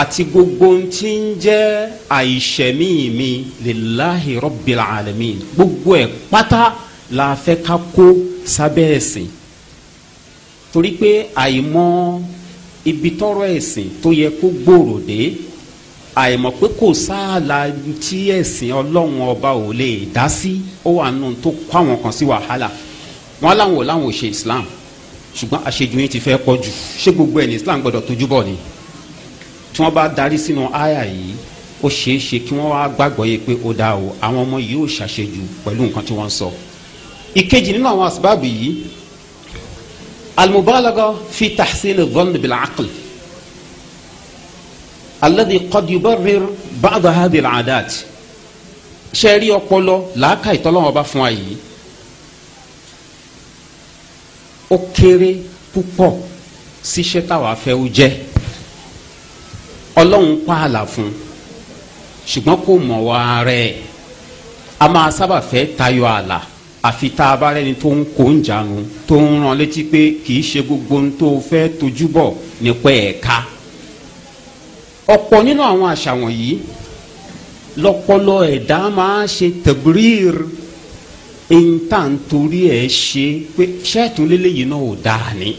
àti gbogbo tí ń jẹ́ àìṣẹ̀ míì mi lillahi rabbil alamin gbogbo ẹ̀ pátá la fẹ́ ká kó sábẹ́ ẹ̀sìn torí pé àìmọ́ ibi tọrọ ẹ̀sìn tó yẹ kó gbòòrò dé àìmọ̀ pé kò sáàlà tí ẹ̀sìn ọlọ́run ọba ò lè dá sí ó wà nù tó kọ́ àwọn kan sí wàhálà wọn láwọn ò láwọn ò ṣe islam ṣùgbọ́n àṣejù yín ti fẹ́ pọ̀ jù ṣé gbogbo ẹ̀ ní islam gbọ́dọ̀ tójú bọ̀ ni tí wọ́n bá darí sínú àyà yìí ó ṣeé ṣe kí wọ́n wá gbàgbọ́ yẹ pé ó dá o àwọn ọmọ yìí ò ṣàṣejù pẹ̀lú nǹkan tí wọ́n sọ ìkejì nínú àwọn àsìbáàbù yìí المبالغة في تحسين الظن بالعقل الذي قد يبرر بعض هذه العادات ṣẹ́rí ọpọlọ làákà ìtọ́lọ́wọ́n bá fún wa yìí ó kéré púpọ̀ síṣẹ́ táwa fẹ́ ó jẹ́ ọlọ́run pààlà fún ṣùgbọ́n kò mọ̀ wá rẹ̀ a máa sábà fẹ́ tayọ ààlà àfi tá a bá rẹ́ni tó ń kó ń jánu tó ń rán létí pé kì í ṣe gbogbo ohun tó fẹ́ tójú bọ̀ nípa ẹ̀ka ọ̀pọ̀ nínú àwọn àṣà wọ̀nyí lọ́pọlọ ẹ̀dá máa ṣe tẹ̀gbìrìr ìntà ń torí ẹ̀ ṣe pé ṣẹ́ẹ̀tún lélẹ́yìí náà ò dáa ni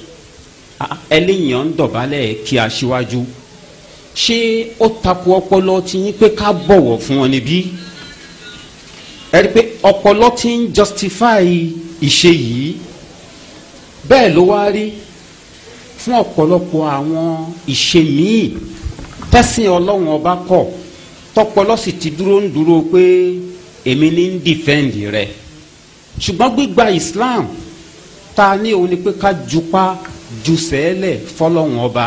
ah, ẹlẹ́yìn ń dọ̀bálẹ̀ kí aṣíwájú ṣé ó takò ọpọlọ tiyín pé ká bọ̀wọ̀ fún wọn níbí ẹ rí pé ọpọlọ ti ń justify ìṣe yìí bẹ́ẹ̀ ló wá rí fún ọ̀pọ̀lọpọ̀ àwọn ìṣe míì tẹ́sìn ọlọ́run ọba kọ̀ tọpọlọ sì ti dúró ń dúró pé èmi ní ń dìfẹ́ǹdì rẹ̀ ṣùgbọ́n gbígba Islam ta ní òun ni pé ká jupa ju sẹ́ẹ̀lẹ̀ fọlọ́run ọba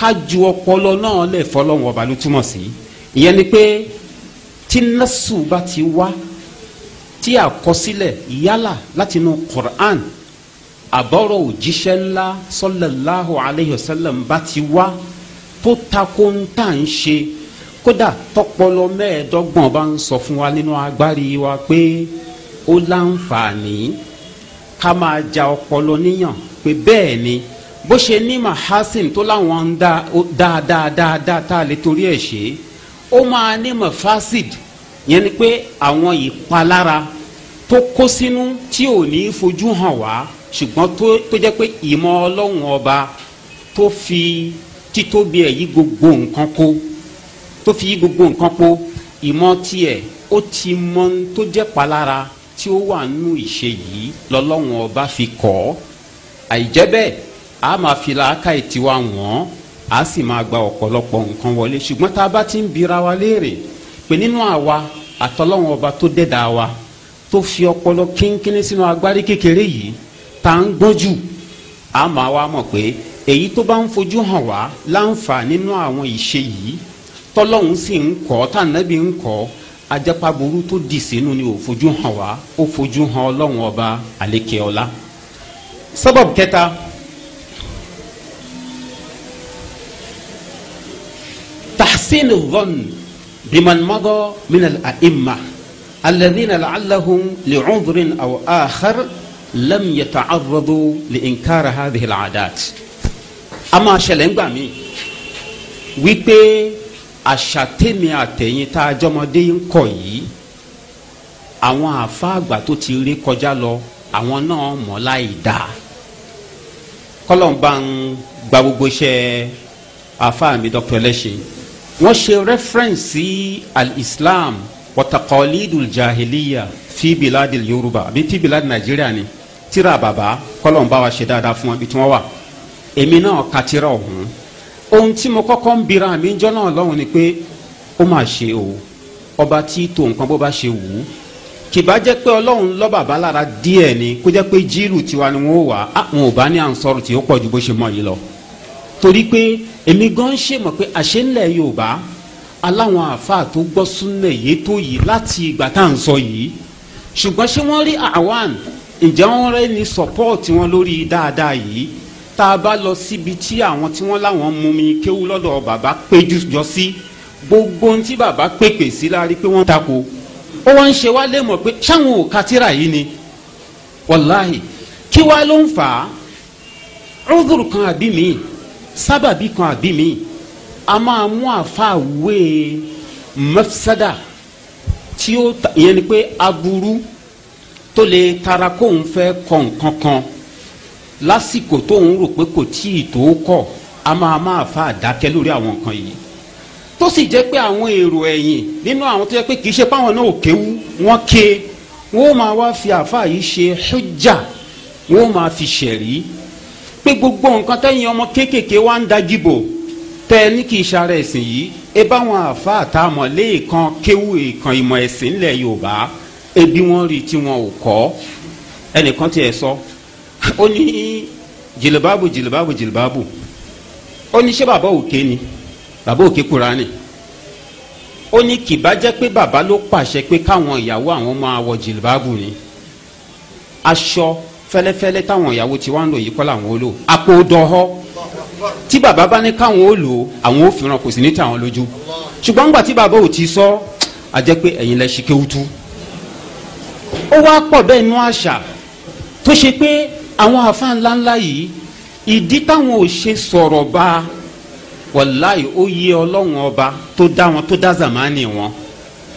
ká ju ọpọlọ náà lẹ̀ fọlọ́run ọba ló túmọ̀ sí ìyẹn ni pé tí násù bá ti wá tí àkọsílẹ̀ yálà látinú Qur'an àbọ̀rọ̀ òjíṣẹ́ ńlá sallallahu alayhi wa sallam bá ti wá tó takò ń tà ń ṣe kódà tọpọlọ mẹ́ẹ̀ẹ́dọ́gbọ̀n bá ń sọ fún wa nínú agbárí wa pé ó láǹfààní ká máa ja ọpọlọ níyàn pé bẹ́ẹ̀ ni bó ṣe ní mahasin tó láwọn dáadáa dáadáa tá a lè torí ẹ̀ ṣe ó máa ní mafasid yẹn ni pé àwọn ìpalára tó kó sínú tí ò ní fojú hàn wá ṣùgbọ́n tó jẹ́ pé ìmọ̀ ọlọ́run ọba tó fi títóbi ẹ̀ yí gbogbo nǹkan kó tó fi yí gbogbo nǹkan kó ìmọ̀ tiẹ̀ ó ti mọ̀ tó jẹ́ palára tí ó wà nínú ìṣe yìí lọ́lọ́run ọba fi kọ́ àìjẹ́ bẹ́ẹ̀ a máa fi làákàyè tiwa wọ́n a sì máa gba ọ̀pọ̀lọpọ̀ nǹkan wọlé ṣùgbọ́n tá a bá ti ń bira wa léèrè pé nínú àwa àtọ́lọ́wọ́n ọba tó dẹ́dà wa tó fi ọpọlọ kínkínní sínú agbárí kékeré yìí tá à ń gbọ́njú a máa wá mọ̀ pé èyí tó bá ń fojú hàn wá láǹfà nínú àwọn ìṣe yìí tọ́lọ́hún sì ń kọ́ tànàbí ń kọ́ ajápaburú tó dì sínú ni ò fojú hàn wá ó fojú hàn ọlọ́run ọba àlékè ọlá. sábàbù tahsin al biman mada min al-a'imma alladhina la'allahum li'udhrin aw akhar lam yata'arradu li'inkar hadhihi al-'adat a máa ṣẹlẹ̀ ńgbà mí wípé àṣà tèmi àtẹ̀yìn tá a jọmọdé ń kọ̀ yìí àwọn àfa àgbà tó ti rí kọjá lọ àwọn náà mọ̀ láì dáa kọ́lọ́n bá ń gba gbogbo iṣẹ́ àfa mi dr lẹ́sìn wọ́n ṣe rẹ́fẹ́rẹ́nsì al-islam wọ́tàkọ́lídùn jahiliya fi biladi yorùbá àbí fi biladi nàìjíríà ni tíra bàbá kọ́lọ́n bá wa ṣe dáadáa fún wa bí tí wọ́n wà èmi náà ka tíra ọ̀hún ohun tí mo kọ́kọ́ ń bira àmì ìjọ náà lọ́hùn ni pé ó mà ṣe o ọba tí tó nǹkan bó bá ṣe wù ú kì jẹ́ pé ọlọ́run lọ́ bàbá lára díẹ̀ ni kó jẹ́ pé jíìlù tiwa ni wọ́n wà á ah, wọn ò bá ní à tí ó pọ̀ ju bó ṣe mọ̀ yìí lọ torí pé èmi gan ń ṣèmọ̀ pé àṣẹ ńlẹ̀ yorùbá aláwọn àfa tó gbọ́ súnmọ́ èyí tó yìí láti ìgbà tá à ń sọ yìí ṣùgbọ́n ṣé wọ́n rí àwọn ǹjẹ́ wọ́n rẹ́ ní sọ́pọ́ọ̀tì wọn lórí dáadáa yìí tá a bá lọ síbi tí àwọn tí wọ́n láwọn mú mi kéwú lọ́dọ̀ bàbá péjú jọ sí gbogbo ohun tí bàbá pèpè sí la rí pé wọ́n tako ó wá ń ṣe wá lé mọ̀ pé ṣáwọn ò ka tírà yìí ni wàláhì kí wá ló ń fà á rúdùrù kan àbí mi sábàbí kan àbí mi a máa mú àfa wé mafsada tí ó yẹn ni pé aburú tó lè tara kóun fẹ́ kọ nǹkan kan lásìkò tóun rò pé kò tí ì tó kọ a máa máa fa àdákẹ́ lórí àwọn nǹkan yìí tó sì jẹ́ pé àwọn èrò ẹ̀yìn nínú àwọn tó yẹ pé kì í ṣe páwọn náà ò kéwu wọ́n ké wọ́n máa wá fi àfa yìí ṣe hujja wọ́n máa fi ṣẹ̀rí pé gbogbo nǹkan tẹ́yìn ọmọ kéékèèké wá ń dajìbò tẹ ní kì í ṣara ẹ̀sìn yìí ẹ bá wọn àfa àtàmọ̀ léèkan kéwù ìkan ìmọ̀ ẹ̀sìn ńlẹ̀ yorùbá ebi wọn rí tí wọn ò kọ́ ẹnìkan tiẹ̀ sọ ó ní jìlìbáàbù jìlìbáàbù jìlìbáàbù ó ní ṣé bàbá òkè ni bàbá òkè kúránì ó ní kì bá jẹ́ pé bàbá ló pàṣẹ pé káwọn ìyàwó àwọn máa wọ jìlìbáàbù ni aṣọ fẹ́lẹ́fẹ́lẹ́ táwọn ìyàwó tí wọ́n ń lò yìí kọ́ làwọn ó lò àpò dọ̀họ́ tí bàbá bá ní káwọn ó lò àwọn ó fìràn kò sí ní tàwọn lójú ṣùgbọ́n gbà tí bàbá ò ti sọ a jẹ́ pé ẹ̀yin lẹ ṣìkéwutu ó wá pọ̀ bẹ́ẹ̀ nú àṣà tó ṣe pé àwọn àfa ńláńlá yìí ìdí táwọn ò ṣe sọ̀rọ̀ bá wàláì ó yé ọlọ́run ọba tó dá wọn tó dá zamani wọn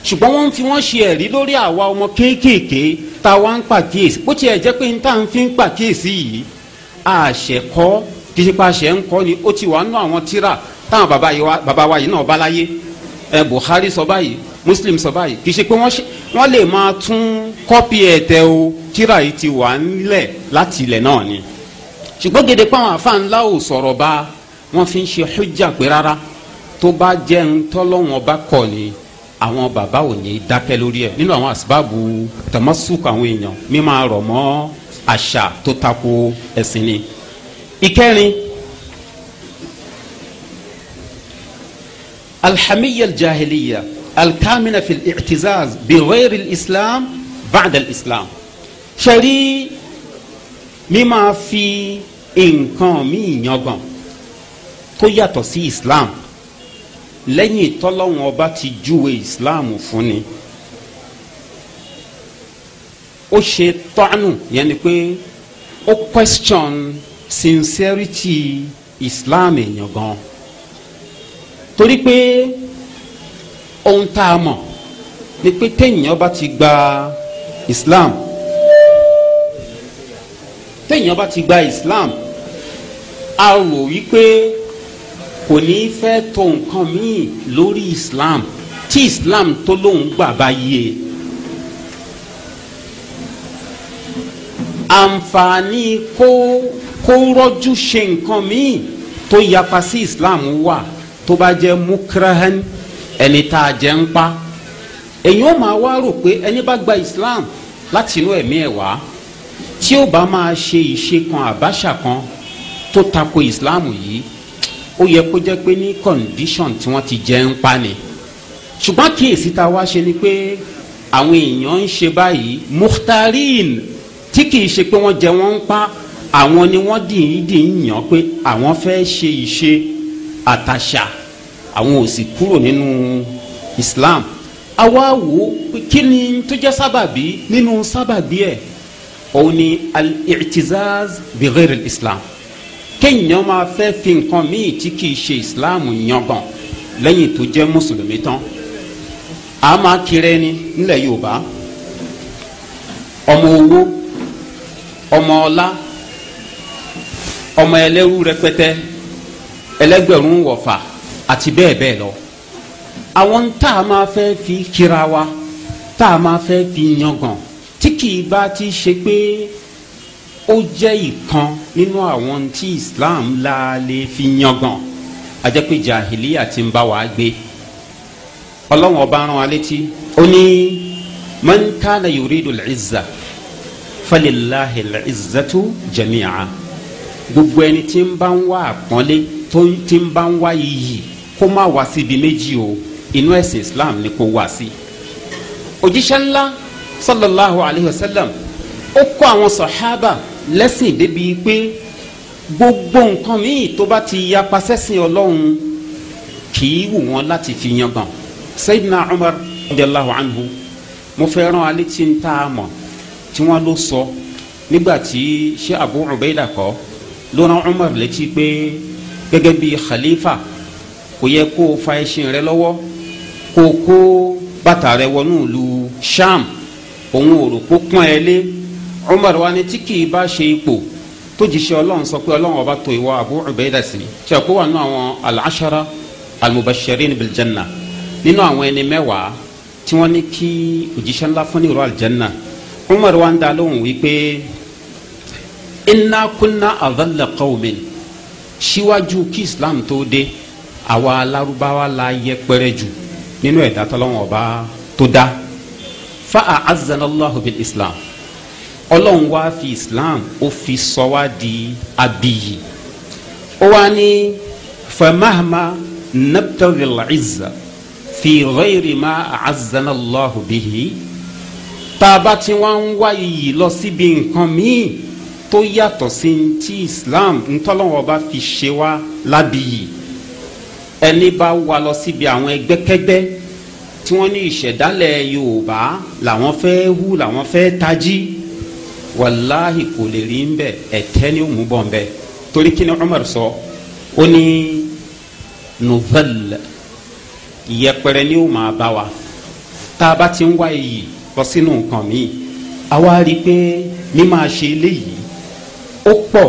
ṣùgbọ́n wọ́n fi wọ́n ṣe ẹ̀rí lórí àwa ọmọ kéékèèké ta wá ń pàkíyèsí bó tiẹ̀ jẹ́ pé n ta fi ń pàkíyèsí yìí àṣẹ kọ́ pa àṣẹ ń kọ́ ni ó ti wà nù àwọn tíra táwọn baba yìí wa baba wa yìí náà bá láyé ẹ Buhari sọ báyìí Muslim sọ báyìí kì í ṣe pé wọ́n lè máa tún kọ́pì ẹ̀tẹ̀ o tíra yìí ti wà nílẹ̀ láti ilẹ̀ náà ni ṣùgbọ́n gèdè pàwọn àfáà ńlá ò sọ̀rọ̀ bá wọ́n fi ń ṣe hujja pé rárá tó bá jẹ́ ń tọ́lọ́wọ́n bá kọ̀ ni àwọn bàbá ò ní dákẹ́ lórí ẹ̀ nínú àwọn àsìbáàbù tẹ̀mọ́sùkù àwọn èèyàn mímọ rọ̀ mọ́ àṣà tó tako ẹ̀sìn ni. ìkẹrin alhamiyya aljahiliya alkamina fil i'tizaz bi ghayri islam ba'da islam. sẹ́rí mímọ fi nǹkan míì yangàn tó yàtọ̀ sí islam. Si lẹ́yìn tọ́lọ́wọ́n ọba ti júwe islam fún ni ó ṣe tọ́nù yẹn ni pé ó question sincerity islam èèyàn gan torí pé ohun tá a mọ̀ ni pé téèyàn bá ti gba islam téèyàn bá ti gba islam a rò wípé kò ní fẹ́ tó nǹkan míì lórí islam tí islam tó lóun gbà bá yé e. àǹfààní kó kó rọ́jú ṣe nǹkan míì tó yapa sí islam wà tó bá jẹ́ mukrahan ẹni tá a jẹ́ ń pa èyàn máa wá rò pé ẹni bá gba islam láti inú ẹ̀mí ẹ̀ wá tí ó bá máa ṣe ìṣe kan àbáṣà kan tó tako islam yìí ó yẹ kó jẹ́ pé ní condition tí wọ́n ti jẹ́ ń pa ni ṣùgbọ́n kíyèsí tá a wá ṣe ni pé àwọn èèyàn ń ṣe báyìí muhtarin tí kìí ṣe pé wọ́n jẹ wọ́n ń pa àwọn ni wọ́n dìídì ń yàn pé àwọn fẹ́ ṣe ìṣe àtàṣà àwọn ò sì kúrò nínú Islam àwa wò ó kí ni tó jẹ́ sábàbí nínú sábàbí ẹ̀ òun ni al-i'tizaz bi Islam kéèyàn máa fẹ́ fi nǹkan míì tí kìí ṣe islam yangàn lẹ́yìn tó jẹ́ mùsùlùmí tán a máa kiri ẹni nílẹ̀ yorùbá ọmọ owó ọmọ ọlá ọmọ ẹlẹ́rú rẹpẹtẹ ẹlẹ́gbẹ̀rún wọ̀fà àti bẹ́ẹ̀ bẹ́ẹ̀ lọ àwọn tá a máa fẹ́ fi kira wa tá a máa fẹ́ fi yangàn tí kìí bá ti ṣe pé ó jẹ́ ìkan nínú àwọn tí islam la lè fi yangàn ajẹ́pẹ́ jahiliya ti ń bá wa gbé ọlọ́wọ́n ọba rán wa létí ó ní man kana yuridu al-izza falilahi al-izzatu jami'a gbogbo ẹni tí ń bá ń wá àpọ́nlé tó ti ń bá ń wá iyì kó má wá síbi méjì o inú ẹ̀sìn islam ni kó wá sí òjíṣẹ́ ńlá sallallahu alayhi wa sallam ó kọ́ àwọn sọ̀hábà lẹ́sìn débi pé gbogbo nǹkan míì tó bá ti yapa sẹ́sìn ọlọ́run kì í wù wọ́n láti fi yangàn Sayyidina Umar radiyallahu anhu mo fẹ́ rán alẹ́ tí ń tá mọ̀ tí wọ́n ló sọ nígbà tí ṣé Abu Ubaida kọ́ ló rán Umar létí pé gẹ́gẹ́ bíi khalifa kò yẹ kó o fa ẹṣin rẹ lọ́wọ́ kó o kó bàtà rẹ wọnú ìlú Sham òun ò rò kó pọ́n ẹ lé Umar wa ni tí kì í bá ṣe ipò tó jíṣẹ́ ọlọ́run sọ pé ọlọ́run ọba tó ìwọ Abu Ubaida sí ṣe àpò wà nínú àwọn al-ashara al-mubashirin biljanna nínú àwọn ẹni mẹ́wàá tí wọ́n ní kí òjíṣẹ́ ńlá fún ní ìrọ̀ aljanna Umar wa ń da lóhùn wípé inna kunna adalla qawmin síwájú kí Islam tó dé àwa alárúbáwá la yẹpẹrẹ jù nínú ẹ̀dá tọ́lọ́wọ́n ọba tó dá fa a'azzanallahu bil Islam ọlọ́run wá fi islam ó fi sọ wá di abiyi ó wá ní famahama nabtagil izza fi ghayri ma azana allahu bihi tá a bá ti wá ń wá iyì lọ síbi nǹkan míì tó yàtọ̀ sí ti islam ntọ́lọ́wọ́ bá fi ṣe wá lábìyì ẹni bá wá lọ síbi àwọn ẹgbẹ́kẹ́gbẹ́ tí wọ́n ní ìṣẹ̀dálẹ̀ yorùbá làwọn fẹ́ hù làwọn fẹ́ tají wàláhì kò lè rí ń bẹ ẹ̀tẹ́ ni ó mú bọ̀ ń bẹ torí kí ni Umar sọ ó ní nouvelle yẹpẹrẹ ni ó máa bá wa tá a bá ti ń wá iyì lọ sínú nǹkan mi àwa rí i pé mi máa ṣe eléyìí ó pọ̀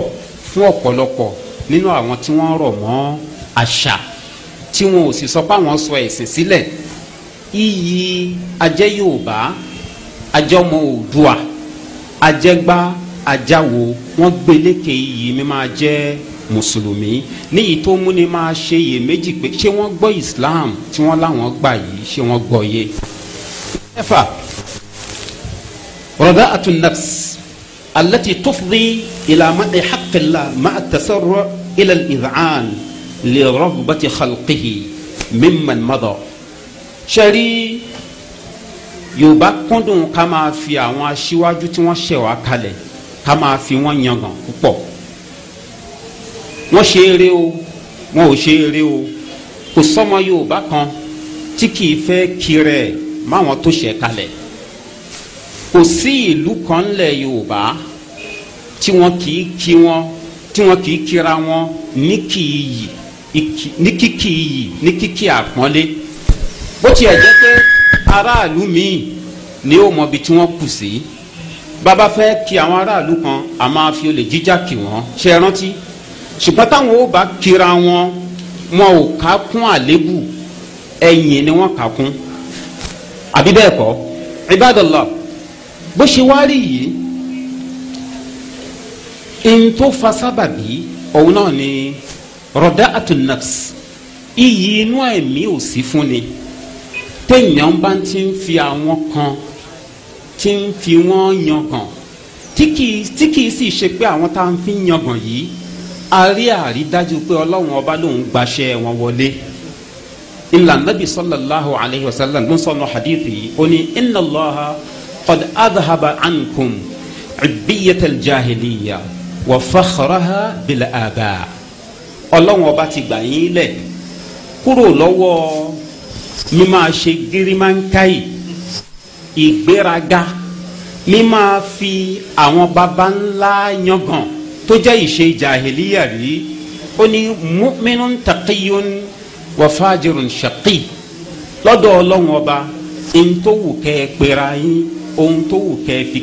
fún ọ̀pọ̀lọpọ̀ nínú àwọn tí wọ́n rọ̀ mọ́ àṣà tí wọn ò sì sọ pé àwọn sọ ẹ̀sìn sílẹ̀ iyì ajẹ́ Yorùbá ajọ́mọ Oòduà ajẹ́gbá ajáwo wọ́n gbélékè iyì mi máa jẹ́ mùsùlùmí níyì tó mú ni máa ṣe iyèméjì pé ṣé wọ́n gbọ́ islam tí wọ́n láwọn gbà yìí ṣé wọ́n gbọ́ yé. ẹ̀fà rọ̀dá àtúnnafs alẹ́tì tófìdí ìlànà ìhàkìlá máa tẹ̀sọ̀rọ̀ ilẹ̀ ìdàn lè rọ́gbọ́tì xalqihi mímman mọ́dọ̀. ṣẹ́rí yorùbá kúndùn ká máa fi àwọn aṣíwájú tí wọ́n ṣẹ̀ wá kalẹ̀ ká máa fi wọ́n yangàn púpọ̀ wọ́n ṣe eré o wọn ò ṣe eré o kò sọ́mọ yorùbá kan tí kì í fẹ́ kiri ẹ̀ máwọn tó ṣẹ̀ kalẹ̀ kò sí ìlú kan lẹ̀ yorùbá tí wọ́n kì í kí wọn tí wọ́n kì í kira wọn ní kì í yì ní kíkì yì ní kíkì àpọ́nlé bó tiẹ̀ jẹ́ pé aráàlú míì ni ó mọ ibi tí wọ́n kù sí bàbá fẹ́ kí àwọn aráàlú kan a máa fi olè jíjà kì wọ́n ṣe rántí ṣùgbọ́n táwọn ó bá kira wọn wọn ò ká kún àlébù ẹ̀yìn ni wọ́n ká kún àbí bẹ́ẹ̀ kọ́ ibadala bó ṣe wá rí yìí in tó fa sábàbí òun náà ni rọdá àtúnnafs iyì inú ẹ̀mí ò sí fún ni téèyàn bá ti ń fi àwọn kan ti ń fi wọ́n yangàn tí kìí tí kìí sì ṣe pé àwọn tá à ń fi yangàn yìí a rí àrídájú pé ọlọ́run ọba lòun gbaṣẹ́ wọn wọlé illa nabi sallallahu alayhi wa sallam ló ń sọnù hadithi yìí ó ní inna allaha qad adhaba ankum ibiyata aljahiliya wa fakhraha bil aba ọlọ́run ọba ti gbà yín lẹ̀ kúrò lọ́wọ́ mi máa ṣe girimankayi ìgbéraga mi máa fi àwọn baba ńlá yangàn tó jẹ́ ìṣe jahiliya rí ó ní mu'minun taqiyun wa fajirun shaqi lọ́dọ̀ ọlọ́run ọba ohun tó wù kẹ́ ẹ pera yín ohun tó wù kẹ́ ẹ fi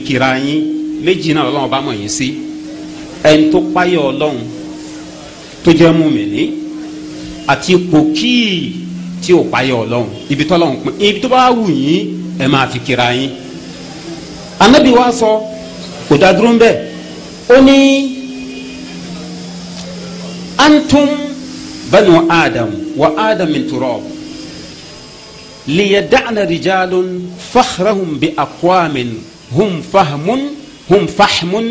yín méjì náà ọlọ́run ọba mọ̀ yín sí ẹni tó páyọ̀ ọlọ́run tó jẹ́ mùmíní àti pòkíì tí ò payọ̀ ọlọ́run ibi tọ́lọ́run pin ibi tó bá wù yín ẹ máa fi kira yín anabi wa sọ kò dádúró ń bẹ̀ ó ní antum banu adam wa adam min turab liyada'na rijalun fakhrahum bi aqwamin hum fahmun hum fahmun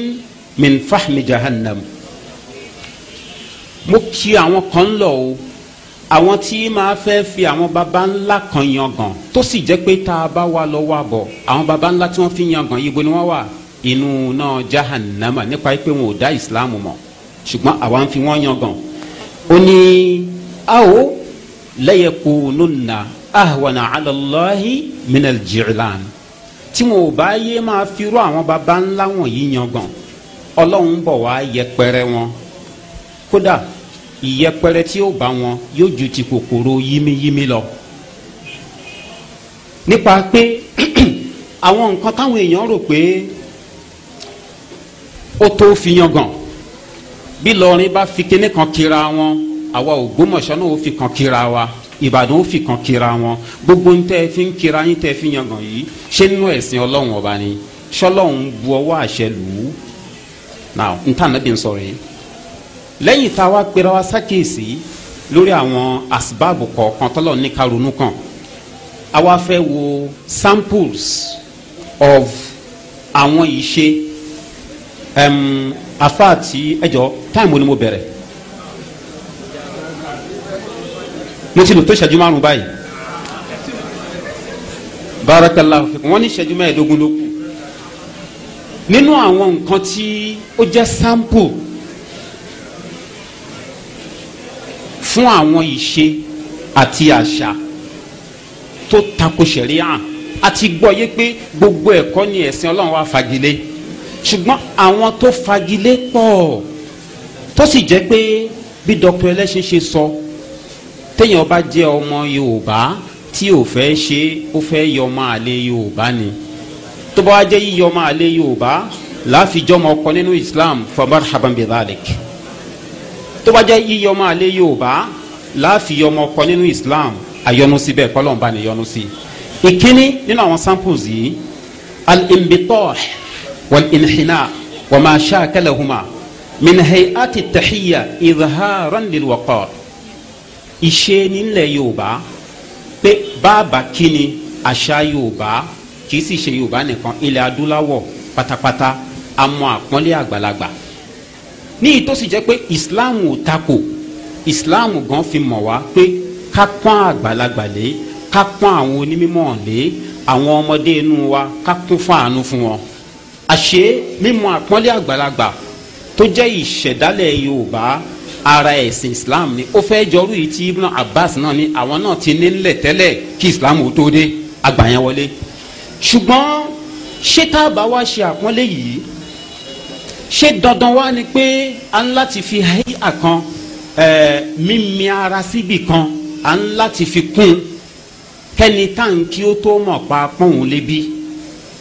min fahmi jahannam mo kí àwọn kan lọ o àwọn tí máa fẹ́ fi àwọn baba ńlá kan yangàn tó sì jẹ́ pé tá a bá wà lọ wà bọ̀ àwọn baba ńlá tí wọ́n fi yangàn yìí gbóni wọ́n wà inú náà jahannama nípa pé wọn ò dá ìsìláàmù mọ̀ ṣùgbọ́n àwa ń fi wọ́n yangàn ó ní a ò nùnà ahwana alalahi minal jilan tí wọn ò bá yé máa fi rú àwọn baba ńlá wọ̀nyí yangàn ọlọ́run bọ̀ wá yẹpẹrẹ wọn kódà ìyẹpẹrẹ tí ó bá wọn yóò ju ti kòkòrò yímíyímí lọ nípa pé àwọn nǹkan táwọn èèyàn rò pé ó tó fi yangàn bí lọrin bá fi kinní kan kira wọn àwa ògbómọ̀ṣọ́ náà ó fi kan kira wa ìbàdàn ó fi kan kira wọn gbogbo ń fi ń kira yín tẹ́ fi yangàn yìí ṣé nínú ẹ̀sìn ọlọ́run ọba ni ṣọlọ́run bu ọwọ́ àṣẹ lù ú náà ntànàbí ń sọ̀rọ̀ yìí lẹ́yìn tá a wá pera wa sákèésí lórí àwọn asibáàbù kọ̀ọ̀kan tọ́lọ̀ ní ká ronú kàn a wá fẹ́ wo samples of àwọn ìṣe um, afa ti ẹjọ táìmù ni mo bẹ̀rẹ̀ mo ti lò tó ṣẹ́jú márùn báyìí barakallahu fikum ní ṣẹ́jú mẹ́ẹ̀ẹ́dógún ló kù nínú àwọn nǹkan tí ó jẹ́ sample fún àwọn ìṣe àti àṣà tó tako ṣẹ̀ríà àti gbọ́ yé pé gbogbo ẹ̀kọ́ ni ẹ̀sìn ọlọ́run wa fagilé ṣùgbọ́n àwọn tó fagilé pọ̀ tó sì jẹ́ pé bí dr ẹlẹ́sìn ṣe sọ téèyàn bá jẹ́ ọmọ yorùbá tí ò fẹ́ ṣe ó fẹ́ yọmọ àlè yorùbá ni tó bá wá jẹ́ yíyọmọ àlè yorùbá láàfin jọmọ ọkọ nínú islam fabar haban bi tó bá jẹ́ yíyọ ọmọ àlẹ́ yorùbá láàfin ọmọ ọkọ nínú islam àyọnu sí bẹ́ẹ̀ kọ́lọ́n bá ní yọnu sí. ìkíní nínú àwọn samples yìí al-imbitah wal-inhina wa ma shakalahuma min hay'ati tahiyya idharan lil waqar ìṣe nílẹ̀ yorùbá pé bàbá kíni àṣà yorùbá kì í sì ṣe yorùbá nìkan ilẹ̀ adúláwọ̀ pátápátá a àpọ́nlé àgbàlagbà ní ìtòsí jẹ́ pé islam ò takò islam gan fi mọ̀ wá pé ká pọ́n àgbàlagbà lé ká pọ́n àwọn onímọ̀ lé àwọn ọmọdé inú wa ká kún fàánú fún wọn àṣé mímọ̀ àpọ́nlé àgbàlagbà tó jẹ́ ìṣẹ̀dálẹ̀ yorùbá ara ẹ̀sìn islam ni ó fẹ́ jọrú yìí tí ibn abbas náà ni àwọn náà ti ní nílẹ̀ tẹ́lẹ̀ kí islam ó tó dé àgbà yẹn wọlé ṣùgbọ́n ṣé tá a bá wá ṣe àpọ́nlé yìí ṣé dandan wá ni pé a ń láti fi hay'a kan ẹ̀ẹ́ mímí ara síbì kan a ń láti fi kún kẹ́ni tá n kí ó tó mọ̀ pa pọ́n lébi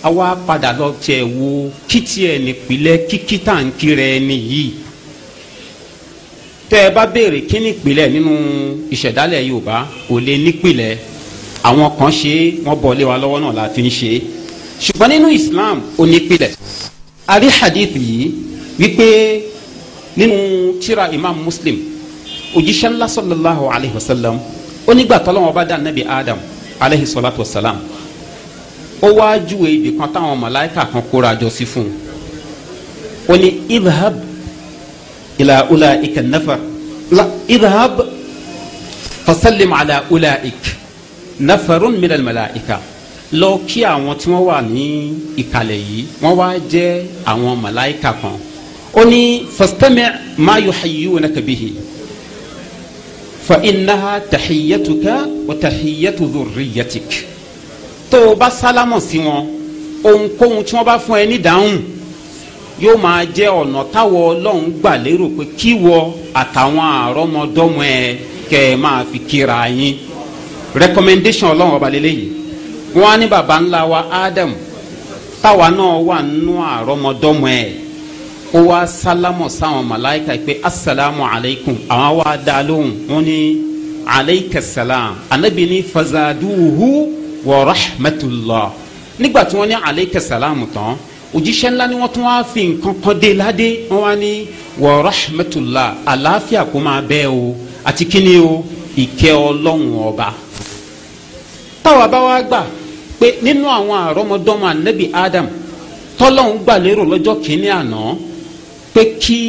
a wá padà lọ tiẹ̀ wo kí tiẹ̀ nípìlẹ̀ kíkí tá n kí rẹ̀ ni tẹ́ ẹ bá béèrè kí nípìlẹ̀ nínú ìṣẹ̀dálẹ̀ Yorùbá ò lè nípìlẹ̀ àwọn kan ṣe wọ́n bọ̀ lé wa lọ́wọ́ náà la fi ń ṣe ṣùgbọ́n nínú Islam ò nípìlẹ̀ a rí hadith yìí wípé nínú tírà imam muslim òjíṣẹ́ ńlá sallallahu alayhi wa sallam onígbà tọ́lọ́wọ́n bá dá nabi adam alayhi salatu wa salam ó wáá júwe ibì kan táwọn mọ̀láìkà kan kóra jọ sí fún un ó ní idhab ila ulaika nafar la idhab fasallim ala ulaik nafarun minal malaika lọ kí àwọn tí wọ́n wà ní ìkàlẹ̀ yìí wọ́n wá jẹ́ àwọn màláìka kan ó ní fastami' ma yuhayyunaka bihi fa innaha tahiyyatuka wa tahiyyatu dhurriyyatik tó o bá sálámọ̀ sí wọn ohunkóhun tí wọ́n bá fún ẹ ní dáhùn yóò máa jẹ́ ọ̀nà táwọ ọlọ́run gbà lérò pé kíwọ àtàwọn àrọ́mọdọ́mọ ẹ kẹ́ ẹ máa fi kíra yín recommendation ọlọ́run ọba lélẹ́yìí wọn á ní baba ńlá wa Adam táwa náà wà nínú àrọmọdọ́mọ ẹ̀ ó wá sálámọ̀ sáwọn màláìka pé asalaamu alaykum àwọn wa dá lóhùn wọn ní alayka salam anabi ní fazaduhu wa rahmatulah nígbà tí wọn ní alayka salam tán òjíṣẹ́ ńlá ni wọ́n tún wá fi nǹkan kan dé ládé wọ́n wá ní wa rahmatulah àlàáfíà kó máa bẹ́ o àti kíni o ìkẹ́ ọlọ́run ọba táwa bá wá gbà pé nínú àwọn àrọ́mọdọ́mọ anabi adam tọ́lọ́hún gbà lérò kínní àná pé kí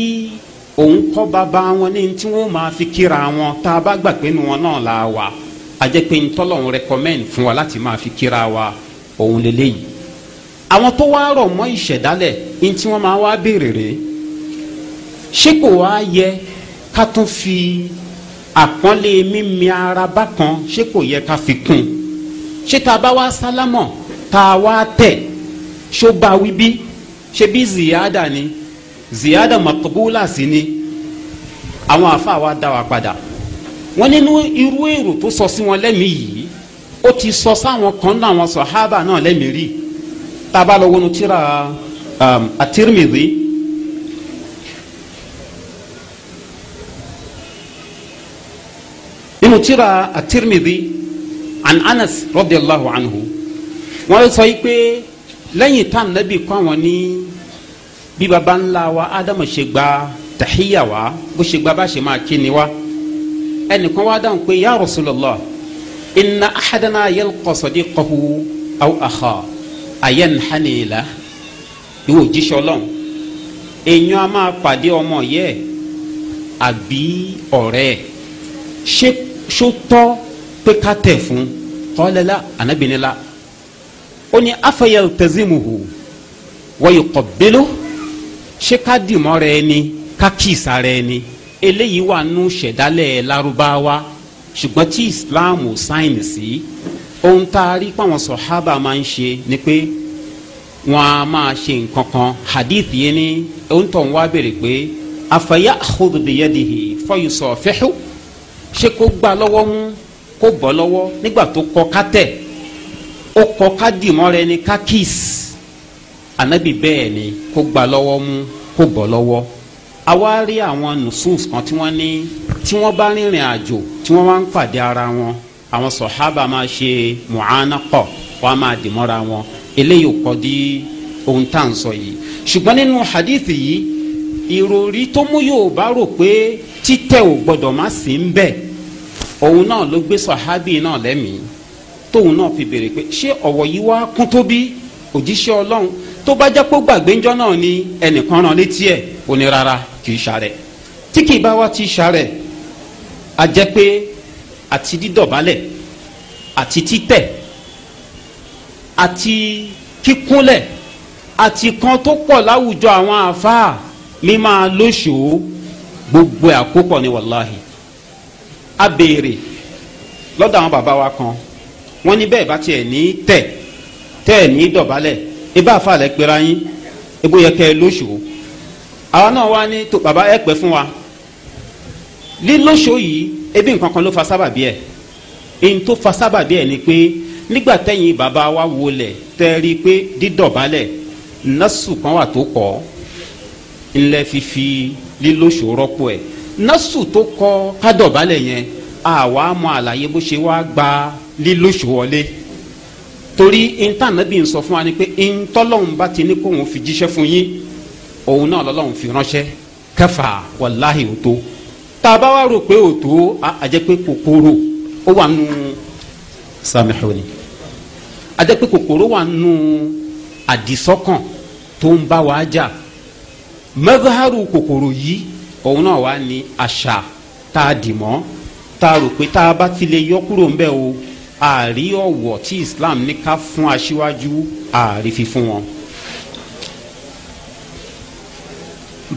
òun kọ́ bàbá wọn ní tí wọ́n máa fi kíra wọn tá a bá gbà pé nu wọn náà la wa àjẹpé ntọ́lọ́hún recommend fún wa láti máa fi kíra wa òun lélẹ́yìí àwọn tó wá rọ̀ mọ́ ìṣẹ̀dálẹ̀ ní tí wọ́n máa wá béèrè rèé ṣé kò wá yẹ ká tún fi àpọ́nlé mímí ara bá ṣé kò yẹ ká fi kún un ṣé tá a bá wá sálámọ̀ tá a wá tẹ̀ ṣó bá wí bí ṣe bí ziyada ni ziyada makbula sí ni àwọn àáfàá wa dá wa padà wọ́n nínú irú èrò tó sọ sí wọn lẹ́mìí yìí ó ti sọ sáwọn kan náà àwọn sọ̀hábà náà lẹ́mìí rí tá a bá lọ wọnú tíra um, àtìrìmìdì. tíra àtìrìmìdì an anas radiyallahu anhu wọ́n sọ yìí pé lẹ́yìn tá nàbì kọ́ àwọn ní bí baba ńlá wa ádámù ṣe gba tàhíyà wa bó ṣe gba bá ṣe máa kí ni wa ẹnìkan wá dáhùn pé ya Rasulullah inna ahadana yalqa sadiqahu aw akha ayanhani la ìwọ jíṣẹ́ Ọlọ́run èèyàn a máa pàdé ọmọ yẹ àbí ọ̀rẹ́ ṣé tó pé ká tẹ̀ fún kọ́lẹ́lá ànábìnrinlá ó ní afẹ́yẹ tẹ̀símùhù wọ́n yìí kọ́ bélú ṣé ká dìmọ́ rẹ ni ká kíìsà rẹ ni eléyìí wà nù ṣẹ̀dálẹ̀ lárúbáwá ṣùgbọ́n tí islam sáìn sí ohun tá a rí máa ń ṣe ni pé wọn a máa ṣe nǹkan kan hadith yẹn ni ohun tó ń wá béèrè pé afẹ́yà àkọ́dọ̀dẹ̀yẹ́dìhì fọyín sọ̀ fẹ́hù ṣé kó gbà lọ́wọ́ mú kó bọ́ lọ́wọ́ nígbà tó kọ ká tẹ̀ ó kọ ká rẹ ni ká kiss anabi bẹ́ẹ̀ ni kó gba lọ́wọ́ mú kó bọ́ lọ́wọ́ àwa rí àwọn nusus kan tí wọ́n ní tí wọ́n bá rìnrìn àjò tí wọ́n máa ń pàdé ara wọn àwọn sọ̀hábà máa ṣe mu'anaqa wọ́n á máa dìmọ́ra wọn eléyìí kọ́ di ohun tá à ń sọ yìí ṣùgbọ́n nínú hadith yìí ìròrí tó mú Yorùbá rò pé títẹ̀ ò gbọ́dọ̀ má sí ń bẹ́ẹ̀ òun náà ló gbé sàhábì náà lẹ́mìí tóun náà fi béèrè pé ṣé ọ̀wọ̀ yìí wá kún tó bí òjíṣẹ́ ọlọ́run tó bá jápó gbàgbéńjọ́ náà ni ẹnìkan rán létí ẹ̀ ó ní rárá kì í ṣàrẹ̀ tí kì í bá wá ti ṣàrẹ̀ a jẹ́ pé àti dídọ̀bálẹ̀ àti títẹ̀ àti kíkúnlẹ̀ àti kan tó pọ̀ láwùjọ àwọn àfáà mímáa lóṣòó gbogbo àkópọ̀ ni wàláhì a béèrè lọ́dọ̀ àwọn bàbá wa kan wọ́n ní bẹ́ẹ̀ bá tiẹ̀ ní tẹ̀ tẹ̀ ní dọ̀bálẹ̀ ibà àfàlẹ̀ pera yín ebó yẹ kẹ́ ẹ lóṣù àwa náà wá ní tó bàbá ẹ pẹ́ fún wa lílóṣù yìí ebi nǹkan kan ló fa sábàbí ẹ̀ èyí tó fa sábàbí ẹ̀ ni pé nígbà tẹ́yìn bàbá wa wọlé tẹ́ rí i pé dídọ̀bálẹ̀ násù kan wà tó kọ́ ńlẹ́ fífi lílóṣù rọ́pò ẹ̀ násù tó kọ kádọ̀bálẹ̀ yẹn àwa mọ àlàyé bó ṣe wá gba lílóṣù wọlé torí intanẹ́bì ń sọ fún wa ni pé ntọ́lọ́hún bá ti ní kóun fi jíṣẹ́ fún yín òun náà lọ́lọ́hún fi ránṣẹ́ kẹfà wàláhì òtó tá a bá wá rò pé òtó àjẹ́ pé kòkòrò ó wà nù samihuni àjẹ́ pé kòkòrò wà nù àdìsọ́kàn tó ń bá wa jà mẹ́gbàárù kòkòrò yìí òun náà wá ní àṣà tá a dì mọ́ tá a rò pé tá a bá ti yọ kúrò ńbẹ́ o àárí ọ̀wọ̀ tí islam ní ká fún aṣíwájú àárí fífún wọn.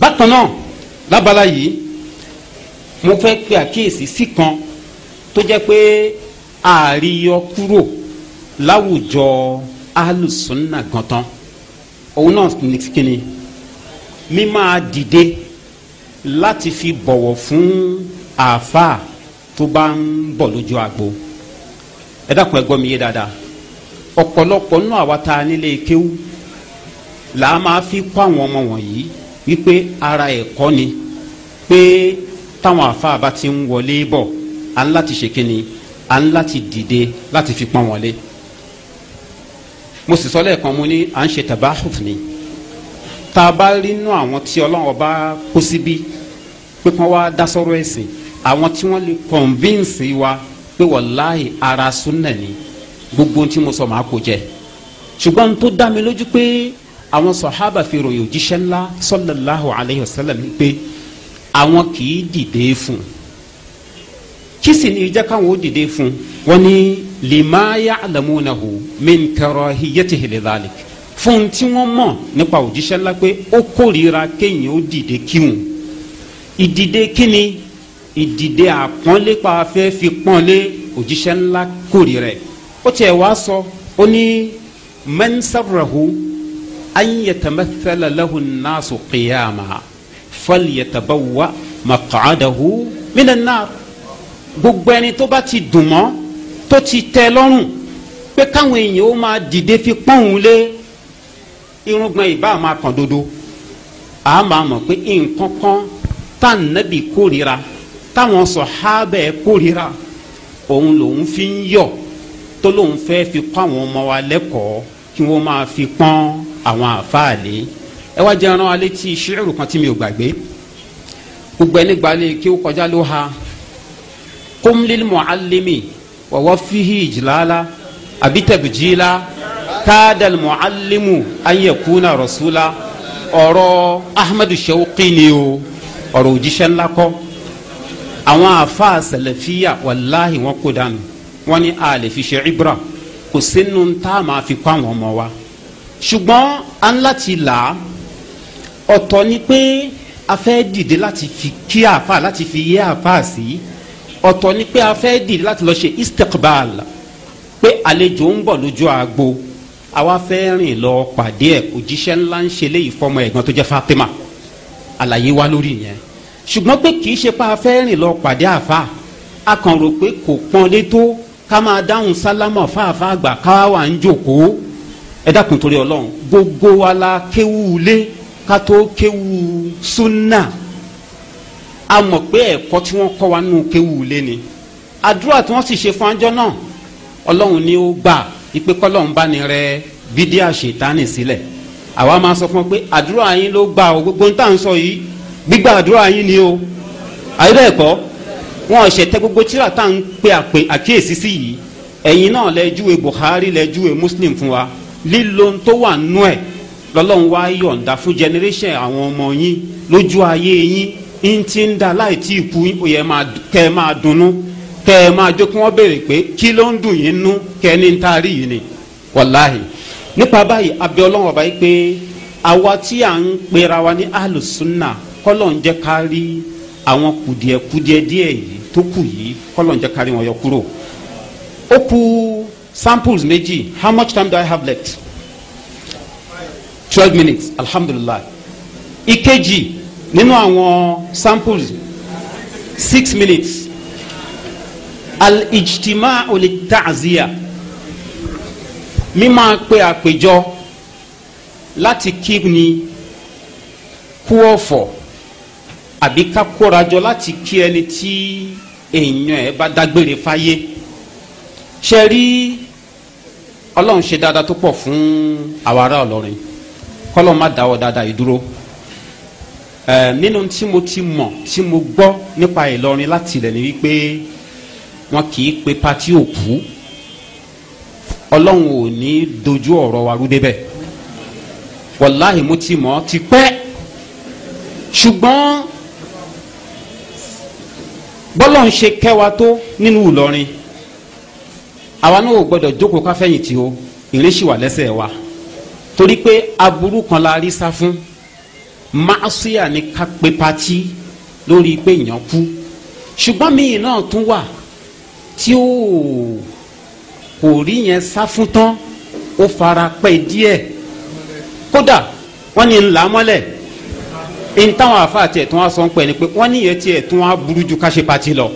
bákan náà lábala yìí mo fẹ́ pe àkíyèsí sí kan tó jẹ́ pé àárí yọ kúrò láwùjọ alùsùn náà gan tán òun náà ní kíni mímáa dìde láti fi bọ̀wọ̀ fún àáfàá tó bá ń bọ̀ lójú àgbo ẹ dákun ẹ gbọ́ mi yé dáadáa ọ̀pọ̀lọpọ̀ nínú àwa ta nílé kéwú là á máa fi kó àwọn ọmọ wọ̀nyí wípé ara ẹ̀kọ́ ni pé táwọn àáfàá bá ti ń wọlé bọ̀ à ń láti ṣe kíni à ń láti dìde láti fi pọ́n wọlé mo sì sọ lẹ́ẹ̀kan mo ní à ń ṣe tabahuf ni tá a bá rí nú àwọn tí ọlọ́run ọba kó síbí pé kí wọ́n wá dá sọ́rọ̀ ẹ̀sìn àwọn tí wọ́n lè convince wa pé wàláhì ara súnà ni gbogbo tí mo sọ máa kó jẹ ṣùgbọ́n tó dá mi lójú pé àwọn sọ̀hábà fi ròyìn òjíṣẹ́ ńlá sallallahu alayhi wa sallam pé àwọn kì í dìde fún kí sì ni ìjẹ́ káwọn ó dìde fún wọn ni lima ya'lamunahu min karahiyatihi lidhalik fún tí wọ́n mọ̀ nípa òjíṣẹ́ ńlá pé ó kórìíra kéèyàn ó dìde kíhun ìdìde kíni ìdìde àpọ́nlé pa afẹ́ fi pọ́nlé òjíṣẹ́ ńlá kórìíra ẹ̀ ó tiẹ̀ wá sọ ó ní mẹ́nsàbùràhù ayẹ̀tẹ̀mẹ́fẹ́lẹ̀ lẹ́hùn náà sọ kéèyàmà fọlìyẹ̀tẹ̀bẹ̀wá màkàdàhù mínà náà gbogbo ẹni tó bá ti dùn mọ́ tó ti tẹ́ lọ́rùn pé káwọn èèyàn ó máa dìde fi pọ́n òun lé irúgbọ́n ìbá máa kàn dodo a máa mọ̀ pé nǹkan kan tá nàbì kórira táwọn sọ̀hábẹ̀ kórira òun lòun fi ń yọ̀ tó lóun fẹ́ fi kọ́ àwọn ọmọ wa lẹ́kọ̀ọ́ kí wọ́n máa fi pọ́n àwọn àfáàlẹ́ ẹ wá jẹ́ ẹran alẹ́ tí ṣíìrù kan tí mi ò gbàgbé gbogbo ẹni gbalẹ̀ kí ó kọjá ló ha qum lil muallimi wa waffihi ijlala àbí tabjila kadal muallimu ayekuna rasula ọ̀rọ̀ ahmadu shawqi ni o ọ̀rọ̀ òjíṣẹ́ ńlá kọ́ àwọn afa salafiya wàláhi wọn kó dànù wọn ni a lè fi ṣe ibra kò sínú tá a máa fi kọ́ àwọn ọmọ wa ṣùgbọ́n a ń láti là á ọ̀tọ̀ ni pé a dìde láti fi kí àfa láti fi yé àfa sí ọ̀tọ̀ ni pé a dìde láti lọ ṣe istiqbal pé àlejò ń bọ̀ lójú àgbo àwa fẹ́ rìn lọ pàdé ẹ̀ òjíṣẹ́ ńlá ń ṣe léyìí fọmọ ẹ̀gbọ́n tó jẹ́ Fatima àlàyé wa lórí yẹn ṣùgbọ́n pé kì í ṣe pa afẹ́ rìn lọ pàdé àfa a kàn rò pé kò pọn lé tó ká máa dáhùn sálámà fáfá àgbà káwá wà ń jòkóó ẹ dákun torí Ọlọ́run gbogbo wa la kéwú lé ká tó kéwú súnà a mọ̀ pé ẹ̀kọ́ tí wọ́n kọ́ wa nù kéwú lé ni àdúrà tí wọ́n sì ṣe fún ajọ́ náà Ọlọ́run ni ó gbà ipe kọ́lọ́hún bá ní rẹ bídíà ṣètánì sílẹ̀ àwa máa sọ fún ọ pé àdúrà yín ló gbà ọ gbogbo nta ń sọ yìí gbígbà àdúrà yín ni o àyẹ̀dẹ̀ ẹ̀kọ́ wọn ṣe tẹ gbogbo tíra tá à ń pe àpè àkíyèsí sí yìí ẹ̀yin náà lẹ júwe Buhari lẹ júwe Muslim fún wa lílo tó wà nú ẹ̀ lọ́lọ́run wá yọ̀ǹda fún generation àwọn ọmọ yín lójú ayé yín ń ti ń da láì tí ì kú yẹ kẹ́ ẹ máa dunnú tẹ ẹ máa jó kí wọ́n béèrè pé kí ló ń dùn yín nú kẹ́ni ń taari yìí ni wàláhì nípa báyìí abẹ́ ọlọ́run ọba yìí pé àwa tí à ń pera wa ní alùsùnà kọ́lọ̀ ń jẹ́ ká rí àwọn kùdìẹ̀kùdìẹ̀ díẹ̀ yìí tó kù yìí kọ́lọ̀ ń jẹ́ ká rí wọn yọ kúrò ó kù samples méjì how much time do I have left twelve minutes alhamdulilah ìkejì nínú àwọn samples six minutes al-ijtima oli ta'ziya mi máa pe àpèjọ láti kí ni kú ọ̀fọ̀ àbí ká kórajọ láti kí ẹni tí èèyàn ẹ bá dágbére fáyé ṣe rí ọlọ́run ṣe dáadáa tó pọ̀ fún àwa ará ọlọ́rin kọ́lọ́n má dáwọ́ dáadáa yìí dúró nínú tí mo ti mọ̀ tí mo gbọ́ nípa Ìlọrin láti ilẹ̀ ni wípé wọn kì í pe pati òkú ọlọ́run ò ní dojú ọ̀rọ̀ wa rú débẹ̀ wàláhì mo ti mọ̀ ti pẹ́ ṣùgbọ́n bọ́lọ̀ ń ṣe kẹwàá tó nínú Ìlọrin àwa náà ò gbọ́dọ̀ jókòó káfẹ́yìntì o ìrẹsì wà lẹ́sẹ̀ wa torí pé aburú kan la rí sá fún máṣíà ni ká pe pati lórí pé èèyàn kú ṣùgbọ́n míì náà tún wà tí ó kò rí yẹn sá fún tán ó fara pẹ́ díẹ̀ kódà wọ́n ní ńlá mọ́lẹ̀ n táwọn afa àti ẹ̀tún wa sọ ń pẹ́ ni pé wọ́n ní yẹn ti ẹ̀tún wa burú ju ká ṣe pati lọ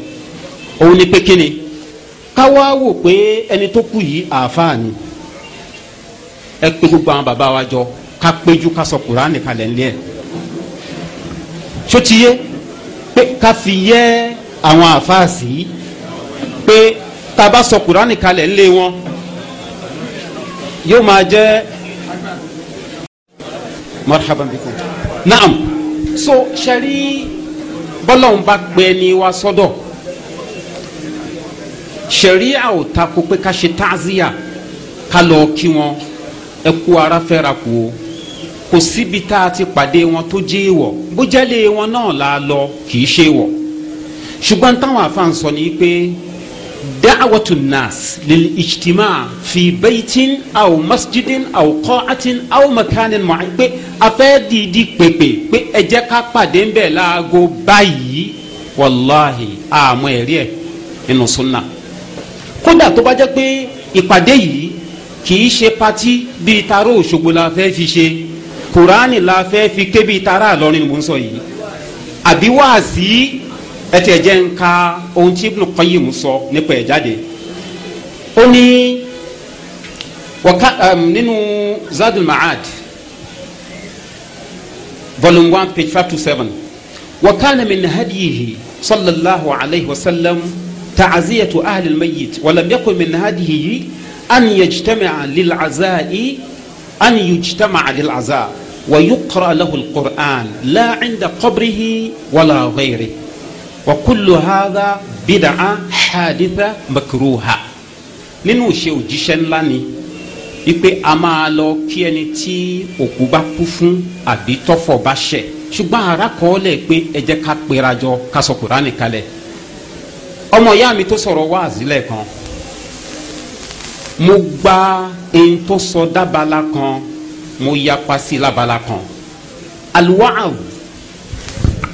òun ni pé kíni ká wá wò pé ẹni tó kù yìí àfa ni ẹ pé gbogbo àwọn bàbá wa jọ ká péjú ká sọ kuraani kalẹ̀ ńlẹ̀ ṣó ti yé pé ká fi yẹ àwọn afa sí i pé tá a bá sọ kùránì kalẹ̀ ńlé wọn yóò máa jẹ́ marhaban bikum naam so sẹ́rí bọ́lọ́hún bá pẹ́ ni wá sọ́dọ̀ a ò ta ko pé ká ṣe táàzíyà ká lọ kí wọn ẹ kú ara fẹ́ra kú o kò síbi tá a ti pàdé wọn tó jẹ́ èèwọ̀ bójálé wọn náà la lọ kì í ṣe èèwọ̀ ṣùgbọ́n táwọn àfa ń sọ ni pé. دعوة الناس للاجتماع في بيت أو مسجد أو قاعة أو مكان معين pé afẹ́ بيبي pèpè pé ẹ jẹ́ ká pàdé ńbẹ̀ láago báyìí wàláhì àmọ́ ẹ̀rí ẹ̀ nínú súnà kódà tó bá jẹ́ pé ìpàdé yìí kì í ṣe patí bíi taró òṣogbo la fẹ́ fi ṣe kùránì la fẹ́ fi ké bíi tará àlọ́rin mò ń sọ yìí àbí wáàsí ẹ tiẹ̀ jẹ́ ń ka ohun tí Ibn Qayyim sọ nípa ẹ̀ jáde ó ní waka um, nínú Zadul Ma'ad volume one page five to seven wakana min hadiyihi sallallahu alayhi wa sallam ta'aziyatu ahli al-mayyit walam yakun min hadiyihi an yajtama'a lil azai an yajtama'a lil azai wa yuqra lahu al-Qur'an la qabrihi wala ghayrihi wa kullu hadha bid'a haditha makruha nínú ìṣe òjíṣẹ́ ńlá ni ipe a máa lọ kí ẹni tí òkú bá kú fún àbí tọ́fọ̀ bá ṣẹ̀ ṣùgbọ́n ara kọ́ lẹ̀ pé ẹ jẹ́ ká pera jọ ká sọ kùránì kalẹ̀ ọmọ ìyá mi tó sọ̀rọ̀ wá àzílẹ̀ kan mo gba eyín tó sọ dábàlá kan mo yapa sí lábala kan aluwaawu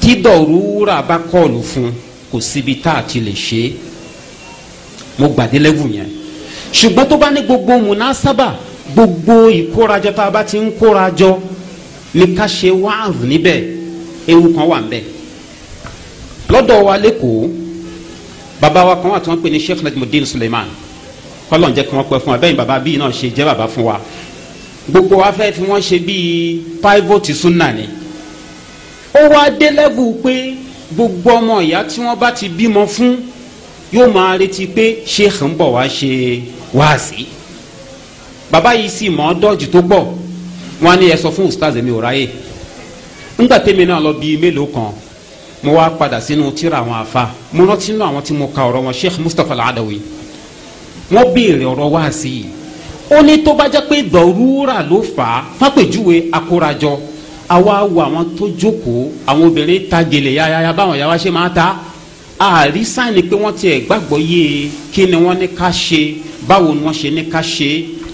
tí dọ̀rúra bá kọ́ọ̀lù fún kò síbi tá a ti lè ṣe é mo gbàdé lẹ́wù yẹn ṣùgbọ́n tó bá ní gbogbo mùnásábà gbogbo ìkórajọ tá a bá ti ń kórajọ ní ká ṣe wáàzù níbẹ̀ ewu kan wà níbẹ̀ lọ́dọ̀ wa lẹ́kọ̀ọ́ bàbá wa kan wà tí wọ́n pè ní sheikh najmudeen suleiman kọ́lọ̀ ń jẹ́ kí wọ́n pẹ́ fún wa bẹ́ẹ̀ bàbá bíi náà ṣe jẹ́ bàbá fún wa gbogbo wa fẹ́ fi wọ́n ṣe bíi pivot sunna ni ó wá dé level pé gbogbo ọmọ ìyá tí wọ́n bá ti bímọ fún yóò máa retí pé sheikh ń bọ̀ wá ṣe wáàsí bàbá yìí sì mọ́ dọ́ọ̀jì tó gbọ̀ wọ́n á ní ẹ sọ fún ustaz mi ò ráyè ńgbà tèmi náà lọ bíi mélòó kan mo wá padà sínú tíra àwọn afa mo rántí nínú àwọn tí mo ka ọ̀rọ̀ wọn sheikh mustapha al-adawi wọ́n béèrè ọ̀rọ̀ wáàsí yìí ó ní tó bá jẹ́ pé dọ̀rúra ló fà á fápèjúwe akórajọ àwa wo àwọn tó jókòó àwọn obìnrin ta gèlè yáyáyá báwọn yàrá ṣe máa ta àárí sáìnì pé wọ́n tiẹ̀ gbàgbọ́ yé e. kí ni wọ́n ní ká ṣe báwo ni wọ́n ṣe ní ká ṣe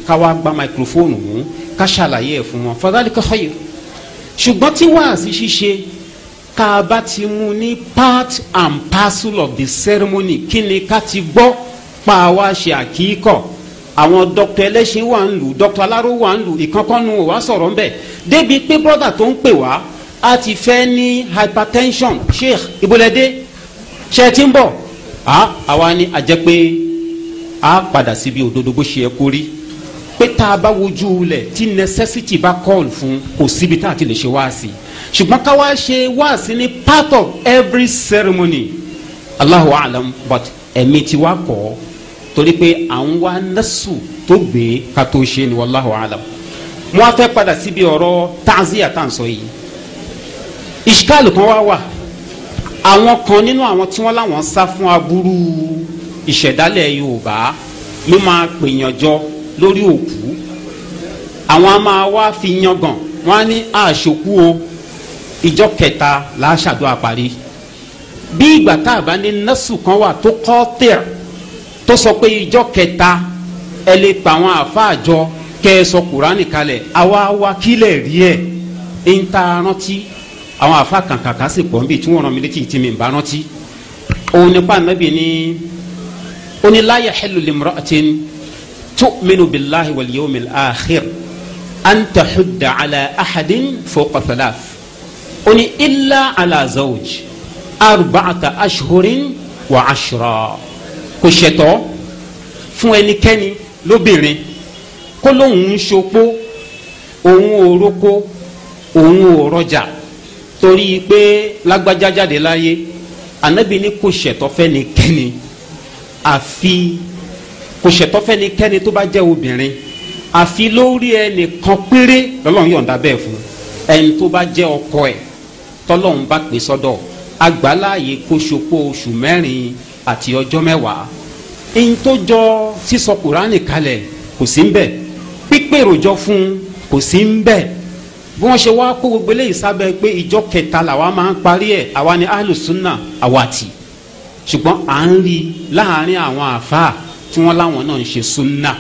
ká wá gba máikrófóònù mú ká ṣàlàyé ẹ̀ fún wọn fọdálì kọ́kọ́ yìí tí wàásì ṣíṣe ká bá ti mú ní part and parcel of the ceremony kí ni ká ti gbọ́ pa wá ṣe àkíkọ̀ àwọn dọ́kítọ̀ ẹlẹ́ṣin wà ń lù dọ́kítọ̀ aláró wà ń lù ìkankan nu wà sọ̀rọ̀ ń bẹ̀ débi pé brọ́dà tó ń pè wá a ti fẹ́ ní hypertension sheikh ibolẹ́dẹ́ ṣe ti ń bọ̀ a àwa ni a jẹ́ pé a padà síbi òdodo bó ṣe yẹ kó pé tá a bá wojú lẹ̀ tí necessity bá call fún kò síbi tá a ti lè ṣe wáàsí ṣùgbọ́n ká wá ṣe wáàsí ní part of every ceremony Allahu alam but ẹ̀mí ti wá kọ́ ọ́ torí pé àwọn wa nẹ́sù tó gbé ká tó ṣe ni wàláhù alam wọn fẹ́ padà síbi ọ̀rọ̀ tanzia tá à ń sọ yìí ìṣkáàlù kan wá wà àwọn kan nínú àwọn tí wọ́n láwọn sá fún aburú ìṣẹ̀dálẹ̀ yorùbá ló máa pèyànjọ lórí òkú àwọn a máa wá fi yangàn wọn á ní àṣòkú o ìjọ kẹta làá ṣàdó àparí bí ìgbà tá a bá ní nẹ́sù kan wà tó kọ́ tẹ̀rẹ̀ tó sọ pé ìjọ kẹta ẹ lè pa àwọn àáfàá jọ kẹ ẹ sọ kùránì kalẹ̀ àwa wa kílẹ̀ rí ẹ̀ ń ta rántí àwọn àáfàá kàǹkàǹkà sì pọ̀ níbi tí wọ́n rán mi létí tí ń bá rántí òun nípa nàbì ni ó ní la yahillu limra'atin tu'minu billahi wal yawmil akhir an tahudda ala ahadin fawqa thalath ó ní ala zawj arba'ata ashhurin wa ashra kò ṣẹ̀tọ́ fún ẹnikẹ́ni lóbìnrin kó lóun ń ṣopó òun ò roko òun ò rọjà torí pé lágbájá jáde láyé ànábì ní kò ṣẹ̀tọ́ fẹ́nikẹ́ni àfi kò ṣẹ̀tọ́ fẹ́nikẹ́ni tó bá jẹ́ obìnrin àfi lórí ẹnìkan péré lọ́lọ́run yọ̀ǹda bẹ́ẹ̀ fún ẹni tó bá jẹ́ ọkọ ẹ̀ tọ́lọ́run bá pè sọ́dọ̀ àgbàláyé kó ṣopó oṣù mẹ́rin àti ọjọ́ mẹ́wàá ẹni tó jọ sísọ kùránì kalẹ̀ kò sí ń bẹ̀ pípèròjọ fún kò sí ń bẹ̀ bí wọ́n ṣe wá kó gbogbo eléyìí sábẹ́ pé ìjọ kẹta làwa máa ń parí ẹ̀ àwa ni alùsùnà àwàtì ṣùgbọ́n à ń rí láàárín àwọn àfáà tí wọ́n láwọn náà ń ṣe sunna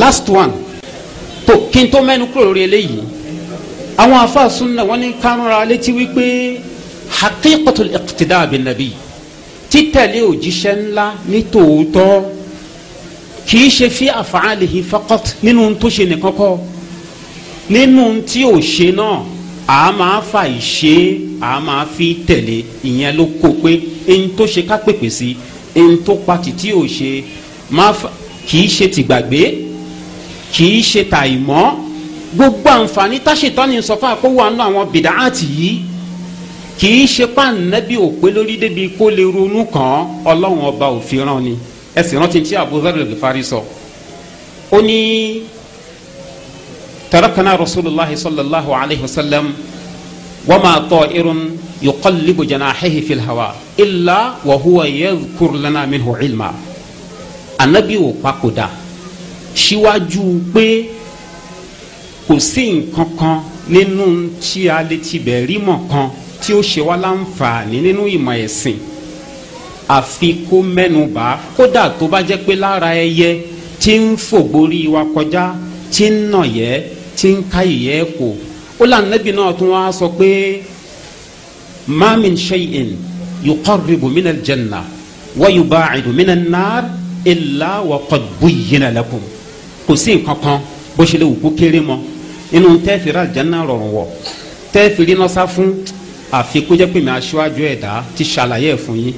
last one tó kí n tó mẹ́nu kúrò lórí eléyìí àwọn àfáà sunna wọ́n ní kánúra létí wípé haqiqatul iqtida bin nabi yìí títẹ̀lé òjíṣẹ́ ńlá ní tòótọ́ kì í ṣe fi àfààlìhì faqat nínú tó ṣe nìkan kọ́ nínú tí ò ṣe náà a máa fa ìṣe a máa fi tẹ̀lé ìyẹn ló kó pé ẹni tó ṣe ká pèpè sí ẹni tó pa títí ò ṣe kì í ṣe tìgbàgbé kì í ṣe tàìmọ́ gbogbo àǹfààní táṣetọ́ ni sọ fún àpòwò àwọn bìdáàtì yìí kì í ṣe pa nàbí òpè lórí débi kó lè ronú kàn ọlọ́run ọba òfin rán ni ẹsẹ̀ rántí tí Abu Dharr al-Ghifari sọ ó ní tarakana rasulillah sallallahu alayhi wa sallam wa ma ta'irun yuqallibu janahihi fil hawa illa wa huwa yadhkur lana minhu ilma anabi ò papòdà síwájú pé kò sí nǹkan kan nínú tí a lè tibẹ̀ rí kan tí ó ṣe wá láǹfààní nínú ìmọ̀ ẹ̀sìn àfi kó mẹ́nubà kódà tó bá jẹ́ pé lára ẹyẹ tí ń fògbórí wa kọjá tí ń nà yẹ tí ń ká ìyẹ́ kò ó là nẹ́bí náà tún wá sọ pé mamin shayin yuqarribu minal janna wa yuba'idu nar illa wa qad buyyina lakum kò sí nǹkan bó ṣe lè wù kó kéré mọ́ inú tẹ́ẹ̀fì rà rọrùn wọ̀ tẹ́ẹ̀fì rí fún àfi kó jẹ́ pé mi aṣáájú ẹ̀dá ti ṣàlàyé ẹ̀ fún yín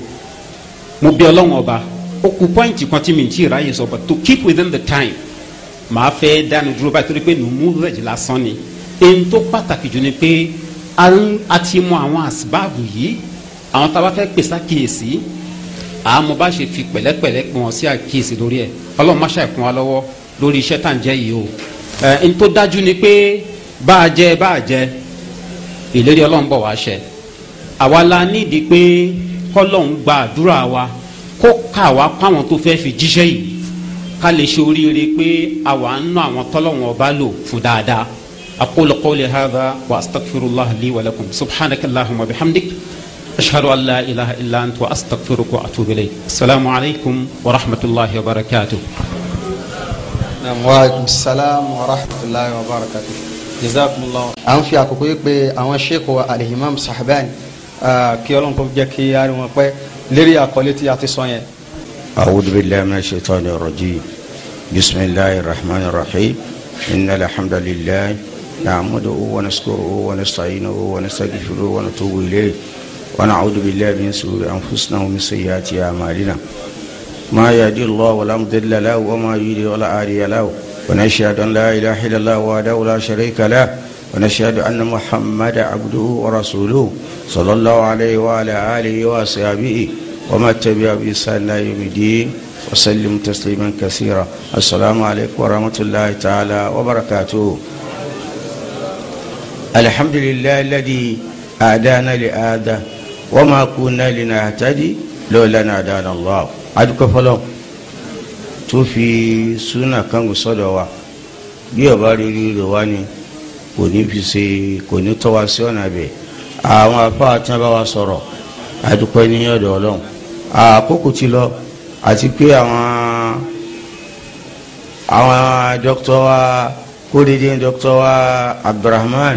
mo bí ọlọ́run ọba ó ku pọ́ìntì kan tí mi ti ráyè sọ but to keep within the time màá fẹ́ dánu dúró báyìí torí pé nùmú rẹ̀jì lásán ni èyí tó pàtàkì jù ni pé a ti mọ àwọn àsìbáàbù yìí àwọn tá a bá fẹ́ pèsè àkíyèsí àmọ́ bá ṣe fi pẹ̀lẹ́pẹ̀lẹ́ pọ̀ wọ́n sí àkíyèsí lórí ẹ̀ ọlọ́run má ṣàìkún wa lọ́wọ́ lórí iṣẹ́ tá à ń jẹ́ yìí o ẹni tó dájú ni pé bá a jẹ bá a jẹ ìlérí ọlọ́run bọ̀ wá ṣẹ àwa la nídìí pé kọ́lọ́run gba àdúrà wa kó kà wá páwọn tó fẹ́ fi jíṣẹ́ yìí ká lè ṣe oríire pé àwa ń ná àwọn tọ́lọ́run ọba lò fún dáadáa aqulu qawli hadha wa astaghfirullah li wa lakum subhanaka allahumma bihamdik ashhadu an la ilaha illa anta wa astaghfiruka wa atubu ilayk assalamu alaykum wa rahmatullahi wa barakatuh. naam wa salaam wa rahmatullahi wa barakatuh jazakumullah. à ń fi àkókò yìí pé àwọn sheikh wa alihimam sahban kí ọlọ́run kò jẹ́ kí ari wọn pẹ́ lérí àkọlé tí a ti sọ yẹn. a'udhu billahi minash shaitanir rajim bismillahir rahmanir rahim innal hamdalillah na'maduhu wa nasta'inuhu wa nasta'inuhu wa nastaghfiruhu wa natubu ilayhi wa na'udhu billahi min shururi anfusina wa min sayyiati a'malina ma yahdi Allahu wa la mudilla lahu wa ma yudlil wa la hadiya lahu. ونشهد أن لا إله إلا الله وحده لا شريك له ونشهد أن محمد عبده ورسوله صلى الله عليه وعلى آله وصحبه وما تبع بإحسان إلى يوم الدين وسلم تسليما كثيرا السلام عليكم ورحمة الله تعالى وبركاته الحمد لله الذي أعدانا لهذا وما كنا لنهتدي لولا أن الله أدعوك فلو tó fi súnà kángun sọ́dọ̀ wa bí ọba rírí rẹ̀ wá ni kò ní fi ṣe kò ní tọ́ wa sí ọ̀nà bẹ̀ àwọn apá àti abá wa sọ̀rọ̀ àdúpẹ́ ní ọ̀dọ̀ ọlọ́run àkókò ti lọ àti pé àwọn àwọn dókítà wa kódédé dókítà wa Abdulrahman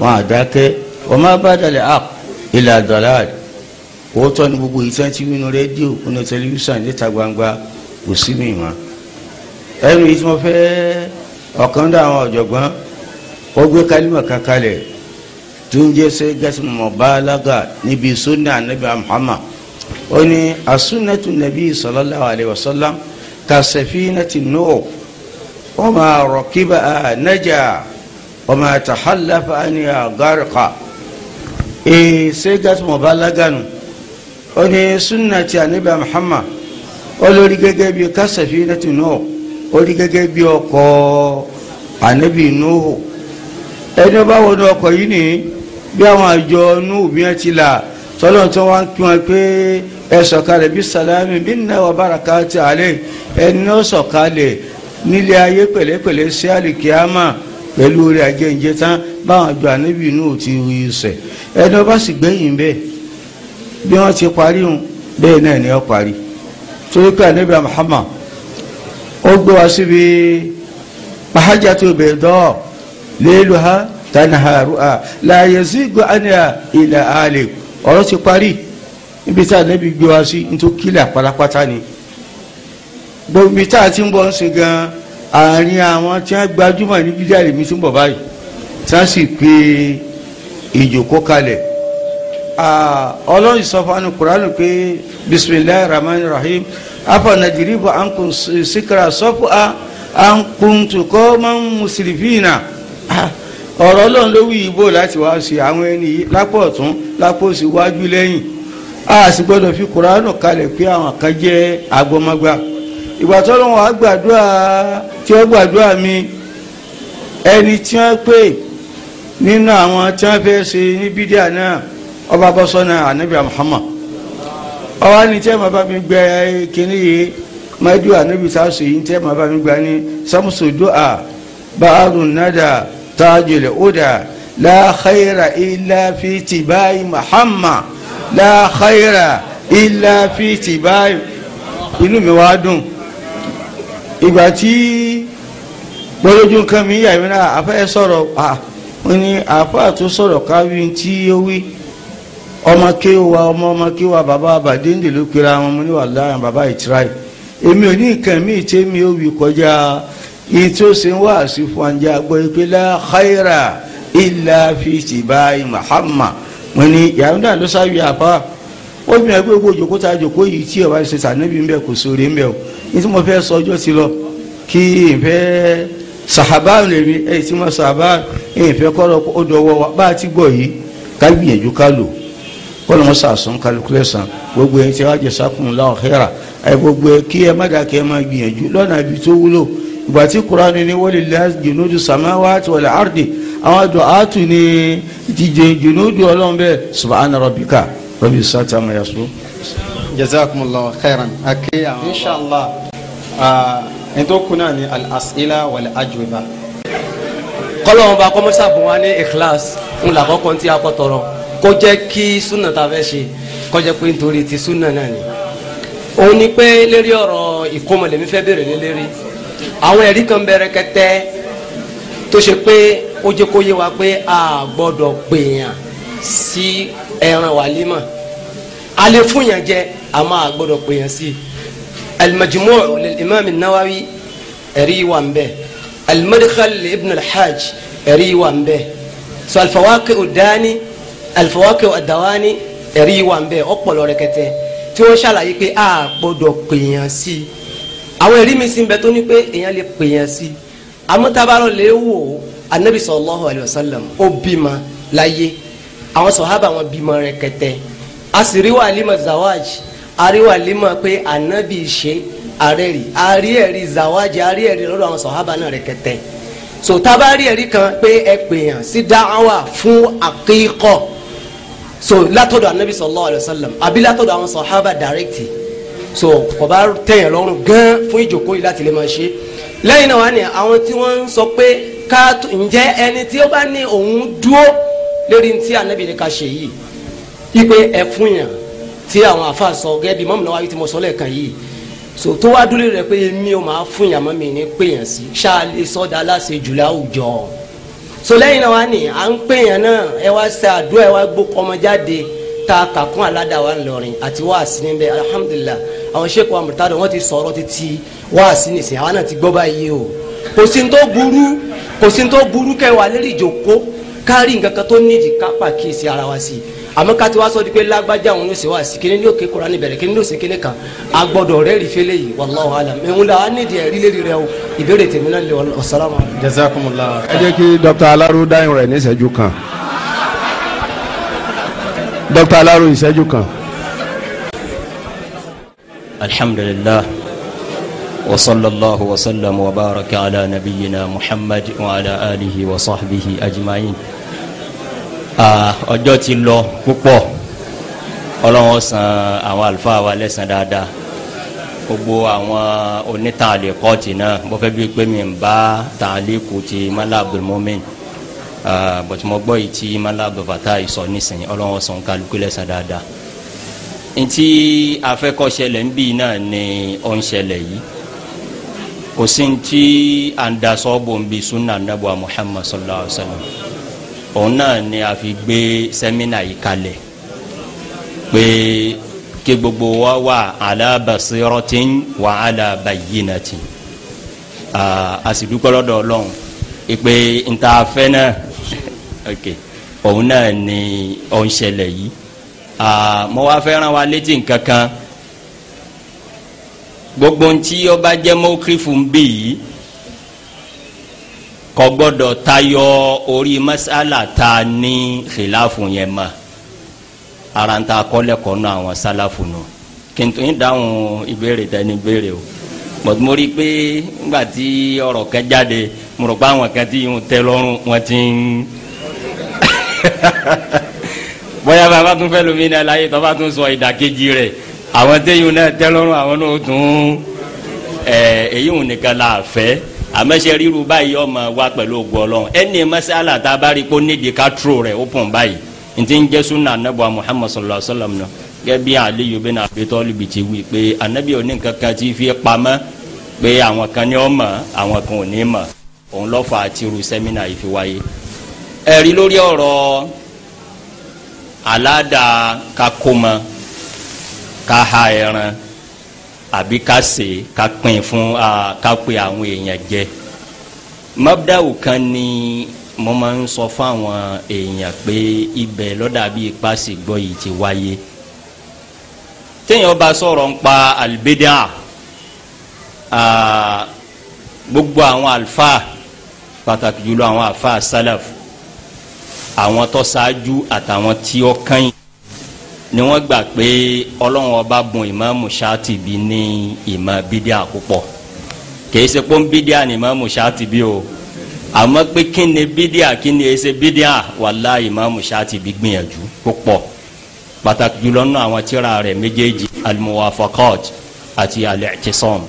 wọn àdákẹ́ wọn má bá dalẹ̀ ap ilẹ̀ àdàlá òótọ́ ni gbogbo ìtẹ́ntì nínú rédíò nínú tẹlifíṣàn níta gbangba kò sí mi mọ́ ẹnu yìí tí mo fẹ́ ọ̀kan dá àwọn ọ̀jọ̀gbọ́n ó gbé kálímà kan kalẹ̀ tó ń jẹ́ sẹ́ gẹ́sìmọ̀ mọ̀bálágà níbi sunna anabi muhammad ó ní asunatu nabi sallallahu alayhi wa sallam kasafinati nuh wama rakibaha naja wama tahallafa anha gharqa ee sẹ́ gẹ́sìmọ̀ mọ̀bálágà nù ó ní sunna ti anabi muhammad olórí gẹ́gẹ́ bí kásàfin nàtì náà orí gẹ́gẹ́ bí ọkọ̀ ànábì nóhù ẹni bá wọnú ọkọ̀ yìí ni bí àwọn àjọ nóhù bí wọ́n ti là tọ́lọ́ tó wá ń kí wọn pé ẹ sọ̀kalẹ̀ bí sàlámì bí nà wà bàràkà ti àlẹ́ ẹni náà sọ̀kalẹ̀ nílé ayé pẹ̀lẹ́pẹ̀lẹ́ sí àlìkíámà pẹ̀lú orí àjẹǹjẹ tán báwọn àjọ ànábì nóhù ti rí sẹ̀ ẹni bá sì gbẹ̀yìn bẹ́ẹ̀ bí wọ́n ti parí bẹ́ẹ̀ náà ni ó parí torí pé ànábì Muhammad ó gbé wa síbi mahajjatul bayda layluha tanharuha la yazigu anha illa halik ọ̀rọ̀ ti parí níbi tí ànábì gbé wa sí nítorí kílà pátápátá ni gbogbo ibi tá a ti ń bọ̀ ń sin gan àárín àwọn tí wọ́n gbajúmọ̀ ní bídíà lèmi tí ń bọ̀ báyìí tí wọ́n sì pe ìjòkó kalẹ̀ Ah, ọlọ́run sọ fún kuranu pé bisimilayi rahman rahim afanadiribu ankun sikara sọ́fù a ankuntukọ́ máa ń musirifina ah, ọ̀rọ̀ ọlọ́run ló wí ibo láti wá sí àwọn ẹni lápò ọ̀tún lápò òsì wájú lẹ́yìn a sì gbọ́dọ̀ fi kuranu kalẹ̀ pé àwọn kan jẹ́ agbọ́mọgbà ìgbà tó lọ́wọ́ a gbàdúrà tí ó gbàdúrà mi ẹni tí wọ́n pè nínú àwọn tí wọ́n fẹ́ ṣe ní bídíà náà ọba bọ́sọ́nà anabi Muhammad ọba ní tẹ́ màá bá mi gbẹ kínní yìí madu anabi sáàsù yìí tẹ́ màá bá mi gbà ní samusu du'a baarun nada tajul uda la khayra illa fi tibai Muhammad la khayra illa fi tibai inú mi wá dùn ìgbà tí gbọ́dọ̀jú nǹkan mi yà mí náà àfẹ́ sọ̀rọ̀ à wọ́n ní àfẹ́ àtúnṣọ̀rọ̀ káwí tí ó wí ọmọ kí wa ọmọ ọmọ kí wa bàbá àbàdéǹdè ló pera wọn mo ní wà láàrin bàbá ìtìráì èmi ò ní nǹkan míì tí mi ò wí kọjá yìí tó ṣe ń wá sí fún ajá gbọ́ pé la khaira illa fi tibai Muhammad mo ní yàrá ló sáwìí àbá ó fi hàn pé gbogbo òjòkó tá a jòkó yìí tí ọba ṣe sànẹ́bí ń bẹ kò sóore ń bẹ o ní tí mo fẹ́ sọ ọjọ́ ti lọ kí n fẹ́ sàhábà lèmi ẹ̀ tí mo sàhábà ẹ̀ fẹ́ kọ́ ọ dọ̀wọ́ wa bá a ti gbọ́ yìí ká gbìyànjú ká lò kọ́ni wọ́n sàsán kálukúlẹ̀ sàn gbogbo yẹn tí wọ́n jẹ sákùn láwọn xẹ́ra ẹ gbogbo yẹn kí ẹ má dà kí ẹ má gbìyànjú lọ́nà ibi tó wúlò ìgbà tí kurani ni wọ́n lè lẹ́ jùnúdù samawati wal ardi àwọn àdùn àtù ni jíjẹ jùnúdù ọlọ́run bẹ́ẹ̀ subhana rabbika rabbi sata mayasu. jazakumullahu khairan akeya inshallah ẹni tó kú náà ni al-as'ila wal-ajwiba. bá kọ́mọ́sá bùn wá ní ikhlas ńlá kọ́kọ́ tí a kọ́ tọrọ kó jẹ́ kí súnà tá a fẹ́ ṣe kó jẹ́ pé nítorí ti súnà náà ni òun ni pé lérí ọ̀rọ̀ ìkómọ lèmi bèrè lélẹ́rí àwọn ẹ̀rí kan bẹ̀rẹ̀ kẹtẹ́ tó ṣe pé ó jẹ́ kó yé wa pé a gbọ́dọ̀ pèèyàn sí ẹran wàlímà a lè fún yàn jẹ àmọ́ a gbọ́dọ̀ pèèyàn sí al-Majmu' nawawi ẹ̀rí wà ń bẹ al-Madkhal li Ibn al-Hajj ẹ̀rí wà ń so alifawakẹ ọdawani ẹ̀rí wà ń bẹ ọpọlọ rẹkẹtẹ tí wọ́n ṣàlàyé pé a gbọ́dọ̀ pèèyàn sí i àwọn ẹ̀rí mi sì ń bẹ tó ní pé èèyàn lè pèèyàn sí i amútabarọ lè wò ó anabi sallallahu alayhi wa sallam ó bímọ láyé àwọn sọhábà wọn bímọ rẹkẹtẹ a sì rí wàlímọ zawaj a rí wàlímọ pé anabi ṣe arẹ́rì a rí ẹ̀rí zawaj a ẹ̀rí lọ́dọ̀ àwọn sọhábà náà rẹkẹtẹ so tá a bá rí ẹ̀rí kan pé ẹ pèèyàn sí dáhàwà fún àkíkọ́ so látọ̀dọ̀ anabi sallallahu alayhi wa sallam àbí látọ̀dọ̀ àwọn sahaba direct so kò bá tẹ̀yàn lọ́rùn gan fún ìjókòó yìí láti lè máa ṣe lẹ́yìn náà wà ní àwọn tí wọ́n ń sọ pé ká ǹjẹ́ ẹni tí ó bá ní òun dúró lórí ti anabi ni ká ṣe yìí ipe ẹ̀fún yàn tí àwọn àfa sọ gẹ́gẹ́ bí mọ́mí náà wáyé tí mo sọ lẹ́ẹ̀kan yìí so tó wá dúró rẹ̀ pé mi ò máa fún yàn mọ́ mi ní pèèyàn sí ṣáà lè sọ́dà aláṣẹ jùlọ àwùjọ. So, so lẹ́yìn náà wá ní à ń pè yàn náà ẹ wá ṣe àdúrà ẹ wá gbó kọmọjáde tá a kà ńlọrin àti wáàsí níbẹ̀ alihamudulilayi àwọn sheikh wa murtado wọn ti sọ̀rọ̀ títí wáàsí nìsín àwọn náà ti gbọ́ báyìí o kò sí tó burú kò sí tó burú kẹwàá lérí ìjòkó kárí nǹkan kan tó nídìí ká pàkíyèsí ara wa sí i àmọ́ ká ti wá sọ di pé lágbájá òun yóò ṣe wá sí kíni yóò ké Kùránì bẹ̀rẹ̀ kíni yóò ṣe kíni kan a gbọ́dọ̀ rẹ́ rí fẹ́lẹ́ yìí wallahu alam ẹ̀hún la á nídìí ẹ̀rí lérí rẹ o ìbéèrè tèmi náà lè wọ salamu. jazakumullah. ẹ jẹ́ kí dr alaro dáhùn rẹ̀ ní ìṣẹ́jú kan dr alaro ìṣẹ́jú kan. alhamdulillah wa sallallahu wa sallam wa baraka ala nabiyyina muhammad wa ala alihi wa sahbihi ajma'in ọjọ́ ti lọ púpọ̀ ọlọ́run san àwọn àlùfáà wa lẹ́sàn dáadáa gbogbo àwọn onítàlẹ̀ kọ́ọ̀tì náà bó fẹ́ bí pé mi ń bá tàlíkù ti mọ́lá abdulmumin bọ̀tí mo gbọ́ yìí tí mọ́lá abdulfata ìsọ nísìnyí ọlọ́run san kálukú lẹ́sàn dáadáa ntí afẹ́kọ̀ṣẹlẹ̀ ń bì náà ni ó ń ṣẹlẹ̀ yìí kò sí ntí àǹdàsọ́ ń bi sunna anabu muhammad sallallahu alaihi wa sallam òun náà ni a fi gbé sẹ́mínà yìí kalẹ̀ pé kí gbogbo wa wà ala basiratin wa ala bayyinatin a sì dúpẹ́ lọ́dọ̀ Ọlọ́run ìpè ntaafẹ́ náà òun náà ni ó ń ṣẹlẹ̀ yìí mo wá fẹ́ràn wa létí nǹkan kan gbogbo ntí ó bá jẹ́ mọ́kírí fún bí yìí kò gbọ́dọ̀ tayọ orí masala ta ní khilafu yẹn ma ara ń ta kọ́lẹ́kọ̀ọ́ nù àwọn sálàfù nù kìntùn yín dáhùn ìbéèrè tẹ́ni béèrè o bọ̀dé mo rí i pé nígbà tí ọ̀rọ̀ kẹ́ jáde mo rò pé àwọn kan tí yóò tẹ́ lọ́rùn wọn ti ń bóyá bàbá tún fẹ́ lómi náà láyé tó bá tún sọ ìdàkejì rẹ̀ àwọn téyìn náà tẹ́ lọ́rùn àwọn náà tún ẹ̀ èyí ò nìkan là á àmọ́ṣe ríru báyìí ọmọ wa pẹ̀lú ògùn ọlọ́run ẹni mẹ́sàlá tá a bá rí i pé ó nídìí ká tró rẹ̀ ó pọ̀n báyìí ntí ń jẹ́ sunna anabuwa muhammad sallallahu alayhi wa sallam náà gẹ́bí aliyu bin abi tọ́lìbì ti wí pé anabi òní kankan ti fi pamọ́ pé àwọn kan ní ọmọ àwọn kan ò ní mọ̀ òun lọ́fà àti irú sẹ́mínà yìí fi wáyé. ẹ̀rí lórí ọ̀rọ̀ aládàá kakoma kaha ẹran. E àbí ká ṣe ká pín fún ká pe àwọn èèyàn jẹ mabdawu kan ni mo máa ń sọ fáwọn èèyàn pé ibẹ̀ lọ́dà bíi paṣẹ gbọ́ yìí ti wáyé téèyàn bá sọ̀rọ̀ ń pa àlùbẹ́dà gbogbo àwọn àlùfáà pàtàkì jùlọ àwọn àlùfáà sálàf àwọn tó ṣáájú àtàwọn tí ó kàn yín ni wọ́n gbà pé ọlọ́run ọba bùn ìmáàmù Ṣáàtìbí ní ìmọ̀ bídíà púpọ̀ kì í ṣe pé bídíà ni ìmáàmù Ṣáàtìbí o àmọ́ pé kí ni bídíà kí ni ẹsẹ̀ bídíà wàlá ìmáàmù Ṣáàtìbí gbìyànjú púpọ̀ pàtàkì jùlọ nínú àwọn tíra rẹ̀ méjèèjì al-Muwafaqat àti al-I'tisam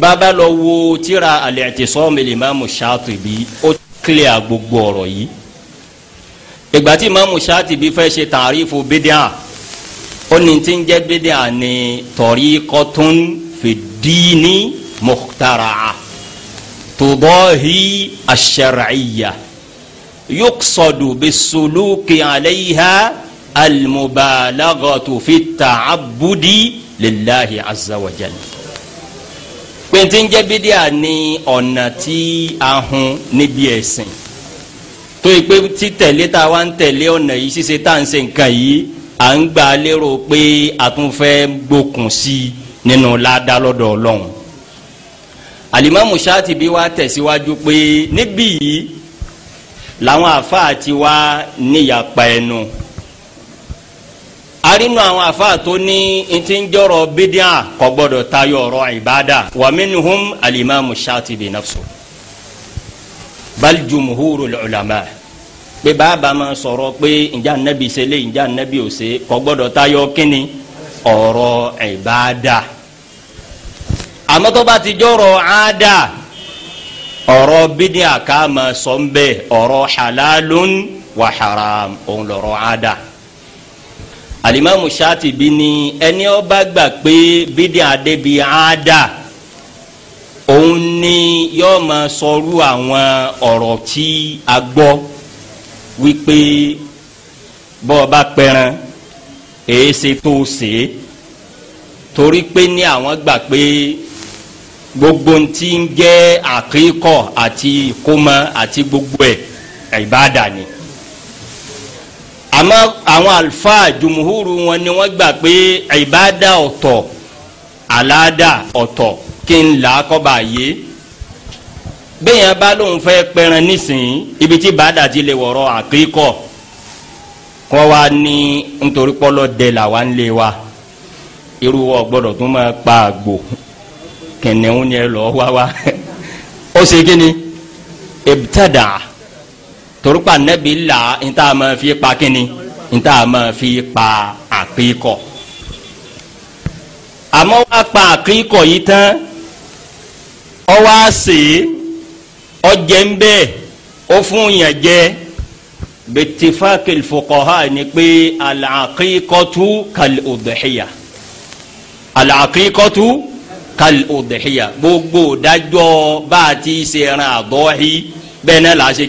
bàbá lọ wo tíra al-I'tisam ìmáàmù Ṣáàtìbí ó kílẹ̀ gbogbo ọ̀rọ̀ yìí ìgbà tí Imam Shatibi fẹ́ ṣe tàrífù bídíà ó ní tí ń jẹ́ bídíà ní tariqatun fid-dini mukhtara'a tudahi ash-shar'iyyah yuqsadu bis-suluki 'alayha al-mubalaghatu fit-ta'abbudi lillahi bídíà ní ọ̀nà tí a hun níbi ẹ̀sìn tó yẹ pé títẹ̀lé tá a wá ń tẹ̀lé ọ̀nà yìí ṣíṣe tá à ń ṣe nǹkan yìí à ń gba lérò pé a tún fẹ́ gbókun sí i nínú ládàá lọ́dọ̀ ọlọ́run alimami Shatibi wa tẹ̀síwájú pé níbí yìí làwọn àfáà ti wá níyàpá ẹnu arínú àwọn àfáà tó ní ntí ń jọrọ bídíà kò gbọdọ̀ tayọ ọ̀rọ̀ ìbádà wa minhum alimami Shatibi nafsu bal jumhurul pé bàbá máa sọ̀rọ̀ pé ǹjẹ́ anabi ṣe lé ǹjẹ́ anabi ò ṣe kò gbọ́dọ̀ tayọ kínni ọ̀rọ̀ ìbáadà àmọ́ tó bá ti jọ̀rọ̀ àádà ọ̀rọ̀ bídìí àká máa sọ ń bẹ̀ ọ̀rọ̀ halalun wa haram òun lọ̀rọ̀ àádà alimamu Ṣatibi ni ẹni ó bá gbà pé bídìí àdébi àádà òun ni yóò máa sọrú àwọn ọ̀rọ̀ tí a gbọ́ wípé bọ́ ọ bá pẹran èé ṣe tó o ṣe é torí pé ní àwọn gbà pé gbogbo ń ti ń jẹ́ àkíkọ̀ àti ìkómọ àti gbogbo ẹ̀ ìbáàdà ni àmọ́ àwọn àlùfáà jùmùhúrù wọn ni wọ́n gbà pé ìbáàdà ọ̀tọ̀ àláàdà ọ̀tọ̀ kí n là á kọ́ bá yé. bẹ́ẹ̀ yẹn bá lóun fẹ́ pẹran nísìnyí ibi tí bàdà ti lè wọ̀rọ̀ àkíkọ̀ kọ́ wa ní nítorí pọ́lọ́ dẹ là wà. ń lé wa irú wọ́ gbọ́dọ̀ tún máa pa àgbò kẹ̀nẹ́hún ni ẹ lọ wá wá ó ṣe kí ni ebtada torípa nẹ́bi là níta máa fi pa kí ni níta máa fi pa àkíkọ̀ àmọ́ wá pa àkíkọ̀ yìí tán ọ wá sèé. ọjẹ ń bẹ ó fún yàn jẹ bitifakil fuqaha ni pé al-aqiqatu kal-udhiya al-aqiqatu kal-udhiya gbogbo dájọ bá a ti ṣe ran àdọ́hí bẹ́ẹ̀ náà làá ṣe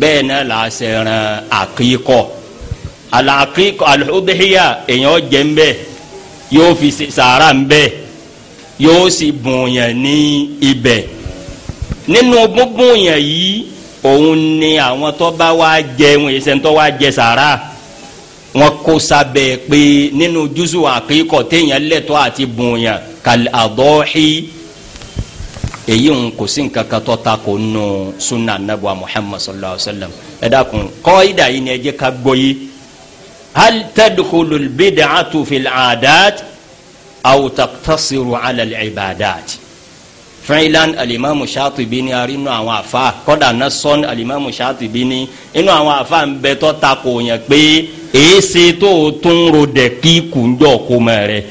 bẹ́ẹ̀ náà làá ṣe àkíkọ al-aqiqatu èèyàn jẹ ń bẹ yóò fi ṣe ń bẹ yóò sì bùn ní ibẹ̀ nínú búnbùn yẹn yìí òun ni àwọn tó bá wá jẹ wọn èsè tó wá jẹ sàrà wọn kó sábẹ́ pé nínú júùsù àkíkọ téèyàn lẹ́tọ̀ọ́ àti bùn yẹn kàlẹ àdọhí èyí ń kò sí nǹkan kan tó ta kò nù sunna anabuwa muhammad sallallahu alaihi wa sallam ẹ dákun kọ́ídà yìí ni ẹ ká gbọ́ yìí hal tadkhulul bid'atu fil 'adat aw taqtasiru 'ala fẹ́ẹ́lán alimami Shatibi ni arínú àwọn afa kọ́dà nasọ́n alimami Shatibi ni inú àwọn afa ń bẹ tọ́ ta kò yẹn pé èéṣe tó o tún ro dẹ̀ kí kùnjọ́ kò mọ̀ rẹ̀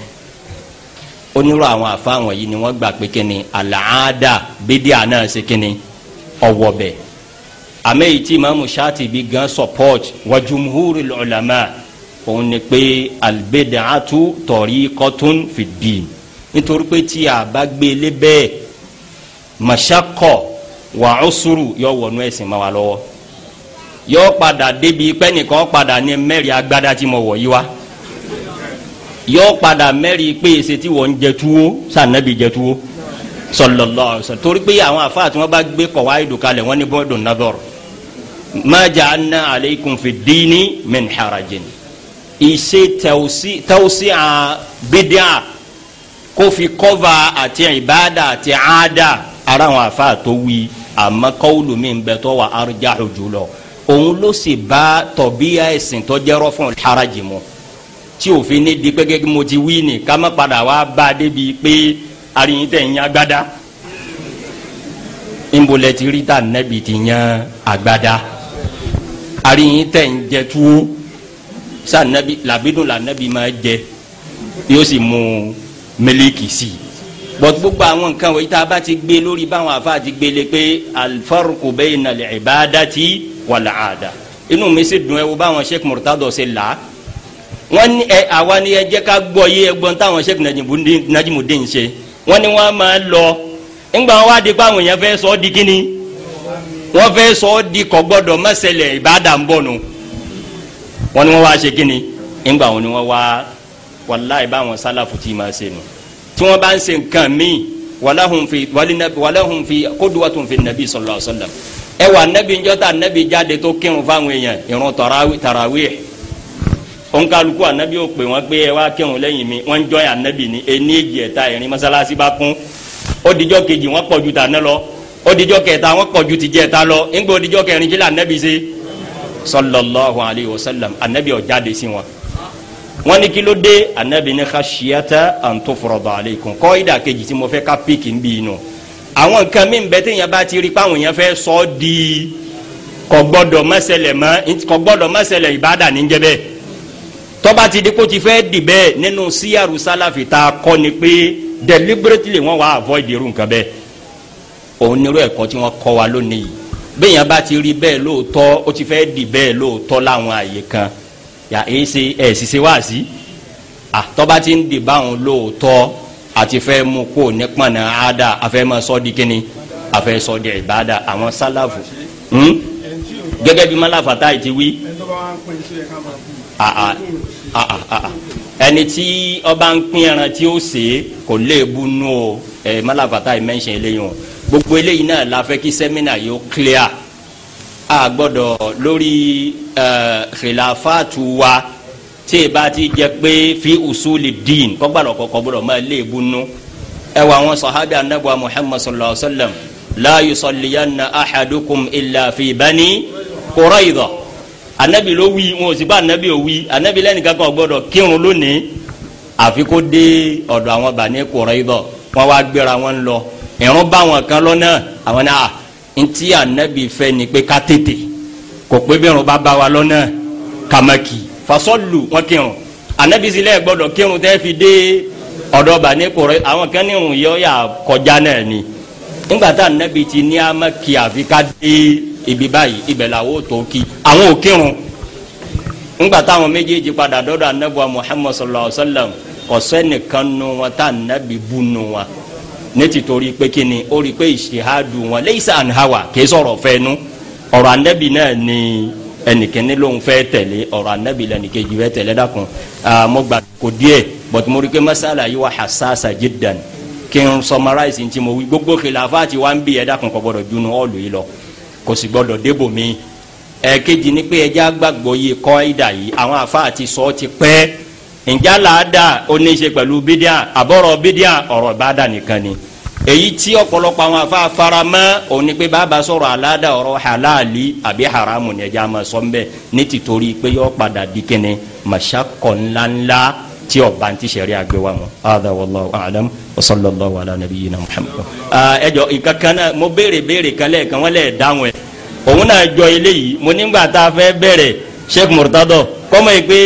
onírò àwọn afa wọ̀nyí ni wọ́n gbà pé kíni àlàáda bídíà náà ṣe kíni ọ̀wọ̀ bẹ̀ àmọ́ èyí tí imaamu Shatibi gan support wa jumhurul ulama òun ni pé albid'atu tariqatun fid din nítorí pé tí a bá gbélé e bẹ́ẹ̀ mọ̀ṣákọ̀ wà ó sùúrù yọ wọnú ẹ̀sìn máa wà lọ́wọ́ yọ padà débi pẹ́nìkan padà ní mẹ́rin agbádá tí mo wọ̀ yí wa yọ padà mẹ́rin pé èsè tí wọ́n ń jẹ túwó sànẹ́bí jẹ túwó sallallahu alaihi wasallam torí pé àwọn àfáà tí wọ́n bá gbé kọ̀wá ìdòkalẹ̀ wọ́n ní bọ́ọ̀dùn nadhar ma ja'alna alaykum fi dini min harajin ìṣe tawsi'a bídíà kó fi kọ́va àti ìbáda àti àádá ara àwọn àfáà tó wí àmọ́ kọ́wùlù mi ń bẹ tó wà arjahu jùlọ òun ló sì bá tọ̀bíyà ẹ̀sìn tó jẹ́rọ́ fún ìharaji mu tí òfin ní di pẹ́kẹ́ mo ti wí ni ká má padà wá bá a débi pé àríyìn tẹ̀ ń yan agbada nbọlẹ̀ ti rí tà nẹ́bi ti yan agbada àríyìn tẹ̀ ń jẹ tuwo sànẹ́bi làbídùn lànẹ́bi yóò sì mú mílíkì sí bọ́t gbogbo àwọn nǹkan wọ̀nyí tá a bá ti gbé lórí báwọn afa ti gbélé pé alfarku bayna al-ibadati wal-aada inú mi sì dùn ẹ wo báwọn sheikh murtado ṣe là á wọ́n ní ẹ àwa ni ẹ jẹ́ ká gbọ́ yé ẹgbọ́n táwọn sheikh najimudin ṣe wọ́n ní wọ́n máa lọ ńgbà wọn wá di pé àwọn èèyàn fẹ́ sọ ọ́ di kíni wọ́n fẹ́ sọ ọ́ di kọ́ gbọ́dọ̀ mẹ́sẹ̀lẹ̀ ìbáàdà ń bọ̀ nù wọ́n ní wọ́n wá ṣe kíni ńgbà wọn ni wọ́n wá wàláì báwọn sálàfù tí ma ṣe nù tí wọ́n bá ń ṣe nǹkan míì walahum fi walahum fi fi nàbí sallallahu alaihi wasallam ẹ wà nàbí njọ́ta nàbí jáde tó kírun fáwọn èèyàn ìrun tarawih onkaluku anabi ó pè wọ́n pé ẹ wá kírun lẹ́yìn mi wọ́n ń jọ́ anabi ni ení èjì ẹ̀ta ìrìn mọ́sálásí bá kún ó dijọ́ kejì wọ́n pọ̀ ju tàná lọ ó dijọ́ kẹta wọ́n pọ̀ ju tìjẹ́ ta lọ ńgbọ́ ó dijọ́ kẹrin kí lè anabi ṣe sallallahu alaihi wa sallam anabi ó jáde sí wọn wọ́n de kí ló dé anabi ní khashiyata antofurọba aleikum kọ́ ìdá kejì tí mo fẹ́ ká píkì ń bí inú àwọn nǹkan mi bẹ́ẹ̀ tẹ̀yìn bá ti rí pé àwọn èèyàn fẹ́ sọ ọ́ di kò gbọ́dọ̀ má ṣẹlẹ̀ mọ́ kò gbọ́dọ̀ má ṣẹlẹ̀ ìbádà ní ti di kó ti fẹ́ dì bẹ́ẹ̀ nínú síyàrú sálàfì tá a ni pé deliberately wọ́n wá avoid irú nǹkan bẹ́ẹ̀ òun nírú ẹ̀kọ́ tí wọ́n kọ́ wa lónìí bẹ́ẹ̀ yẹn bá ti rí bẹ́ẹ̀ lóòótọ́ ó ti fẹ́ dì bẹ́ẹ̀ lóòótọ́ láwọn àyè kan yà é ṣe ẹ̀ sì ṣe wá sí à tọ́ba ti ń dè báwọn lóòótọ́ àti fẹ́ mú kó ní pọ̀nà àdá àfẹ́ mọ sọ́ọ́dì kínní àfẹ́ sọ́ọ́dì ìbáàdà àwọn sálàfù gẹ́gẹ́ bí málàfàtà ti wí. ẹni tí ọba ń pín ẹran tí ó ṣe kò léèbù nù ọ málàfàtà yìí mẹ́ńṣẹ̀ eléyìí o gbogbo eléyìí náà la fẹ́ kí sẹ́mínà yóò clear a gbọ́dọ̀ lórí xilafatu wa tí e bá ti jẹ́ pé fi usuli diin kọgbàlọ kọkọ gbọ́dọ̀ máa lé ebunu ẹ wà wọn sọhábì anabuwa muhammad sallallahu alaihi wa sallam la yusalliyanna ahadukum illa fi bani qurayza anabi ló wí wọn ò sì bá anabi ò wí anabi lẹ́nìkan kan gbọ́dọ̀ kírun lónìí àfi kó dé ọ̀dọ̀ àwọn bani qurayza wọn wá gbéra wọn lọ ìrún bá wọn kan lọ náà àwọn náà ntí anabi fẹ́ ni pé ká tètè kò pé bẹ́ẹ̀rùn bá bá wa lọ́nà kàmákì fasọ́lù wọn kírun anabi sílẹ̀ gbọ́dọ̀ kírun tẹ́ fi dé ọ̀dọ̀ bá ní kò àwọn kan ní ìrùn yọ yà kọjá náà ni nígbà tá anabi ti ní amákì àfi ká dé ibi báyìí ibẹ̀ làwọn ò tó kí àwọn ò kírun nígbà táwọn méjèèjì padà dọ́dọ̀ anabi wa muhammadu sallallahu alaihi wa sallam ọ̀sẹ́ nìkan nu wọn tá anabi bu nu wọn ní tìtorí pé kí ni ó rí i pé ìṣèhádùn wọn lẹ́yìísà àníhàwà kì í sọ̀rọ̀ fẹ́nu ọ̀rọ̀ anẹ́bì náà ni ẹnìkẹ́ni lòun fẹ́ tẹ̀lé ọ̀rọ̀ anẹ́bì lẹ́nìkejì fẹ́ tẹ̀lé dákun mo gbà kó díẹ̀ but mo rí i masala yìí wà hasasa jidan, kí n summarize ti mo wí gbogbo kìláfà ti wá ń bí ẹ dákun kò gbọdọ̀ dunu ọ̀lù yìí lọ kò sì gbọdọ̀ débò mi ẹ̀ẹ́kejì ni pé ẹja gbàgbọ́ yìí kọ́ ìdà yìí àwọn àfa àti sọ ti pẹ́ẹ́ ǹjẹ́ àlàáda ó ní í ṣe pẹ̀lú bídíà nìkan ni èyí tí ọ̀pọ̀lọpọ̀ àwọn afa faramọ́ òun ni pé bàbá sọ̀rọ̀ àlàáda ọ̀rọ̀ halali àbí haramu ni ẹja máa sọ ń bẹ́ẹ̀ ní tìtorí pé yọ padà di kíni màṣàkọ̀ ńláńlá tí ọba ti sẹ̀rí àgbéwà mọ́ ada wallahu a'lam wa sallallahu ala nabiyyina muhammad. ẹ jọ ìkankan náà mo béèrè béèrè kan lẹ́ẹ̀kan wọ́n lẹ́ẹ̀ dáhùn ẹ̀ òun náà jọ eléyìí mo nígbà tá a fẹ́ bẹ̀rẹ̀ sheikh murtado kọ́mọ yìí pé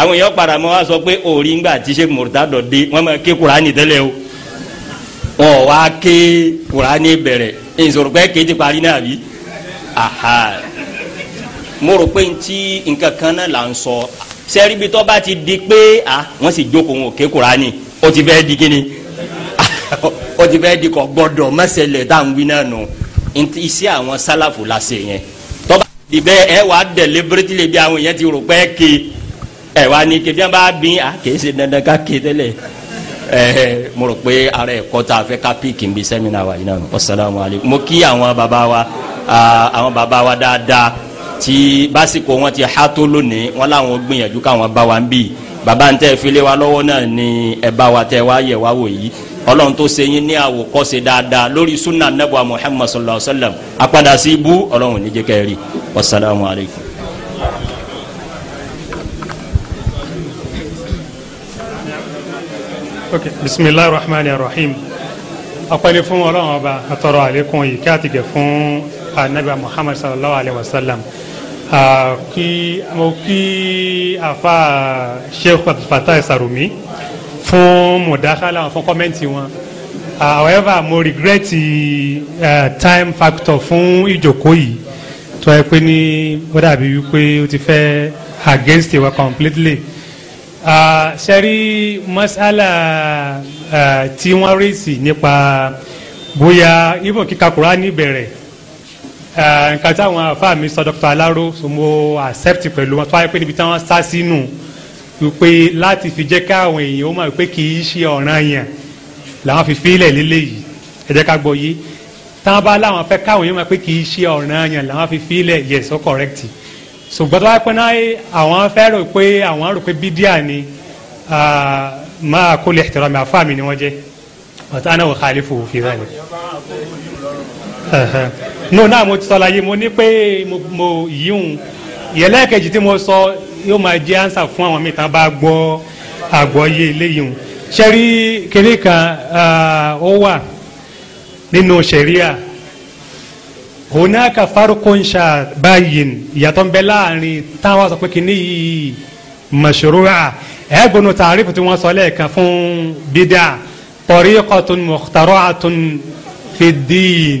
àwọn èèyàn padà mọ́ wá sọ pé òòrí ńgbà tí sèkú mọ̀tàdọ̀ dé wọ́n máa ké kúránì tẹ́lẹ̀ o ọ̀ wá ké kúránì bẹ̀rẹ̀ ìṣòro pé kéde parí náà bí aha mo rò pé ntí nǹkan kan náà là ń sọ sẹ́ríbi tó bá ti di pé ah wọ́n sì jókòó wọn ò ké kúránì ó ti fẹ́ di kíni ó ti fẹ́ di kọ́ gbọ́dọ̀ mẹ́sẹ̀lẹ̀ tá à ń wí náà nù iṣẹ́ àwọn sálàfù la ṣe yẹn tó ti di bẹ́ẹ̀ ẹ wàá dẹ̀ lébrétí lè bí àwọn yẹn ti rò pé kéé ẹ wá ní kí fíjá bá bí a kì í ṣe dandan ká ké tẹ́lẹ̀ ẹ mo rò pé ara ẹ̀kọ́ tá a fẹ́ ká píìkì ń bi sẹ́mínà wa yìí náà wasalaamu mo kí àwọn baba wa àwọn baba wa dáadáa tí básìkò wọn ti há tó lónìí wọn làwọn gbìyànjú káwọn bá wa ń bì baba ń tẹ́ file wa lọ́wọ́ náà ni ẹ bá wa tẹ́ wá yẹ wá wò yìí ọlọ́run tó ṣe yín ní àwòkọ́ṣe dáadáa lórí sunna anabu muhammad sallallahu alayhi wa sallam apádà sí ibú ọlọ́run níjẹ́ kẹ́rì wasalaamu alaykum. ok bisimilahi rahmani rahim ọpẹlẹ fún Ọlọ́run ọba àtọrọ àlékún yìí kí a ti gẹ fún anabi muhammad sallallahu alayhi wa sallam kí mo kí afa sheikh fatah sarumi fún mudakala fún kọ́mẹ́ǹtì wọn however mo regret uh, time factor fún ìjókòó yìí tó yẹ pé ní ó dàbí wípé ó ti fẹ́ against ìwà completely ṣẹ́rí mọ́sálà tí wọ́n rí sí nípa bóyá ibùn kíka Kùránì bẹ̀rẹ̀ nǹkan táwọn àfáà mi sọ Dr. Alaro so mo accept pẹ̀lú wọn tó wáyé pé níbi táwọn sá sínú wípé láti fi jẹ́ káwọn èèyàn ó mọ̀ wípé kì í ṣe ọ̀ràn yẹn làwọn fi fílẹ̀ lélẹ́yìí ẹ jẹ́ ká gbọ́ yìí táwọn bá láwọn fẹ́ káwọn èèyàn mọ̀ pé kì í ṣe ọ̀ràn yẹn làwọn fi fílẹ̀ yes ó correct ṣùgbọ́n tó bá pẹ́ náà àwọn fẹ́ rò pé àwọn rò pé bídíà ni máa kó lè tẹ̀rọ mi àfáà mi ni wọ́n jẹ́ ọ̀tá náà wò kálí fi rẹ̀ ni. nù náà mo ti sọ láyé mo ní pé mo yíhun ìyẹlẹ́ẹ̀kejì tí mo sọ yóò máa jẹ́ ansa fún àwọn mi tán bá gbọ́ àgbọ́yé eléyìí hùn ṣẹ́rí kiri kan ó wà nínú ṣẹ̀ríà hunaka farukun sha bayin ìyàtọ̀ ń bẹ láàrin táwọn sọ pé kínní yìí mashru'a ẹ̀ẹ́gbọ́nù tààrífù tí wọ́n sọ lẹ́ẹ̀kan fún bídà tariqatun mukhtara'atun fi ddin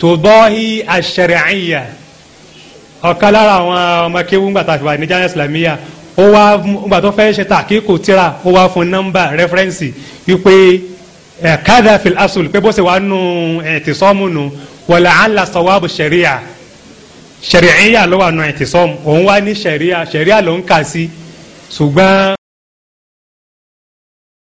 tudahi ash-shar'iyya ọ̀kan lára àwọn ọmọ kéwú ńgbà tàbí wà ní jami'a islamiyya ó wá ńgbà tó fẹ́ ṣe tàkíkù tíra ó wá fún nọ́mbà rẹ́fẹ́rẹ́nsì wípé kadha fil asl pé bó ṣe wà nù ẹ̀ tìsọ́mù nù wàlà àlà sọ̀wáàbù sẹ̀ríà sẹ̀ríà ló wà nù ẹ̀tì sọ́ọ̀mù òun wá ní sẹ̀ríà sẹ̀ríà ló ń kà sí ṣùgbọ́n